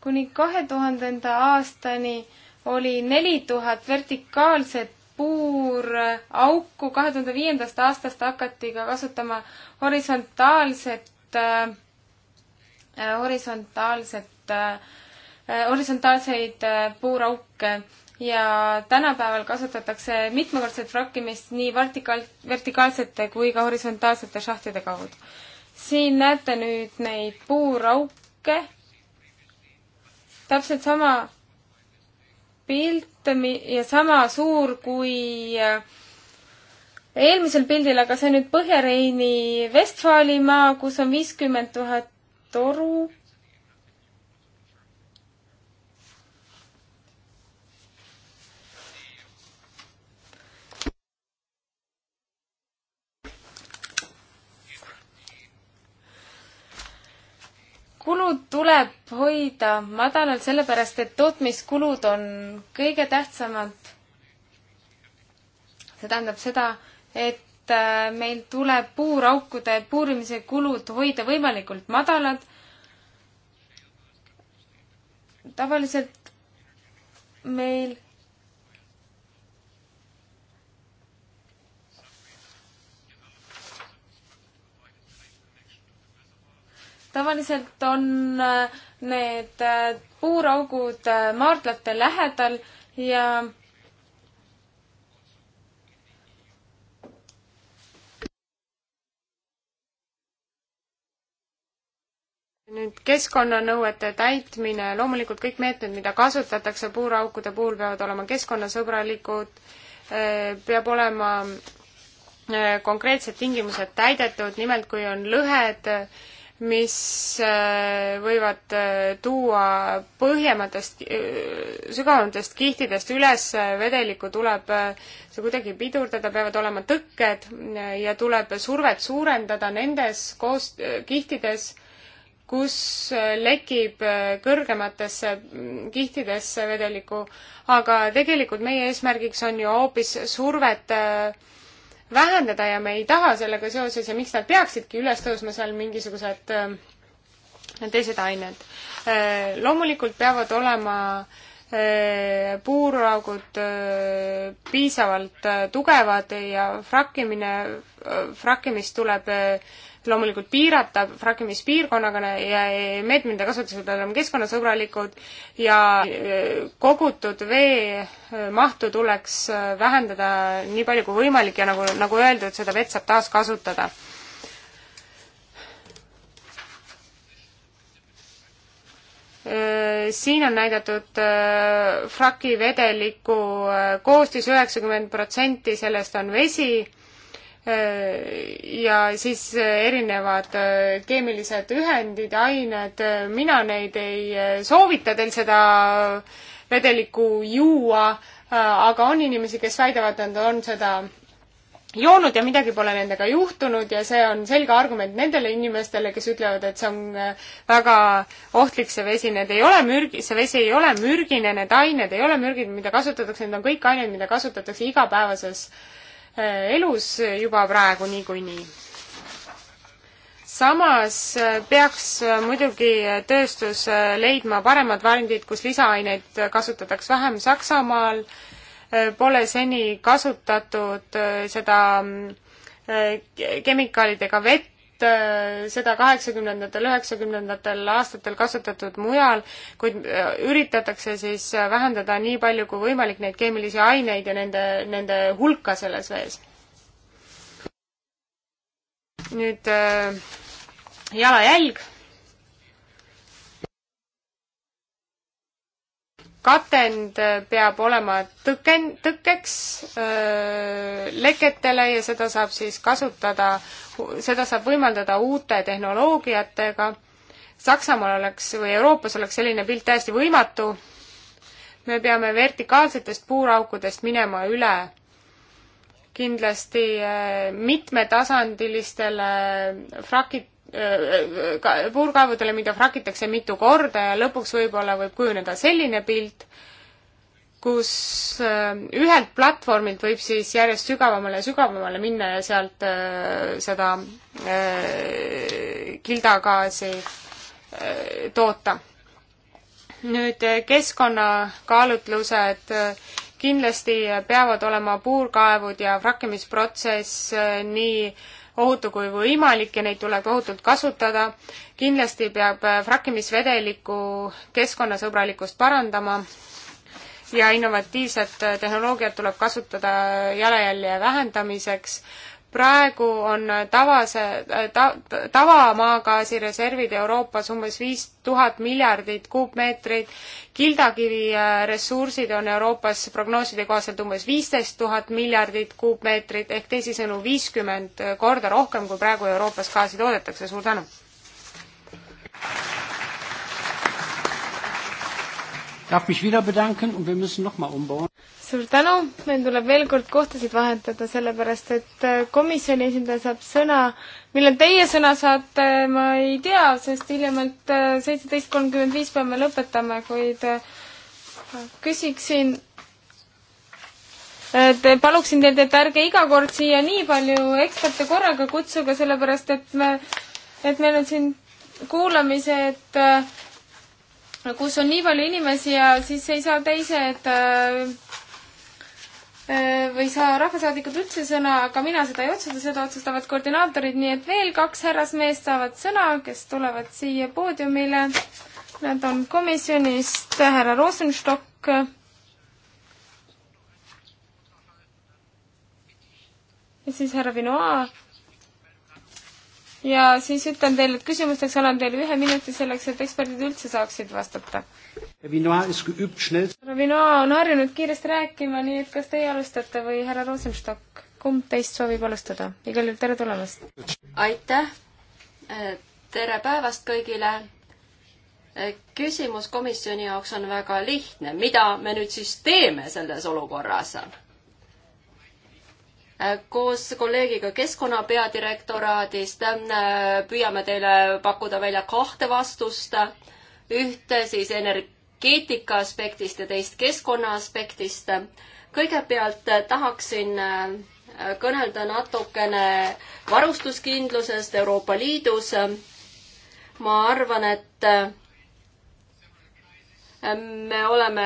[SPEAKER 1] kuni kahe tuhandenda aastani oli neli tuhat vertikaalset puurauku, kahe tuhande viiendast aastast hakati ka kasutama horisontaalset äh,, horisontaalset äh,, äh horisontaalseid äh, puurauke ja tänapäeval kasutatakse mitmekordset frakkimist nii vertikaal, vertikaalsete kui ka horisontaalsete šahtide kaudu. siin näete nüüd neid puurauke, täpselt sama pilt ja sama suur kui äh, eelmisel pildil, aga see on nüüd Põhja-Reini Vestfaalimaa, kus on viiskümmend tuhat toru kulud tuleb hoida madalal, sellepärast et tootmiskulud on kõige tähtsamad. see tähendab seda, et äh, meil tuleb puuraukude puurimise kulud hoida võimalikult madalad. tavaliselt meil tavaliselt on äh, need äh, puuraugud äh, maardlate lähedal ja nüüd keskkonnanõuete täitmine, loomulikult kõik meetmed, mida kasutatakse puuraukude puhul, peavad olema keskkonnasõbralikud, peab olema konkreetsed tingimused täidetud, nimelt kui on lõhed, mis äh, võivad äh, tuua põhjematest, äh, sügavamatest kihtidest üles vedelikku, tuleb see kuidagi pidurdada, peavad olema tõkked ja tuleb survet suurendada nendes koos, kihtides, kus lekib kõrgematesse mm, kihtidesse vedelikku. aga tegelikult meie eesmärgiks on ju hoopis survet äh, vähendada ja me ei taha sellega seoses ja miks nad peaksidki üles tõusma seal mingisugused äh, teised ained. Äh, loomulikult peavad olema äh, puuraugud piisavalt tugevad ja frakkimine, frakkimist tuleb loomulikult piirata frakkimispiirkonnaga ja meetmed ja kasutused peavad olema keskkonnasõbralikud ja e, kogutud vee e, mahtu tuleks e, vähendada nii palju kui võimalik ja nagu, nagu öeldud, seda vett saab taaskasutada siin on näidatud frakivedeliku koostis, üheksakümmend protsenti sellest on vesi Äh, ja siis äh, erinevad äh, keemilised ühendid, ained, mina neid ei soovita teil seda vedelikku juua, aga on inimesi, kes väidavad, et nad on seda joonud ja midagi pole nendega juhtunud ja see on selge argument nendele inimestele, kes ütlevad, et see on väga ohtlik, see vesi, need ei ole mürgi, see vesi ei ole mürgine, need ained ei ole mürgid, mida kasutatakse, need on kõik ained, mida kasutatakse igapäevases äh, Äh, elus juba praegu niikuinii. samas äh, peaks äh, muidugi tööstus leidma paremad variandid, kus lisaaineid kasutatakse vähem Saksamaal, pole seni kasutatud seda mm, kemikaalidega vett, just äh, seda kaheksakümnendatel, üheksakümnendatel aastatel kasutatud mujal, kuid äh, üritatakse siis äh, vähendada nii palju kui võimalik neid keemilisi aineid ja nende, nende hulka selles vees. nüüd jalajälg katend peab olema tõken-, tõkkeks öö, leketele ja seda saab siis kasutada, seda saab võimaldada uute tehnoloogiatega. Saksamaal oleks või Euroopas oleks selline pilt täiesti võimatu. me peame vertikaalsetest puuraukudest minema üle kindlasti mitmetasandilistele frakid, puurkaevudele, mida frakitakse mitu korda ja lõpuks võib-olla võib kujuneda selline pilt, kus äh, ühelt platvormilt võib siis järjest sügavamale ja sügavamale minna ja sealt äh, seda äh, kildagaasi toota. nüüd keskkonnakaalutlused kindlasti peavad olema puurkaevud ja frakkimisprotsess nii äh, ohutu kui võimalik ja neid tuleb ohutult kasutada. kindlasti peab äh, frakkimisvedeliku keskkonnasõbralikkust parandama ja innovatiivset äh, tehnoloogiat tuleb kasutada äh, jalajälje vähendamiseks praegu on tavase ta,, tava maagaasireservid Euroopas umbes viis tuhat miljardit kuupmeetrit, kildakivi äh, ressursid on Euroopas prognooside kohaselt umbes viisteist tuhat miljardit kuupmeetrit ehk teisisõnu viiskümmend korda rohkem, kui praegu Euroopas gaasi toodetakse, suur tänu! suur tänu, meil tuleb veel kord kohtasid vahetada, sellepärast et äh, komisjoni esindaja saab sõna. millal teie sõna saate, ma ei tea, sest hiljemalt äh, seitseteist kolmkümmend viis peame lõpetama, kuid äh, küsiksin, et paluksin teilt, et ärge iga kord siia nii palju eksperte korraga kutsuge, sellepärast et me, et meil on siin kuulamised äh, kus on nii palju inimesi ja siis ei saa teised äh, äh, või ei saa rahvasaadikud üldse sõna, aga mina seda ei otsusta, seda otsustavad koordinaatorid, nii et veel kaks härrasmeest saavad sõna, kes tulevad siia poodiumile. Nad on komisjonist härra Rosenstock ja siis härra Vinoa ja siis ütlen teile, et küsimusteks annan teile ühe minuti selleks, et eksperdid üldse saaksid vastata. härra Vinoa on harjunud kiiresti rääkima, nii et kas teie alustate või härra Rosenstock, kumb teist soovib alustada? igal juhul tere tulemast! aitäh!
[SPEAKER 2] Äh, tere päevast kõigile! Äh, küsimus komisjoni jaoks on väga lihtne, mida me nüüd siis teeme selles olukorras? Äh, koos kolleegiga Keskkonna peadirektoraadist äh, püüame teile pakkuda välja kahte vastust, ühte siis energeetika aspektist ja teist keskkonna aspektist. kõigepealt äh, tahaksin kõnelda natukene varustuskindlusest Euroopa Liidus. ma arvan, et me oleme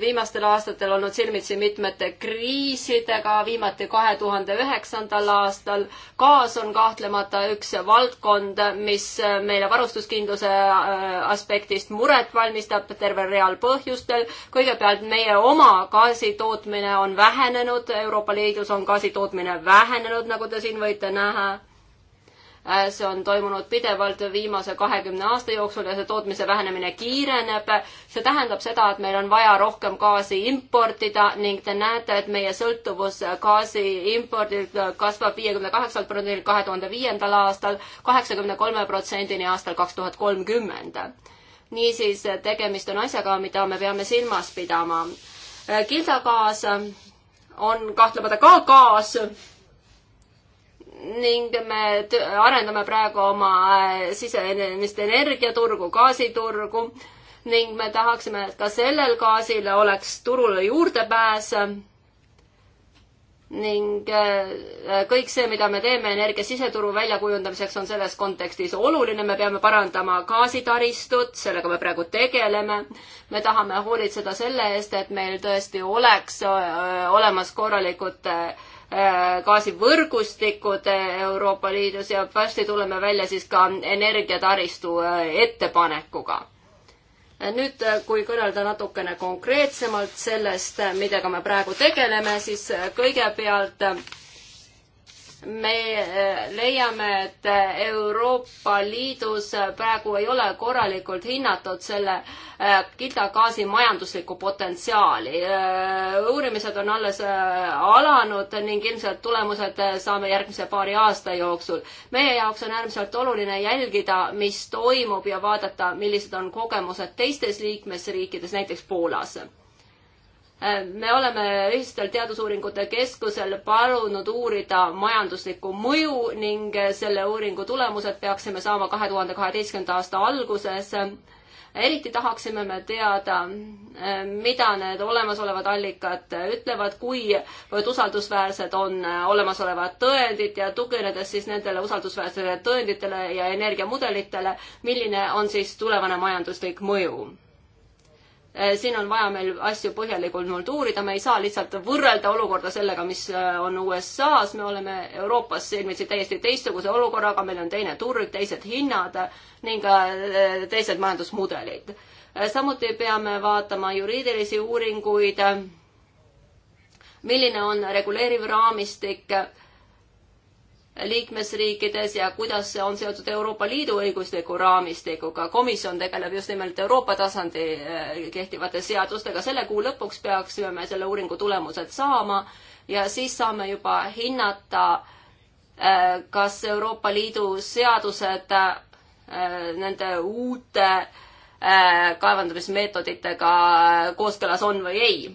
[SPEAKER 2] viimastel aastatel olnud silmitsi mitmete kriisidega, viimati kahe tuhande üheksandal aastal. gaas on kahtlemata üks valdkond, mis meile varustuskindluse äh, aspektist muret valmistab tervel real põhjustel. kõigepealt meie oma gaasitootmine on vähenenud, Euroopa Liidus on gaasitootmine vähenenud, nagu te siin võite näha Äh, see on toimunud pidevalt viimase kahekümne aasta jooksul ja see tootmise vähenemine kiireneb. see tähendab seda, et meil on vaja rohkem gaasi importida ning te näete, et meie sõltuvus gaasi impordilt kasvab viiekümne kaheksalt protsendilt kahe tuhande viiendal aastal kaheksakümne kolme protsendini aastal kaks tuhat kolmkümmend. niisiis, tegemist on asjaga, mida me peame silmas pidama. Äh, kildagaas on kahtlemata ka gaas ning me arendame praegu oma äh, sisemist energiaturgu, gaasiturgu ning me tahaksime, et ka sellel gaasil oleks turule juurdepääs. ning äh, kõik see, mida me teeme energia siseturu väljakujundamiseks, on selles kontekstis oluline, me peame parandama gaasitaristut, sellega me praegu tegeleme. me tahame hoolitseda selle eest, et meil tõesti oleks äh, olemas korralikud äh, Äh, gaasivõrgustikud äh, Euroopa Liidus ja varsti tuleme välja siis ka energiataristu äh, ettepanekuga. nüüd, kui kõnelda natukene konkreetsemalt sellest, millega me praegu tegeleme, siis kõigepealt me eh, leiame, et eh, Euroopa Liidus eh, praegu ei ole korralikult hinnatud selle kildagaasi majanduslikku potentsiaali. uurimised on alles alanud ning ilmselt tulemused saame järgmise paari aasta jooksul. meie jaoks on äärmiselt oluline jälgida, mis toimub ja vaadata, millised on kogemused teistes liikmesriikides, näiteks Poolas me oleme ühistel teadusuuringute keskusel palunud uurida majanduslikku mõju ning selle uuringu tulemused peaksime saama kahe tuhande kaheteistkümnenda aasta alguses. eriti tahaksime me teada, mida need olemasolevad allikad ütlevad, kuivõrd usaldusväärsed on olemasolevad tõendid ja tuginedes siis nendele usaldusväärsetele tõenditele ja energiamudelitele, milline on siis tulevane majanduslik mõju Eh, siin on vaja meil asju põhjalikult uurida, me ei saa lihtsalt võrrelda olukorda sellega, mis eh, on USA-s, me oleme Euroopas silmitsi täiesti teistsuguse olukorraga, meil on teine turg, teised hinnad ning eh, teised majandusmudelid. samuti peame vaatama juriidilisi uuringuid, milline on reguleeriv raamistik liikmesriikides ja kuidas see on seotud Euroopa Liidu õigusliku raamistikuga. komisjon tegeleb just nimelt Euroopa tasandi eh, kehtivate seadustega. selle kuu lõpuks peaksime me selle uuringu tulemused saama ja siis saame juba hinnata, eh, kas Euroopa Liidu seadused eh, nende uute kaevandamismeetoditega kooskõlas on või ei.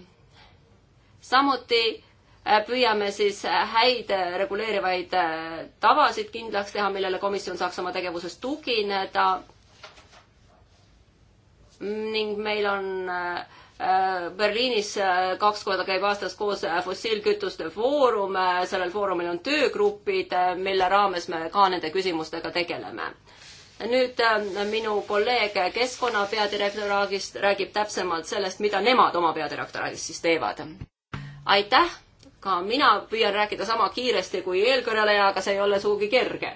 [SPEAKER 2] samuti Äh, püüame siis äh, häid äh, reguleerivaid tavasid kindlaks teha, millele komisjon saaks oma tegevuses tugineda. ning meil on Berliinis kaks korda käib aastas koos fossiilkütuste foorum, sellel foorumil on töögrupid, mille raames me ka nende küsimustega tegeleme. nüüd minu kolleeg Keskkonna peadirektoraagist räägib täpsemalt sellest, mida nemad oma peadirektoraadis siis teevad. aitäh ka mina püüan rääkida sama kiiresti kui eelkõneleja, aga see ei ole sugugi kerge.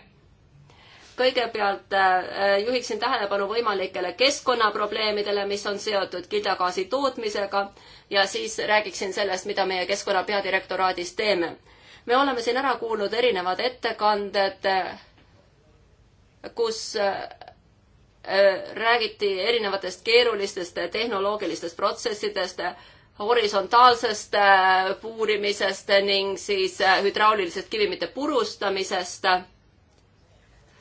[SPEAKER 2] kõigepealt äh, juhiksin tähelepanu võimalikele keskkonnaprobleemidele, mis on seotud kildagaasi tootmisega ja siis räägiksin sellest, mida meie keskkonna peadirektoraadis teeme. me oleme siin ära kuulnud erinevad ettekanded, äh, kus äh, räägiti erinevatest keerulistest tehnoloogilistest protsessidest, horisontaalsest äh, puurimisest ning siis äh, hüdraulilisest kivimite purustamisest. Äh,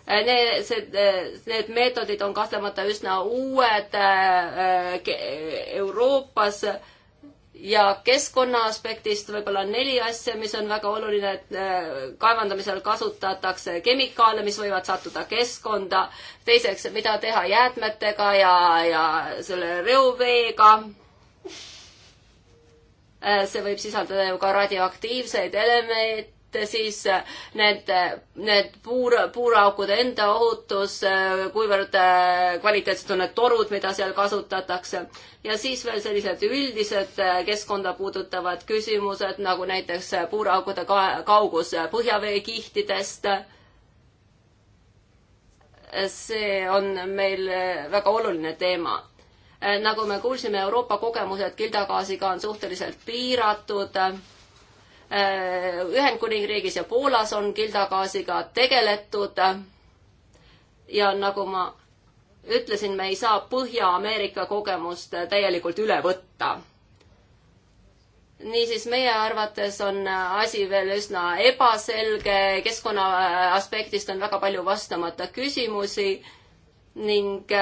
[SPEAKER 2] need, see, need meetodid on kahtlemata üsna uued Euroopas ja keskkonna aspektist võib-olla neli asja, mis on väga oluline, et kaevandamisel kasutatakse kemikaale, mis võivad sattuda keskkonda. teiseks, mida teha jäätmetega ja, ja selle reoveega Äh, see võib sisaldada ju ka radioaktiivseid elemente, siis äh, need, äh, need puur, puuraukude enda ohutus, kuivõrd kvaliteetsed on need torud, mida seal kasutatakse. ja siis veel sellised üldised keskkonda puudutavad küsimused, nagu näiteks puuraukude ka kaugus põhjaveekihtidest. see on meil väga oluline teema Äh, nagu me kuulsime, Euroopa kogemused kildagaasiga on suhteliselt piiratud. Äh, Ühendkuningriigis ja Poolas on kildagaasiga tegeletud. Äh, ja nagu ma ütlesin, me ei saa Põhja-Ameerika kogemust täielikult üle võtta. niisiis, meie arvates on asi veel üsna ebaselge, keskkonna aspektist on väga palju vastamata küsimusi ning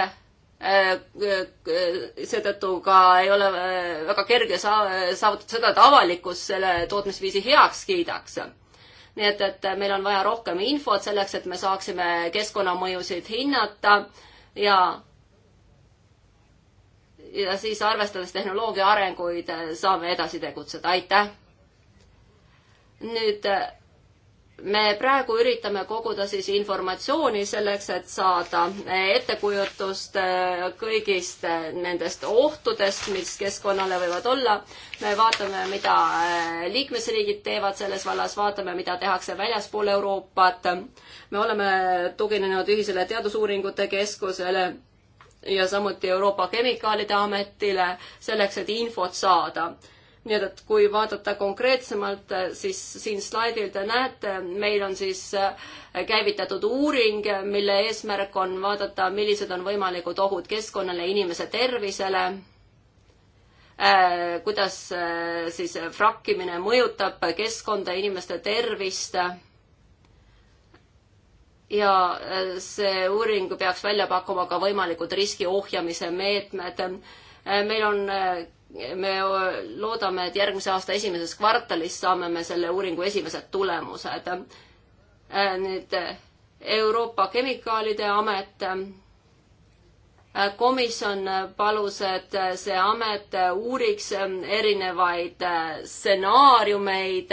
[SPEAKER 2] Äh, äh, seetõttu ka ei ole äh, väga kerge saavutada seda, et avalikkus selle tootmisviisi heaks kiidaks. nii et, et meil on vaja rohkem infot selleks, et me saaksime keskkonnamõjusid hinnata ja ja siis arvestades tehnoloogia arenguid saame edasi tegutseda, aitäh! nüüd me praegu üritame koguda siis informatsiooni selleks, et saada ettekujutust äh, kõigist äh, nendest ohtudest, mis keskkonnale võivad olla. me vaatame, mida äh, liikmesriigid teevad selles vallas, vaatame, mida tehakse väljaspool Euroopat. me oleme tuginenud ühisele teadusuuringute keskusele ja samuti Euroopa Kemikaalide Ametile selleks, et infot saada nii et, et kui vaadata konkreetsemalt, eh, siis siin slaidil te näete, meil on siis eh, käivitatud uuring, mille eesmärk on vaadata, millised on võimalikud ohud keskkonnale, inimese tervisele, eh, kuidas siis frakkimine mõjutab keskkonda, inimeste tervist ja see uuring peaks välja pakkuma ka võimalikud riski ohjamise meetmed. meil on me loodame, et järgmise aasta esimeses kvartalis saame me selle uuringu esimesed tulemused. Äh, nüüd äh, Euroopa Kemikaalide Amet. Äh, komisjon palus, et see amet uuriks erinevaid stsenaariumeid,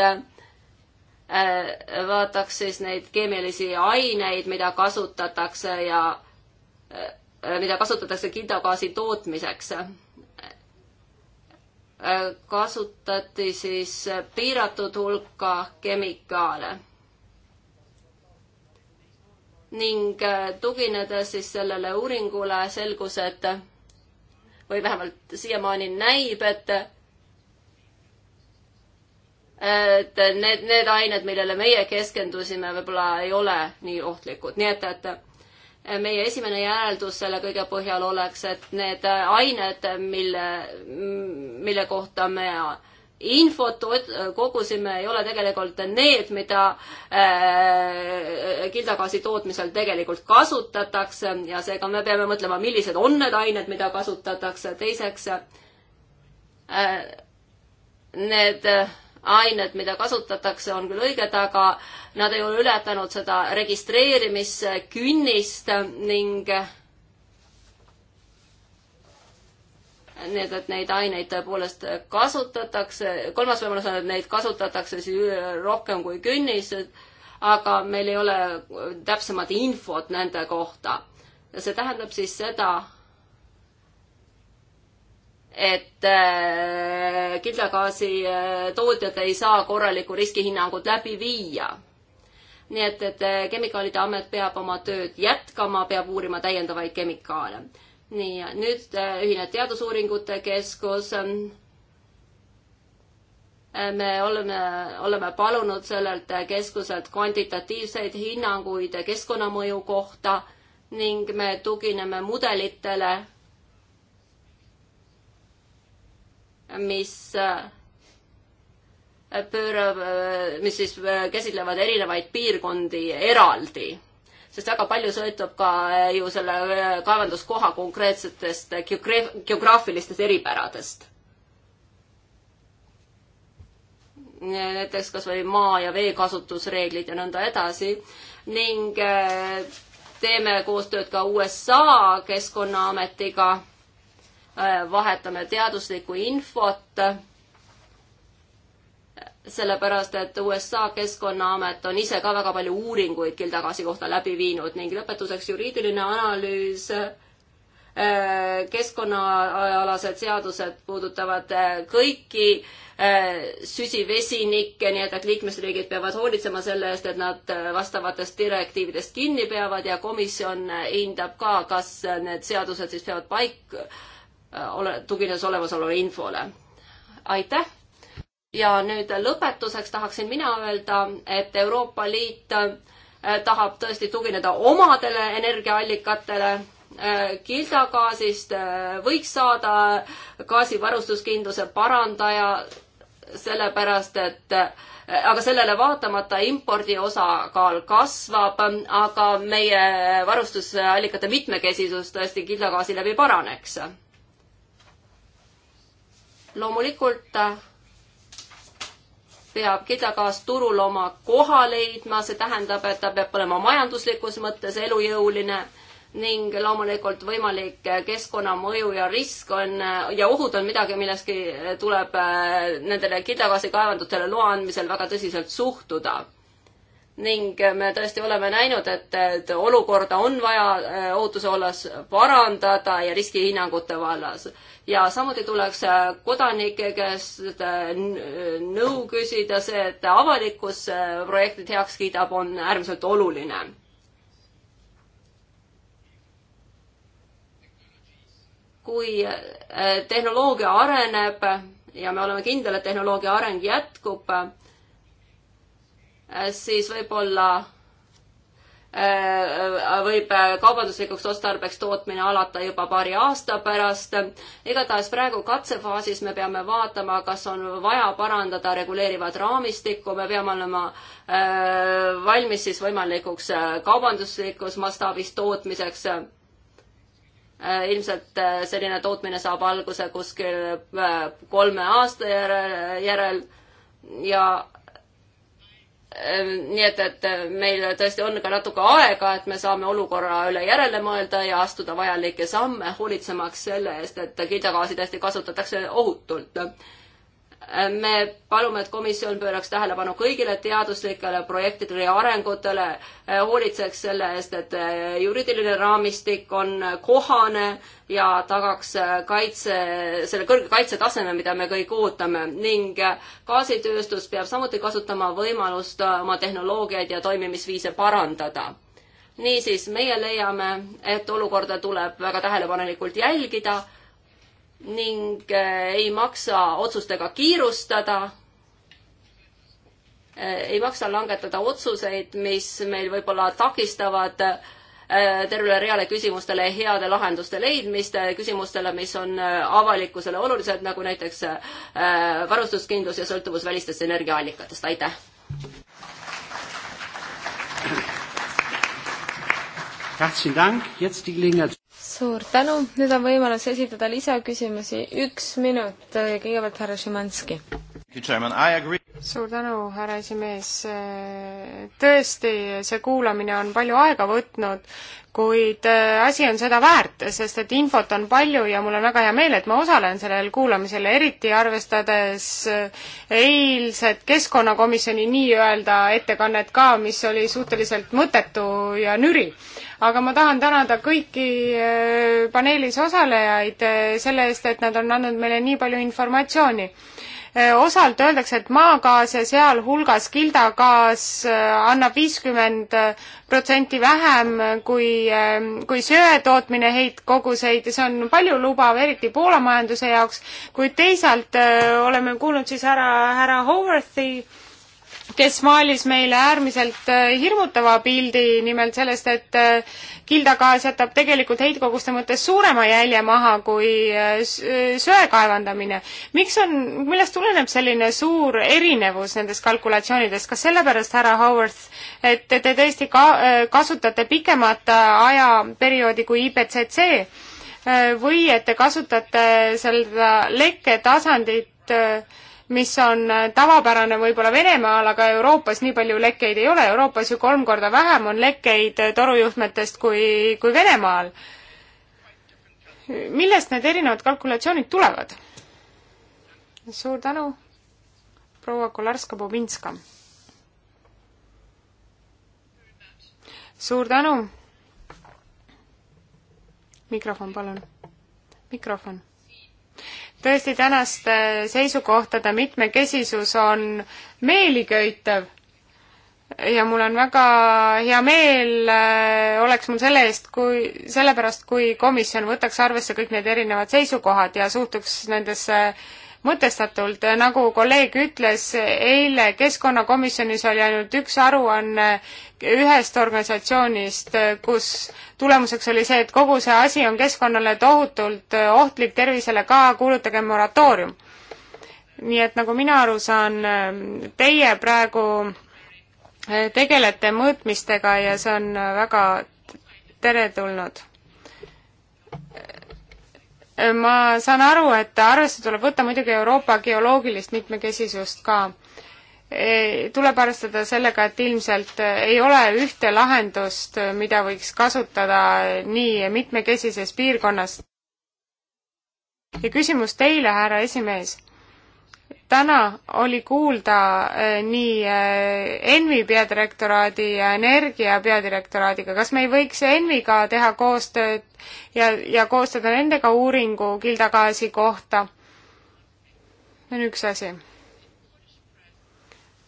[SPEAKER 2] vaataks siis neid keemilisi aineid, mida kasutatakse ja mida kasutatakse kindogaasi tootmiseks Äh, kasutati siis äh, piiratud hulka kemikaale. ning äh, tuginedes siis sellele uuringule selgus, et või vähemalt siiamaani näib, et et need, need ained, millele meie keskendusime, võib-olla ei ole nii ohtlikud, nii et, et meie esimene järeldus selle kõige põhjal oleks, et need ained, mille, mille kohta me infot kogusime, ei ole tegelikult need, mida äh, kildagaasi tootmisel tegelikult kasutatakse ja seega me peame mõtlema, millised on need ained, mida kasutatakse. teiseks äh,, need äh, ained, mida kasutatakse, on küll õiged, aga nad ei ole ületanud seda registreerimiskünnist ning nii et, et neid aineid tõepoolest kasutatakse, kolmas võimalus on, et neid kasutatakse siis rohkem kui künnised, aga meil ei ole täpsemat infot nende kohta. see tähendab siis seda, et äh, kildagaasi äh, tootjad ei saa korralikku riskihinnangut läbi viia. nii et, et äh, Kemikaalide Amet peab oma tööd jätkama, peab uurima täiendavaid kemikaale. nii, nüüd Ühine Teadusuuringute Keskus. me oleme, oleme palunud sellelt keskuselt kvantitatiivseid hinnanguid keskkonnamõju kohta ning me tugineme mudelitele mis äh, pöörab, äh, mis siis äh, käsitlevad erinevaid piirkondi eraldi. sest väga palju sõltub ka ju selle kaevanduskoha konkreetsetest geograafilistest eripäradest. näiteks kas või maa- ja veekasutusreeglid ja nõnda edasi ning teeme koostööd ka USA keskkonnaametiga Äh, vahetame teaduslikku infot, sellepärast et USA keskkonnaamet on ise ka väga palju uuringuid kildagaasi kohta läbi viinud ning lõpetuseks juriidiline analüüs äh, keskkonnaalased seadused puudutavad äh, kõiki süsivesinikke, nii et, et liikmesriigid peavad hoolitsema selle eest, et nad vastavatest direktiividest kinni peavad ja komisjon hindab ka, kas need seadused siis peavad paik, Äh, ole, tugines olemasolevale infole. aitäh! ja nüüd lõpetuseks tahaksin mina öelda, et Euroopa Liit äh, tahab tõesti tugineda omadele energiaallikatele. Äh, kildagaasist võiks saada gaasivarustuskindluse parandaja, sellepärast et aga sellele vaatamata impordi osakaal kasvab, aga meie varustusallikate mitmekesisus tõesti kildagaasi läbi paraneks loomulikult äh, peab Kidakaas turul oma koha leidma, see tähendab, et ta peab olema majanduslikus mõttes elujõuline ning loomulikult võimalik keskkonnamõju ja risk on äh, ja ohud on midagi, millestki tuleb äh, nendele kidagaasikaevandutele loa andmisel väga tõsiselt suhtuda. ning me tõesti oleme näinud, et, et olukorda on vaja ohutuse vallas parandada ja riskihinnangute vallas ja samuti tuleks äh, kodanike käest äh, äh, nõu küsida, see, et avalikkus projektid heaks kiidab, on äärmiselt oluline. kui tehnoloogia areneb ja me oleme kindel, et tehnoloogia areng jätkub, siis võib-olla Äh, äh, võib äh, kaubanduslikuks otstarbeks tootmine alata juba paari aasta pärast. igatahes praegu katsefaasis me peame vaatama, kas on vaja parandada reguleerivat raamistikku, me peame olema valmis siis võimalikuks kaubanduslikus mastaabis tootmiseks ilmselt selline tootmine saab alguse kuskil kolme aasta järel, järel ja Ehm, nii et, et äh, meil tõesti on ka natuke aega, et me saame olukorra üle järele mõelda ja astuda vajalikke samme, hoolitsemaks selle eest, et kiltagaasi tõesti kasutatakse ohutult me palume, et komisjon pööraks tähelepanu kõigile teaduslikele projektidele ja arengutele, eh, hoolitseks selle eest, et eh, juriidiline raamistik on kohane ja tagaks eh, kaitse, selle kõrge kaitsetaseme, mida me kõik ootame ning gaasitööstus peab samuti kasutama võimalust oma tehnoloogiaid ja toimimisviise parandada niisiis, meie leiame, et olukorda tuleb väga tähelepanelikult jälgida ning äh, ei maksa otsustega kiirustada. Äh, ei maksa langetada otsuseid, mis meil võib-olla takistavad äh, tervele reale küsimustele heade lahenduste leidmist, küsimustele, mis on avalikkusele olulised, nagu näiteks varustuskindlus ja sõltuvus välistest energiaallikatest, aitäh!
[SPEAKER 1] suur tänu, nüüd on võimalus esitada lisaküsimusi, üks minut, kõigepealt härra Šimanski suur tänu, härra esimees. tõesti, see kuulamine on palju aega võtnud, kuid äh, asi on seda väärt, sest et infot on palju ja mul on väga hea meel, et ma osalen sellel kuulamisel, eriti arvestades äh, eilset keskkonnakomisjoni nii-öelda ettekannet ka, mis oli suhteliselt mõttetu ja nüri aga ma tahan tänada kõiki äh, paneelis osalejaid selle eest, et nad on andnud meile nii palju informatsiooni. Äh, osalt öeldakse, et maagaas ja sealhulgas kildagaas äh, annab viiskümmend äh, protsenti vähem kui, ähm, kui söetootmine heitkoguseid ja see on paljulubav, eriti Poola majanduse jaoks, kuid teisalt oleme kuulnud siis härra, härra Howarthi kes maalis meile äärmiselt äh, hirmutava pildi, nimelt sellest, et äh, kildagaas jätab tegelikult heitkoguste mõttes suurema jälje maha kui äh, söe kaevandamine. miks on, millest tuleneb selline suur erinevus nendes kalkulatsioonides, kas sellepärast, härra Howarth, et te tõesti ka-, kasutate pikemat ajaperioodi kui IPCC või et te kasutate seda lekketasandit äh, mis on äh, tavapärane võib-olla Venemaal, aga Euroopas nii palju lekkeid ei ole, Euroopas ju kolm korda vähem on lekkeid äh, torujuhtmetest kui, kui Venemaal. millest need erinevad kalkulatsioonid tulevad? suur tänu, proua Kolarska-Bobinska. suur tänu. mikrofon, palun. mikrofon tõesti, tänaste seisukohtade mitmekesisus on meeliköitev ja mul on väga hea meel äh,, oleks mul selle eest, kui, sellepärast, kui komisjon võtaks arvesse kõik need erinevad seisukohad ja suhtuks nendesse äh, mõtestatult, nagu kolleeg ütles, eile keskkonnakomisjonis oli ainult üks aruanne ühest organisatsioonist, kus tulemuseks oli see, et kogu see asi on keskkonnale tohutult ohtlik, tervisele ka, kuulutage moratoorium. nii et nagu mina aru saan, teie praegu tegelete mõõtmistega ja see on väga teretulnud ma saan aru, et arvesse tuleb võtta muidugi Euroopa geoloogilist mitmekesisust ka. E, tuleb arvestada sellega, et ilmselt ei ole ühte lahendust, mida võiks kasutada nii mitmekesises piirkonnas. ja küsimus teile, härra esimees täna oli kuulda eh, nii eh, ENVI peadirektoraadi ja Energia peadirektoraadiga, kas me ei võiks ENVI-ga teha koostööd ja, ja koostada nendega uuringu kildagaasi kohta? see on üks asi.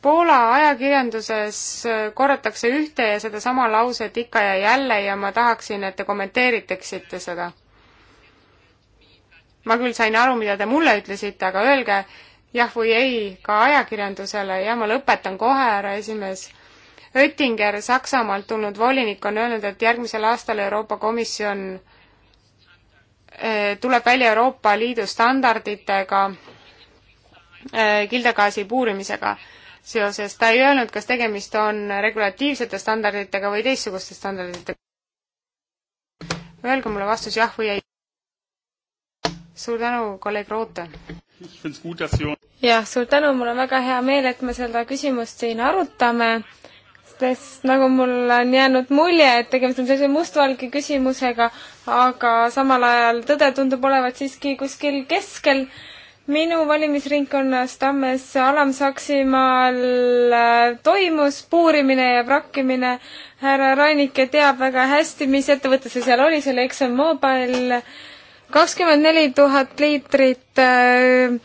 [SPEAKER 1] Poola ajakirjanduses eh, korratakse ühte ja sedasama lauset ikka ja jälle ja ma tahaksin, et te kommenteeriteksite seda. ma küll sain aru, mida te mulle ütlesite, aga öelge, jah või ei ka ajakirjandusele ja ma lõpetan kohe, härra esimees. Oettinger, Saksamaalt tulnud volinik, on öelnud, et järgmisel aastal Euroopa Komisjon eh, tuleb välja Euroopa Liidu standarditega eh, kildagaasi puurimisega seoses. ta ei öelnud, kas tegemist on regulatiivsete standarditega või teistsuguste standarditega. Öelge mulle vastus jah või ei. suur tänu, kolleeg Roote jah, suur tänu, mul on väga hea meel, et me seda küsimust siin arutame, sest nagu mul on jäänud mulje, et tegemist on sellise mustvalge küsimusega, aga samal ajal tõde tundub olevat siiski kuskil keskel. minu valimisringkonnas Tammes Alam-Saksimaal äh, toimus puurimine ja prakkimine. härra Rannike teab väga hästi, mis ettevõte see seal oli, see oli ExxonMobil kakskümmend neli tuhat liitrit äh,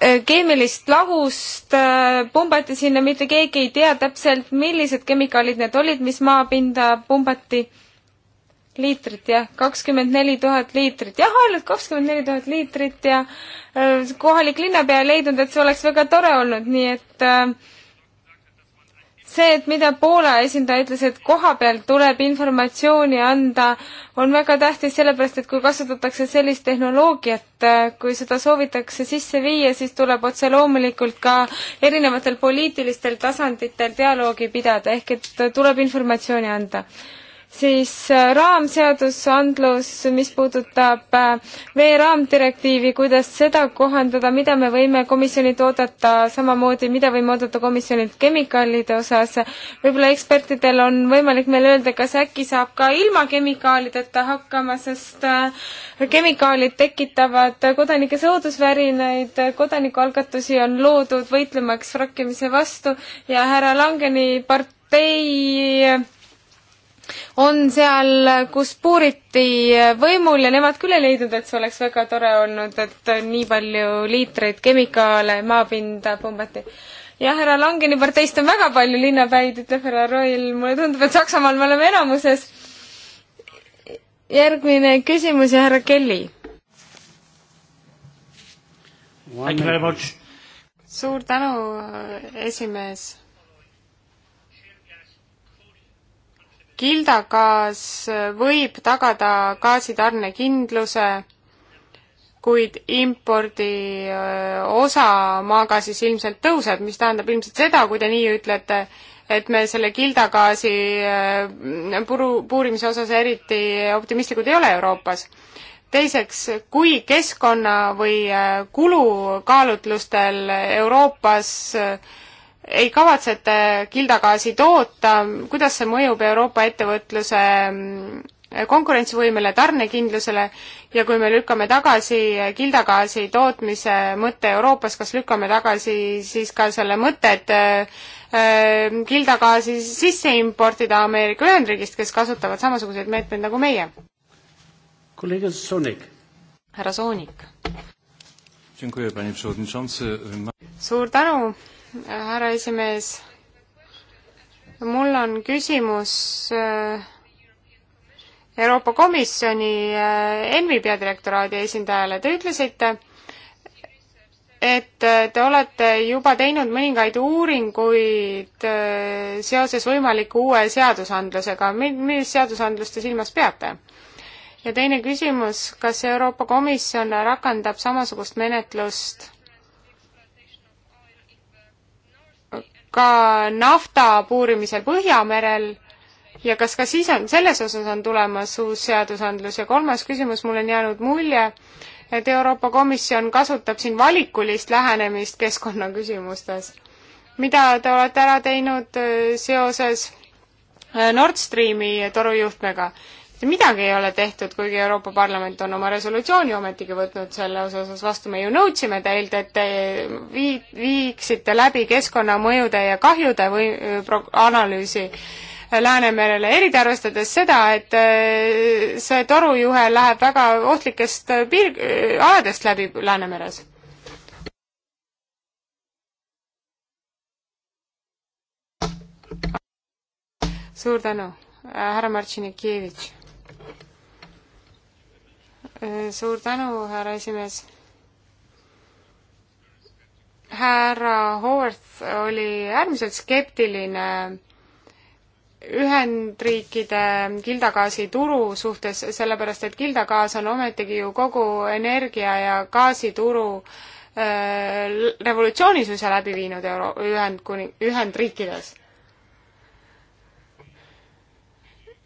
[SPEAKER 1] äh, keemilist lahust äh, pumbati sinna, mitte keegi ei tea täpselt, millised kemikaalid need olid, mis maapinda pumbati. liitrit jah, kakskümmend neli tuhat liitrit, jah, ainult kakskümmend neli tuhat liitrit ja kohalik linnapea ei leidnud, et see oleks väga tore olnud, nii et äh, see, et mida Poola esindaja ütles, et koha peal tuleb informatsiooni anda, on väga tähtis, sellepärast et kui kasutatakse sellist tehnoloogiat, äh, kui seda soovitakse sisse viia, siis tuleb otse loomulikult ka erinevatel poliitilistel tasanditel dialoogi pidada, ehk et äh, tuleb informatsiooni anda siis äh, raamseadusandlus, mis puudutab äh, vee raamdirektiivi, kuidas seda kohandada, mida me võime komisjonilt oodata, samamoodi mida võime oodata komisjonilt kemikaalide osas. võib-olla ekspertidel on võimalik meile öelda, kas äkki saab ka ilma kemikaalideta hakkama, sest äh, kemikaalid tekitavad kodanikes loodusvärinaid, kodanikualgatusi on loodud võitlemaks frakkimise vastu ja härra Langeni partei on seal, kus puuriti võimul ja nemad küll ei leidnud, et see oleks väga tore olnud, et nii palju liitreid kemikaale maapinda pumbati. jah, härra Langeni parteist on väga palju linnapäid, ütleb härra Roil, mulle tundub, et Saksamaal me oleme enamuses. järgmine küsimus ja härra Kelly. suur tänu, esimees kildagaas võib tagada gaasitarnekindluse, kuid impordi osa maagaasis ilmselt tõuseb, mis tähendab ilmselt seda, kui te nii ütlete, et me selle kildagaasi puru, puurimise osas eriti optimistlikud ei ole Euroopas. teiseks, kui keskkonna või kulukaalutlustel Euroopas äh, ei kavatsete kildagaasi toota, kuidas see mõjub Euroopa ettevõtluse mm, konkurentsivõimele, tarnekindlusele ja kui me lükkame tagasi kildagaasi tootmise mõtte Euroopas, kas lükkame tagasi siis ka selle mõtte, et äh, äh, kildagaasi sisse importida Ameerika Ühendriigist, kes kasutavad samasuguseid meetmeid nagu meie? kolleeg Soonik. härra Soonik. suur tänu härra esimees. mul on küsimus äh, Euroopa Komisjoni äh, ENMi peadirektoraadi esindajale. Te ütlesite, et äh, te olete juba teinud mõningaid uuringuid seoses võimaliku uue seadusandlusega. millist seadusandlust te silmas peate? ja teine küsimus, kas Euroopa Komisjon rakendab samasugust menetlust ka nafta puurimisel Põhjamerel ja kas ka siis on, selles osas on tulemas uus seadusandlus ja kolmas küsimus, mul on jäänud mulje, et Euroopa Komisjon kasutab siin valikulist lähenemist keskkonnaküsimustes. mida te olete ära teinud äh, seoses äh, Nord Streami torujuhtmega? mitte midagi ei ole tehtud, kuigi Euroopa Parlament on oma resolutsiooni ometigi võtnud selle osas vastu, me ju nõudsime teilt, et te vii-, viiksite läbi keskkonnamõjude ja kahjude või pro-, analüüsi Läänemerele, eriti arvestades seda, et äh, see torujuhe läheb väga ohtlikest piir-, aladest läbi Läänemeres suur tänu, äh, härra Martšinikjevitš suur tänu, härra esimees. härra Howarth oli äärmiselt skeptiline Ühendriikide kildagaasituru suhtes, sellepärast et kildagaas on ometigi ju kogu energia ja gaasituru äh, revolutsiooni suisa läbi viinud Euro-, Ühendkuni-, Ühendriikides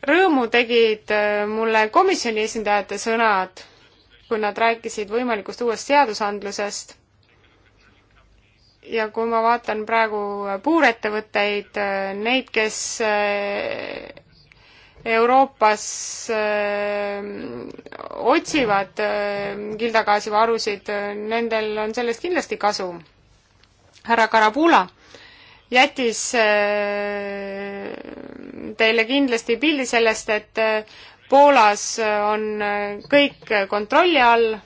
[SPEAKER 1] rõõmu tegid äh, mulle komisjoni esindajate sõnad, kui nad rääkisid võimalikust uuest seadusandlusest. ja kui ma vaatan praegu puurettevõtteid, äh, neid, kes äh, Euroopas otsivad kildagaasivarusid, nendel on sellest kindlasti kasu. härra Karabula jättis äh, teile kindlasti pildi sellest, et äh, Poolas äh, on kõik kontrolli all.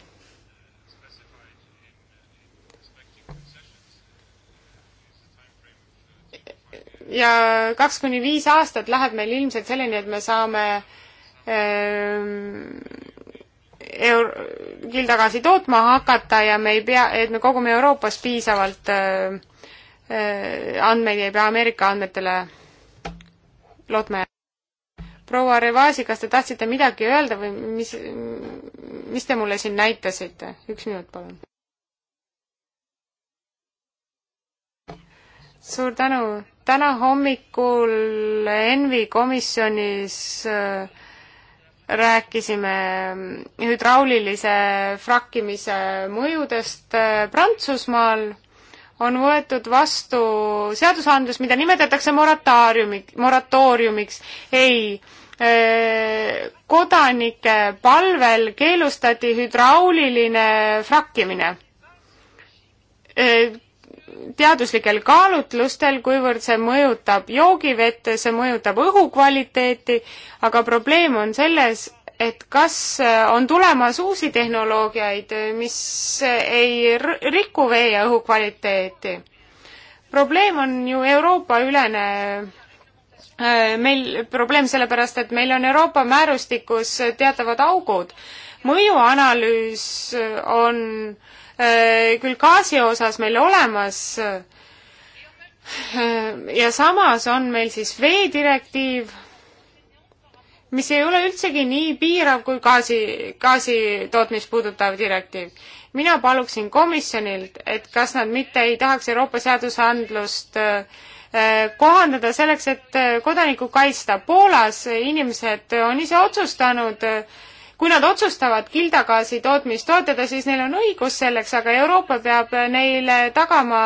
[SPEAKER 1] ja kaks kuni viis aastat läheb meil ilmselt selleni, et me saame ähm, eur-, kilda tagasi tootma hakata ja me ei pea, et me kogume Euroopas piisavalt öö, Äh, andmeid ja ei pea Ameerika andmetele lootma. proua Revasi, kas te tahtsite midagi öelda või mis, mis te mulle siin näitasite? üks minut, palun. suur tänu. täna hommikul Envi komisjonis äh, rääkisime hüdraulilise frakkimise mõjudest äh, Prantsusmaal on võetud vastu seadusandlus, mida nimetatakse moratooriumi, moratooriumiks. ei, kodanike palvel keelustati hüdrauliline frakkimine teaduslikel kaalutlustel, kuivõrd see mõjutab joogivett, see mõjutab õhukvaliteeti, aga probleem on selles, et kas äh, on tulemas uusi tehnoloogiaid, mis äh, ei riku vee ja õhu kvaliteeti. probleem on ju Euroopa-ülene äh, meil probleem sellepärast, et meil on Euroopa määrustikus teatavad augud. mõjuanalüüs on küll gaasi osas meil olemas ja samas on meil siis veedirektiiv mis ei ole üldsegi nii piirav kui gaasi, gaasi tootmist puudutav direktiiv. mina paluksin komisjonilt, et kas nad mitte ei tahaks Euroopa seadusandlust äh, äh, kohandada selleks, et äh, kodanikku kaitsta. Poolas inimesed on ise otsustanud, kui nad otsustavad kildagaasi tootmist toetada, siis neil on õigus selleks, aga Euroopa peab neile tagama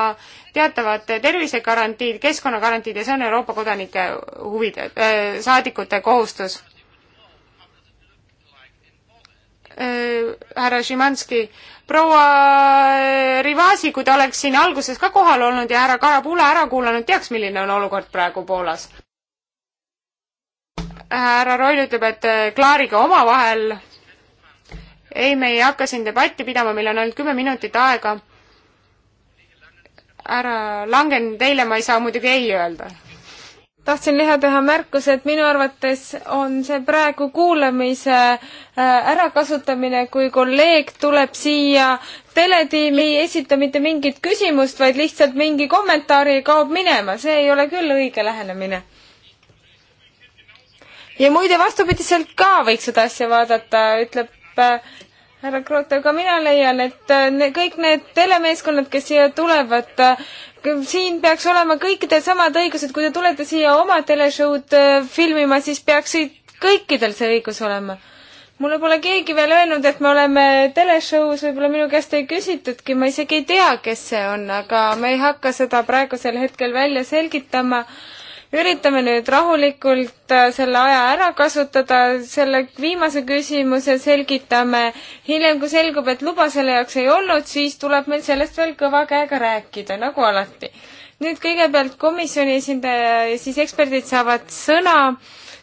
[SPEAKER 1] teatavad tervisegarantiid, keskkonnagarantiid ja see on Euroopa kodanike huvide äh,, saadikute kohustus. Äh, härra Šimanski. proua äh, Rivasi, kui ta oleks siin alguses ka kohal olnud ja härra Karabula ära kuulanud, teaks, milline on olukord praegu Poolas. härra Roil ütleb, et äh, Klaariga omavahel. ei, me ei hakka siin debatti pidama, meil on ainult kümme minutit aega. härra Langen, teile ma ei saa muidugi ei öelda tahtsin liha teha märkuse, et minu arvates on see praegu kuulamise äh, ärakasutamine, kui kolleeg tuleb siia teletiimi, ei esita mitte mingit küsimust, vaid lihtsalt mingi kommentaari kaob minema, see ei ole küll õige lähenemine. ja muide, vastupidiselt ka võiks seda asja vaadata, ütleb äh, härra Kroto, ka mina leian, et äh, ne, kõik need telemeeskonnad, kes siia tulevad, äh, siin peaks olema kõikidel samad õigused, kui te tulete siia oma teleshow'd äh, filmima, siis peaksid kõikidel see õigus olema. mulle pole keegi veel öelnud, et me oleme teleshow's, võib-olla minu käest ei küsitudki, ma isegi ei tea, kes see on, aga me ei hakka seda praegusel hetkel välja selgitama üritame nüüd rahulikult äh, selle aja ära kasutada, selle viimase küsimuse selgitame hiljem, kui selgub, et luba selle jaoks ei olnud, siis tuleb meil sellest veel kõva käega rääkida, nagu alati. nüüd kõigepealt komisjoni esindaja ja siis eksperdid saavad sõna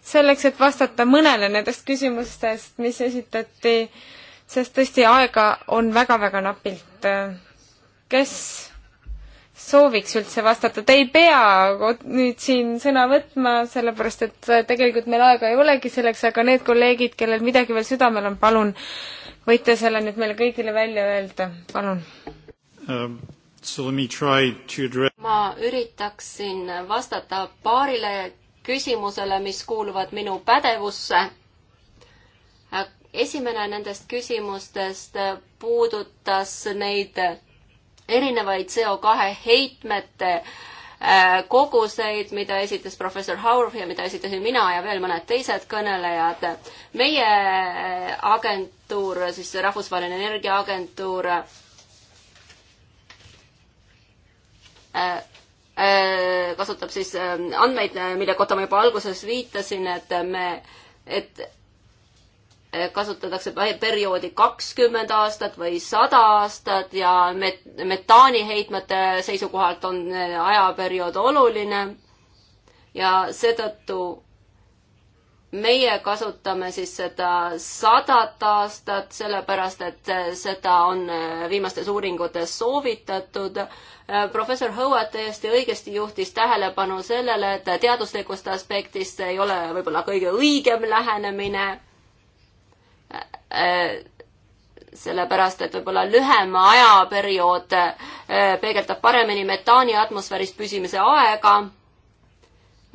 [SPEAKER 1] selleks, et vastata mõnele nendest küsimustest, mis esitati, sest tõesti aega on väga-väga napilt. kes sooviks üldse vastata, te ei pea nüüd siin sõna võtma, sellepärast et äh, tegelikult meil aega ei olegi selleks, aga need kolleegid, kellel midagi veel südamel on, palun, võite selle nüüd meile kõigile välja öelda, palun um. So let me try to address
[SPEAKER 2] ma üritaksin vastata paarile küsimusele, mis kuuluvad minu pädevusse äh, esimene nendest küsimustest puudutas neid erinevaid CO2 heitmete äh, koguseid, mida esitas professor Haurv ja mida esitasin mina ja veel mõned teised kõnelejad. meie äh, agentuur, siis Rahvusvaheline Energiaagentuur äh, kasutab siis andmeid, mille kohta ma juba alguses viitasin, et me, et Äh, kasutatakse perioodi kakskümmend aastat või sada aastat ja met-, metaaniheitmete seisukohalt on äh, ajaperiood oluline ja seetõttu meie kasutame siis seda sadat aastat, sellepärast et äh, seda on viimastes uuringutes soovitatud. professor Howard täiesti õigesti juhtis tähelepanu sellele, et teaduslikust aspektist ei ole võib-olla kõige õigem lähenemine Äh, sellepärast, et võib-olla lühema ajaperiood äh, peegeldab paremini metaani atmosfääris püsimise aega.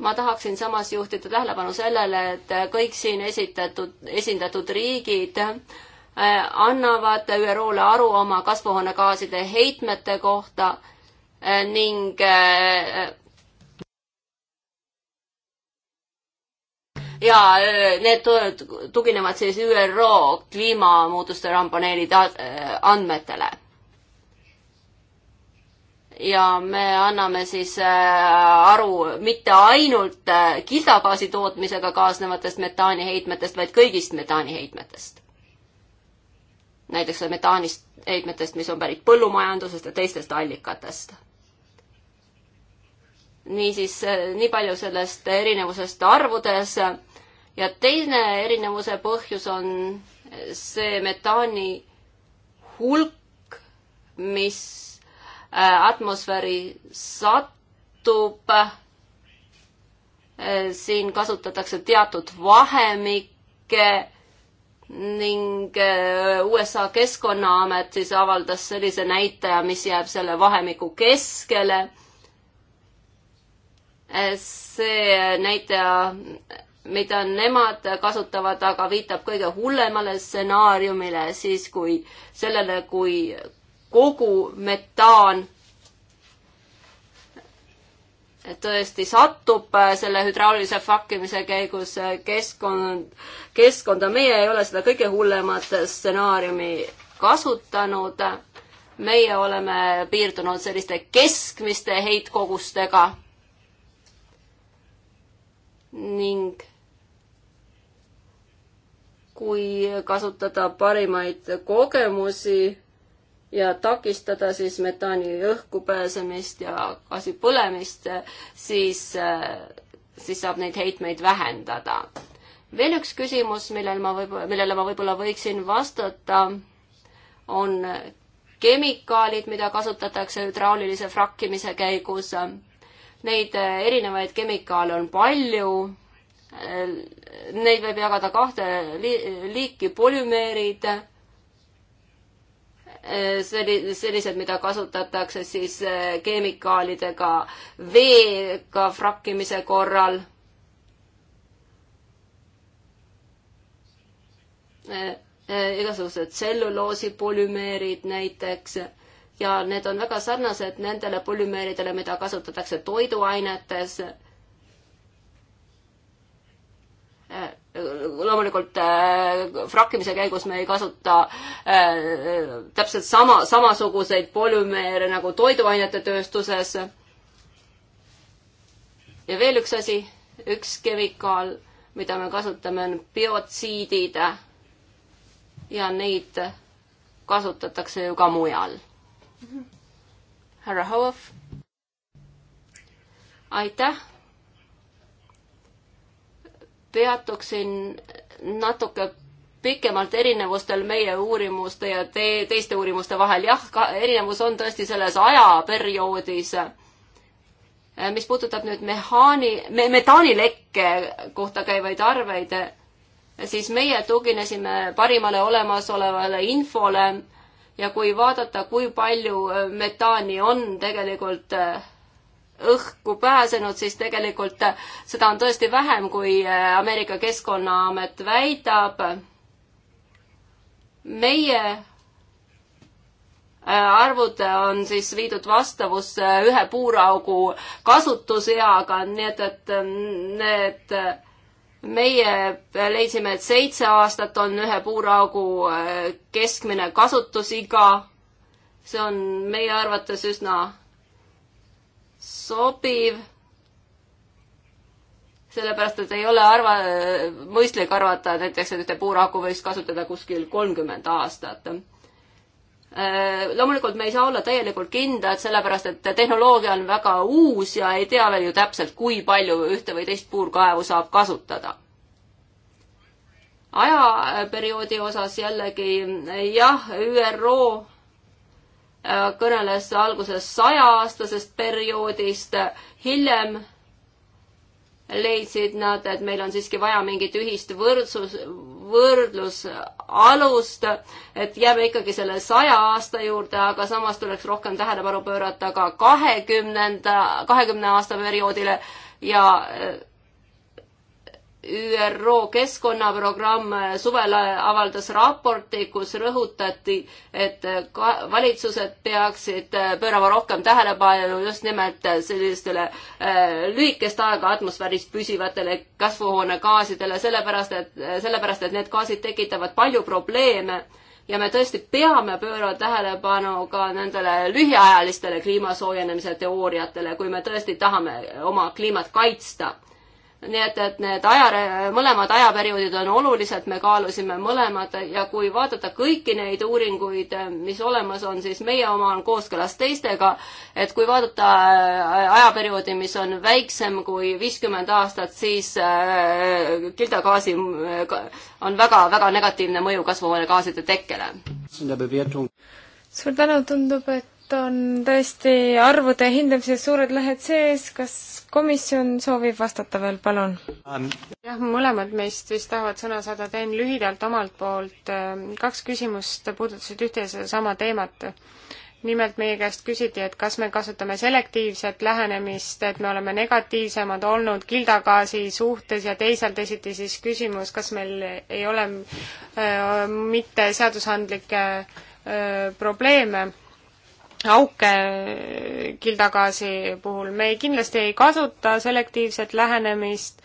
[SPEAKER 2] ma tahaksin samas juhtida tähelepanu sellele, et kõik siin esitatud, esindatud riigid äh, annavad ÜRO-le aru oma kasvuhoonegaaside heitmete kohta ning ja need tuginevad siis ÜRO kliimamuutuste raampaneeli äh, andmetele. ja me anname siis äh, aru mitte ainult äh, kildagaasi tootmisega kaasnevatest metaaniheitmetest, vaid kõigist metaaniheitmetest. näiteks metaanist, heitmetest, mis on pärit põllumajandusest ja teistest allikatest niisiis nii palju sellest erinevusest arvudes ja teine erinevuse põhjus on see metaani hulk, mis äh, atmosfääri satub. Äh, siin kasutatakse teatud vahemikke ning äh, USA keskkonnaamet siis avaldas sellise näitaja, mis jääb selle vahemiku keskele. see näitaja mida nemad kasutavad, aga viitab kõige hullemale stsenaariumile siis, kui sellele, kui kogu metaan tõesti satub äh, selle hüdraulise fakkimise käigus äh, keskkond, keskkonda. meie ei ole seda kõige hullemat stsenaariumi kasutanud. meie oleme piirdunud selliste keskmiste heitkogustega ning kui kasutada parimaid kogemusi ja takistada siis metaani õhku pääsemist ja gaasi põlemist, siis, siis saab neid heitmeid vähendada. veel üks küsimus, millel ma võib-olla, millele ma võib-olla võiksin vastata, on kemikaalid, mida kasutatakse hüdraulilise frakkimise käigus Neid äh, erinevaid kemikaale on palju. Äh, neid võib jagada kahte liiki, polümeerid, äh, sellised, mida kasutatakse siis kemikaalidega veega frakkimise korral igasugused tselluloosi polümeerid näiteks ja need on väga sarnased nendele polümeeridele, mida kasutatakse toiduainetes. loomulikult äh, frakkimise käigus me ei kasuta äh, täpselt sama, samasuguseid polümeere nagu toiduainete tööstuses. ja veel üks asi, üks kemikaal, mida me kasutame, on biotsiidid ja neid kasutatakse ju ka mujal härra Hauov. aitäh. peatuksin natuke pikemalt erinevustel meie uurimuste ja te teiste uurimuste vahel. jah, erinevus on tõesti selles ajaperioodis mis puudutab nüüd mehaani me,, metaanilekke kohta käivaid arveid, siis meie tuginesime parimale olemasolevale infole ja kui vaadata, kui palju äh, metaani on tegelikult äh, õhku pääsenud, siis tegelikult äh, seda on tõesti vähem, kui Ameerika Keskkonnaamet väidab. meie arvud on siis viidud vastavusse ühe puuraugu kasutuseaga, nii et, et need meie leidsime, et seitse aastat on ühe puuraugu äh, keskmine kasutusiga. see on meie arvates üsna sobiv. sellepärast, et ei ole arva, mõistlik arvata näiteks, et ühte puuraugu võiks kasutada kuskil kolmkümmend aastat Äh, loomulikult me ei saa olla täielikult kindlad, sellepärast et tehnoloogia on väga uus ja ei tea veel ju täpselt, kui palju ühte või teist puurkaevu saab kasutada. ajaperioodi osas jällegi jah, ÜRO äh, kõneles alguses sajaaastasest perioodist, hiljem leidsid nad, et meil on siiski vaja mingit ühist võrdsus, võrdlusalust, et jääme ikkagi selle saja aasta juurde, aga samas tuleks rohkem tähelepanu pöörata ka kahekümnenda, kahekümne aasta perioodile ja ÜRO keskkonnaprogramm suvel avaldas raporti, kus rõhutati, et valitsused peaksid pöörama rohkem tähelepanu just nimelt sellistele äh, lühikest aega atmosfääris püsivatele kasvuhoonegaasidele, sellepärast et, sellepärast et need gaasid tekitavad palju probleeme ja me tõesti peame pöörama tähelepanu ka nendele lühiajalistele kliima soojenemise teooriatele, kui me tõesti tahame oma kliimat kaitsta nii et, et need aja, mõlemad ajaperioodid on olulised, me kaalusime mõlemad ja kui vaadata kõiki neid uuringuid, mis olemas on, siis meie oma on kooskõlas teistega, et kui vaadata äh, ajaperioodi, mis on väiksem kui viiskümmend aastat, siis äh, kildagaasi äh, on väga-väga negatiivne mõju kasvuhoonegaaside tekkele.
[SPEAKER 1] suur tänu, tundub, et on tõesti arvude hindamises suured lehed sees, kas komisjon soovib vastata veel, palun? jah, mõlemad meist vist tahavad sõna saada, teen lühidalt omalt poolt, ähm, kaks küsimust puudutasid ühte ja sedasama teemat. nimelt meie käest küsiti, et kas me kasutame selektiivset lähenemist, et me oleme negatiivsemad olnud kildagaasi suhtes ja teisalt esiti siis küsimus, kas meil ei ole äh, mitte seadusandlikke äh, probleeme auke kildagaasi puhul. me kindlasti ei kasuta selektiivset lähenemist,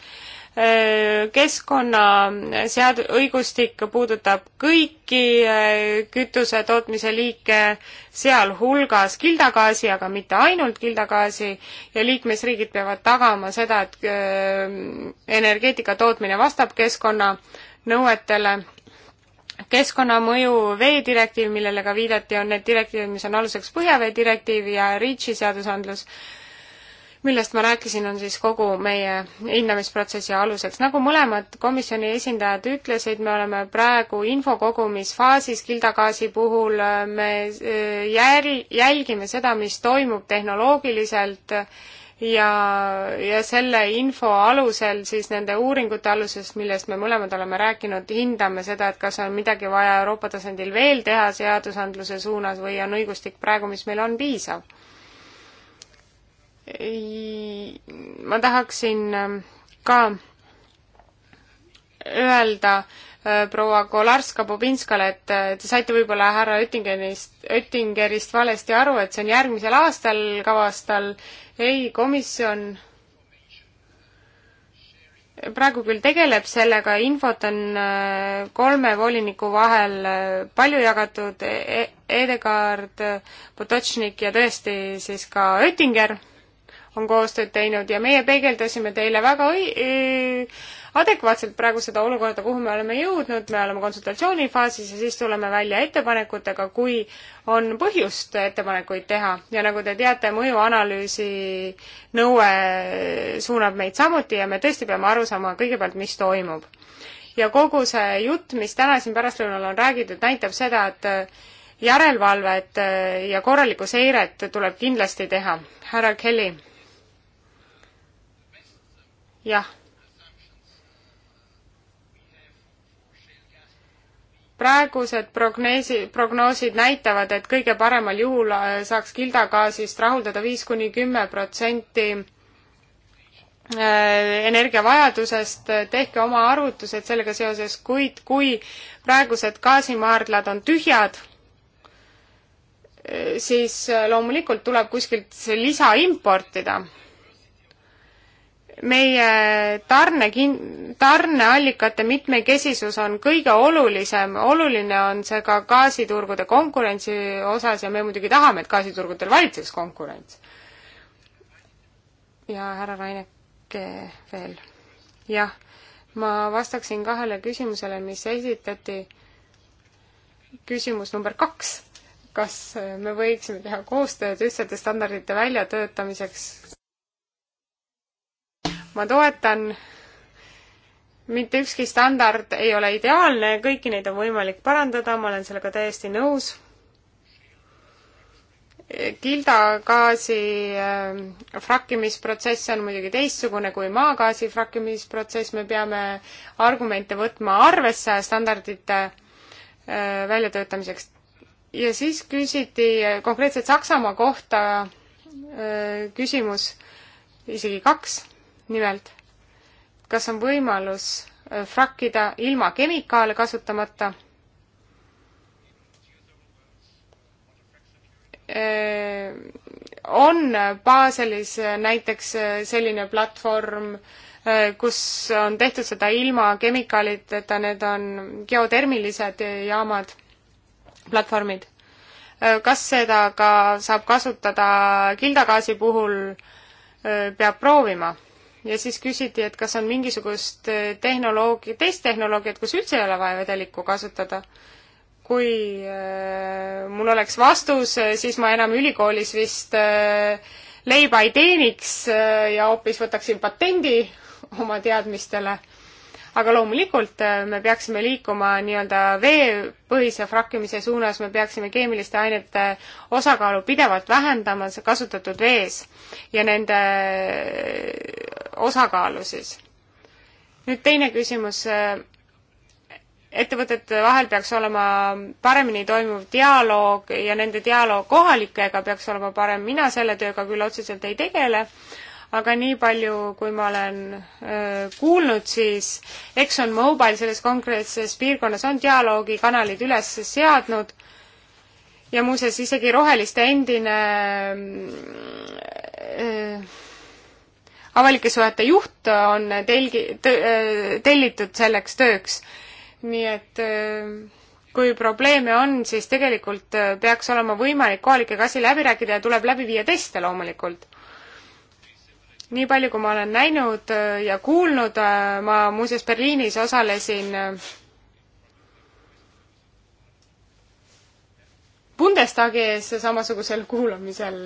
[SPEAKER 1] keskkonnasead-, õigustik puudutab kõiki kütuse tootmise liike, sealhulgas kildagaasi, aga mitte ainult kildagaasi, ja liikmesriigid peavad tagama seda, et äh, energeetika tootmine vastab keskkonnanõuetele keskkonnamõju veedirektiiv, millele ka viidati, on need direktiivid, mis on aluseks põhjavee direktiiv ja REACH-i seadusandlus, millest ma rääkisin, on siis kogu meie hindamisprotsessi aluseks. nagu mõlemad komisjoni esindajad ütlesid, me oleme praegu infokogumisfaasis kildagaasi puhul, me äh, jäl-, jälgime seda, mis toimub tehnoloogiliselt äh, ja, ja selle info alusel, siis nende uuringute aluses, millest me mõlemad oleme rääkinud, hindame seda, et kas on midagi vaja Euroopa tasandil veel teha seadusandluse suunas või on õigustik praegu, mis meil on, piisav. ma tahaksin ähm, ka öelda, Äh, proua Kolarska-Bobinskale, et äh, te saite võib-olla härra Oettingenist, Oettingerist valesti aru, et see on järgmisel aastal kavas tal. ei, komisjon praegu küll tegeleb sellega, infot on äh, kolme voliniku vahel palju jagatud e-, e, Edegard, Potočnik ja tõesti siis ka Oettinger on koostööd teinud ja meie peegeldasime teile väga õi-, adekvaatselt praegu seda olukorda, kuhu me oleme jõudnud, me oleme konsultatsioonifaasis ja siis tuleme välja ettepanekutega, kui on põhjust ettepanekuid teha. ja nagu te teate, mõjuanalüüsi nõue suunab meid samuti ja me tõesti peame aru saama kõigepealt, mis toimub. ja kogu see jutt, mis täna siin pärastlõunal on räägitud, näitab seda, et järelevalvet ja korralikku seiret tuleb kindlasti teha. härra Kelly. jah praegused progneesi, prognoosid näitavad, et kõige paremal juhul äh, saaks kildagaasist rahuldada viis kuni kümme protsenti äh, energiavajadusest, tehke oma arvutused sellega seoses, kuid kui praegused gaasimaardlad on tühjad, äh, siis loomulikult tuleb kuskilt see lisa importida meie tarne, tarneallikate mitmekesisus on kõige olulisem, oluline on see ka gaasiturgude konkurentsi osas ja me muidugi tahame, et gaasiturgudel valitseks konkurents. ja härra Raineke veel. jah, ma vastaksin kahele küsimusele, mis esitati. küsimus number kaks, kas me võiksime teha koostööd ühtsete standardite väljatöötamiseks ma toetan, mitte ükski standard ei ole ideaalne, kõiki neid on võimalik parandada, ma olen sellega täiesti nõus. kildagaasi äh, frakkimisprotsess on muidugi teistsugune kui maagaasi frakkimisprotsess, me peame argumente võtma arvesse standardite äh, väljatöötamiseks. ja siis küsiti konkreetselt Saksamaa kohta äh, küsimus, isegi kaks nimelt, kas on võimalus äh, frakkida ilma kemikaale kasutamata äh, on Baselis äh, näiteks selline platvorm, kus on tehtud seda ilma kemikaalideta, need on geotermilised jaamad, platvormid. kas seda ka saab kasutada kildagaasi puhul, peab proovima ja siis küsiti, et kas on mingisugust eh, tehnoloogi-, teist tehnoloogiat, kus üldse ei ole vaja vedelikku kasutada. kui äh, mul oleks vastus, eh, siis ma enam ülikoolis vist äh, leiba ei teeniks äh, ja hoopis võtaksin patendi oma teadmistele aga loomulikult äh, me peaksime liikuma nii-öelda veepõhise frakkimise suunas, me peaksime keemiliste ainete äh, osakaalu pidevalt vähendama kasutatud vees ja nende äh, osakaalu siis. nüüd teine küsimus ettevõtete vahel peaks olema paremini toimuv dialoog ja nende dialoog kohalikega peaks olema parem. mina selle tööga küll otseselt ei tegele, aga nii palju, kui ma olen öö, kuulnud, siis ExxonMobil selles konkreetses piirkonnas on dialoogikanalid üles seadnud ja muuseas isegi Roheliste endine öö, avalike suhete juht on telgi- tõ,, tellitud selleks tööks. nii et kui probleeme on, siis tegelikult peaks olema võimalik kohalikega asi läbi rääkida ja tuleb läbi viia teste loomulikult nii palju, kui ma olen näinud äh, ja kuulnud, äh, ma muuseas Berliinis osalesin äh, Bundestagi ees samasugusel kuulamisel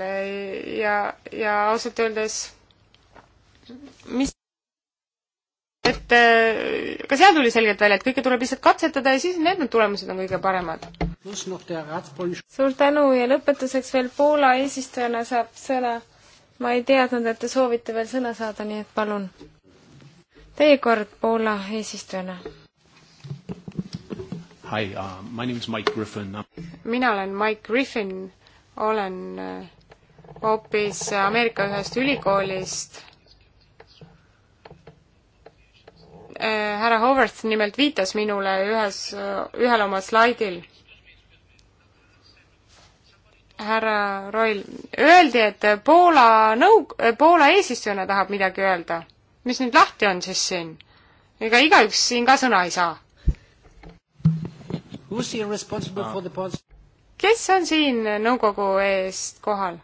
[SPEAKER 1] ja, ja ausalt öeldes mis et ka seal tuli selgelt välja, et kõike tuleb lihtsalt katsetada ja siis need, need tulemused on kõige paremad. suur tänu ja lõpetuseks veel Poola eesistujana saab sõna ma ei teadnud, et te soovite veel sõna saada, nii et palun. Teie kord Poola eesistujana. Hi uh,, my name is Mike Griffin. mina olen Mike Griffin, olen äh, hoopis Ameerika ühest ülikoolist äh, härra Howard nimelt viitas minule ühes, äh, ühel oma slaidil härra Roil, öeldi, et Poola nõu-, Poola eesistujana tahab midagi öelda. mis nüüd lahti on siis siin? ega igaüks siin ka sõna ei saa. kes on siin nõukogu eest kohal?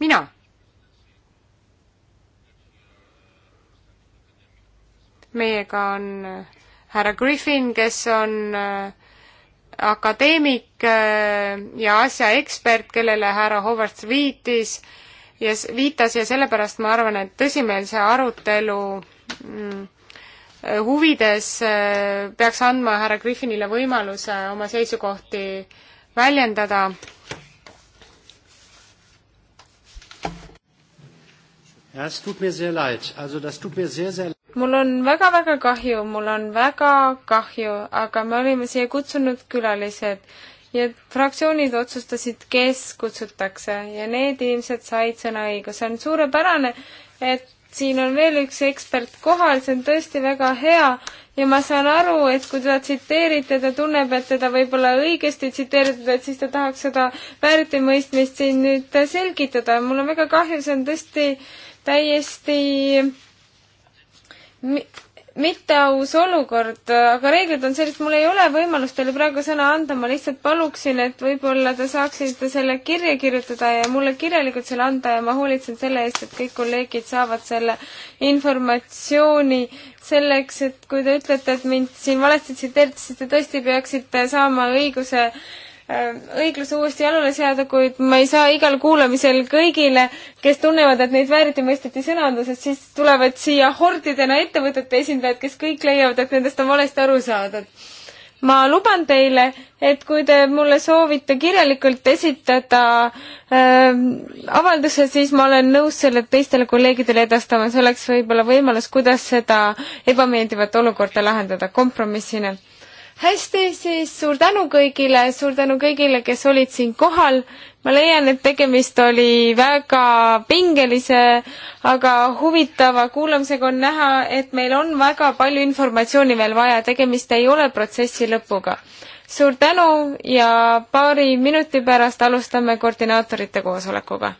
[SPEAKER 1] mina. meiega on härra Griffin, kes on äh, akadeemik äh, ja asjaekspert, kellele härra Howard viitis ja viitas ja sellepärast ma arvan, et tõsimeelse arutelu mm, äh, huvides äh, peaks andma härra Griffinile võimaluse oma seisukohti väljendada Ja, es tut mir sehr leid. Also das tut mir sehr, sehr mul on väga-väga kahju, mul on väga kahju, aga me olime siia kutsunud külalised ja fraktsioonid otsustasid, kes kutsutakse ja need inimesed said sõnaõiguse. on suurepärane, et siin on veel üks ekspert kohal, see on tõesti väga hea ja ma saan aru, et kui teda tsiteerite, ta tunneb, et teda võib-olla õigesti tsiteeritud, et siis ta tahaks seda väärtimõistmist siin nüüd selgitada. mul on väga kahju, see on tõesti täiesti mitteaus olukord, aga reeglid on sellised, mul ei ole võimalust teile praegu sõna anda, ma lihtsalt paluksin, et võib-olla te saaksite selle kirja kirjutada ja mulle kirjalikult selle anda ja ma hoolitsen selle eest, et kõik kolleegid saavad selle informatsiooni selleks, et kui te ütlete, et mind siin valesti tsiteerisite, tõesti peaksite saama õiguse äh, õiglus uuesti jalule seada, kuid ma ei saa igal kuulamisel kõigile, kes tunnevad, et neid vääriti mõisteti sõnandusest, siis tulevad siia hordidena ettevõtete esindajad, kes kõik leiavad, et nendest on valesti aru saadud. ma luban teile, et kui te mulle soovite kirjalikult esitada äh, avalduse, siis ma olen nõus selle teistele kolleegidele edastama, see oleks võib-olla võimalus, kuidas seda ebameeldivat olukorda lahendada kompromissina hästi, siis suur tänu kõigile, suur tänu kõigile, kes olid siin kohal. ma leian, et tegemist oli väga pingelise, aga huvitava kuulamisega on näha, et meil on väga palju informatsiooni veel vaja, tegemist ei ole protsessi lõpuga. suur tänu ja paari minuti pärast alustame koordinaatorite koosolekuga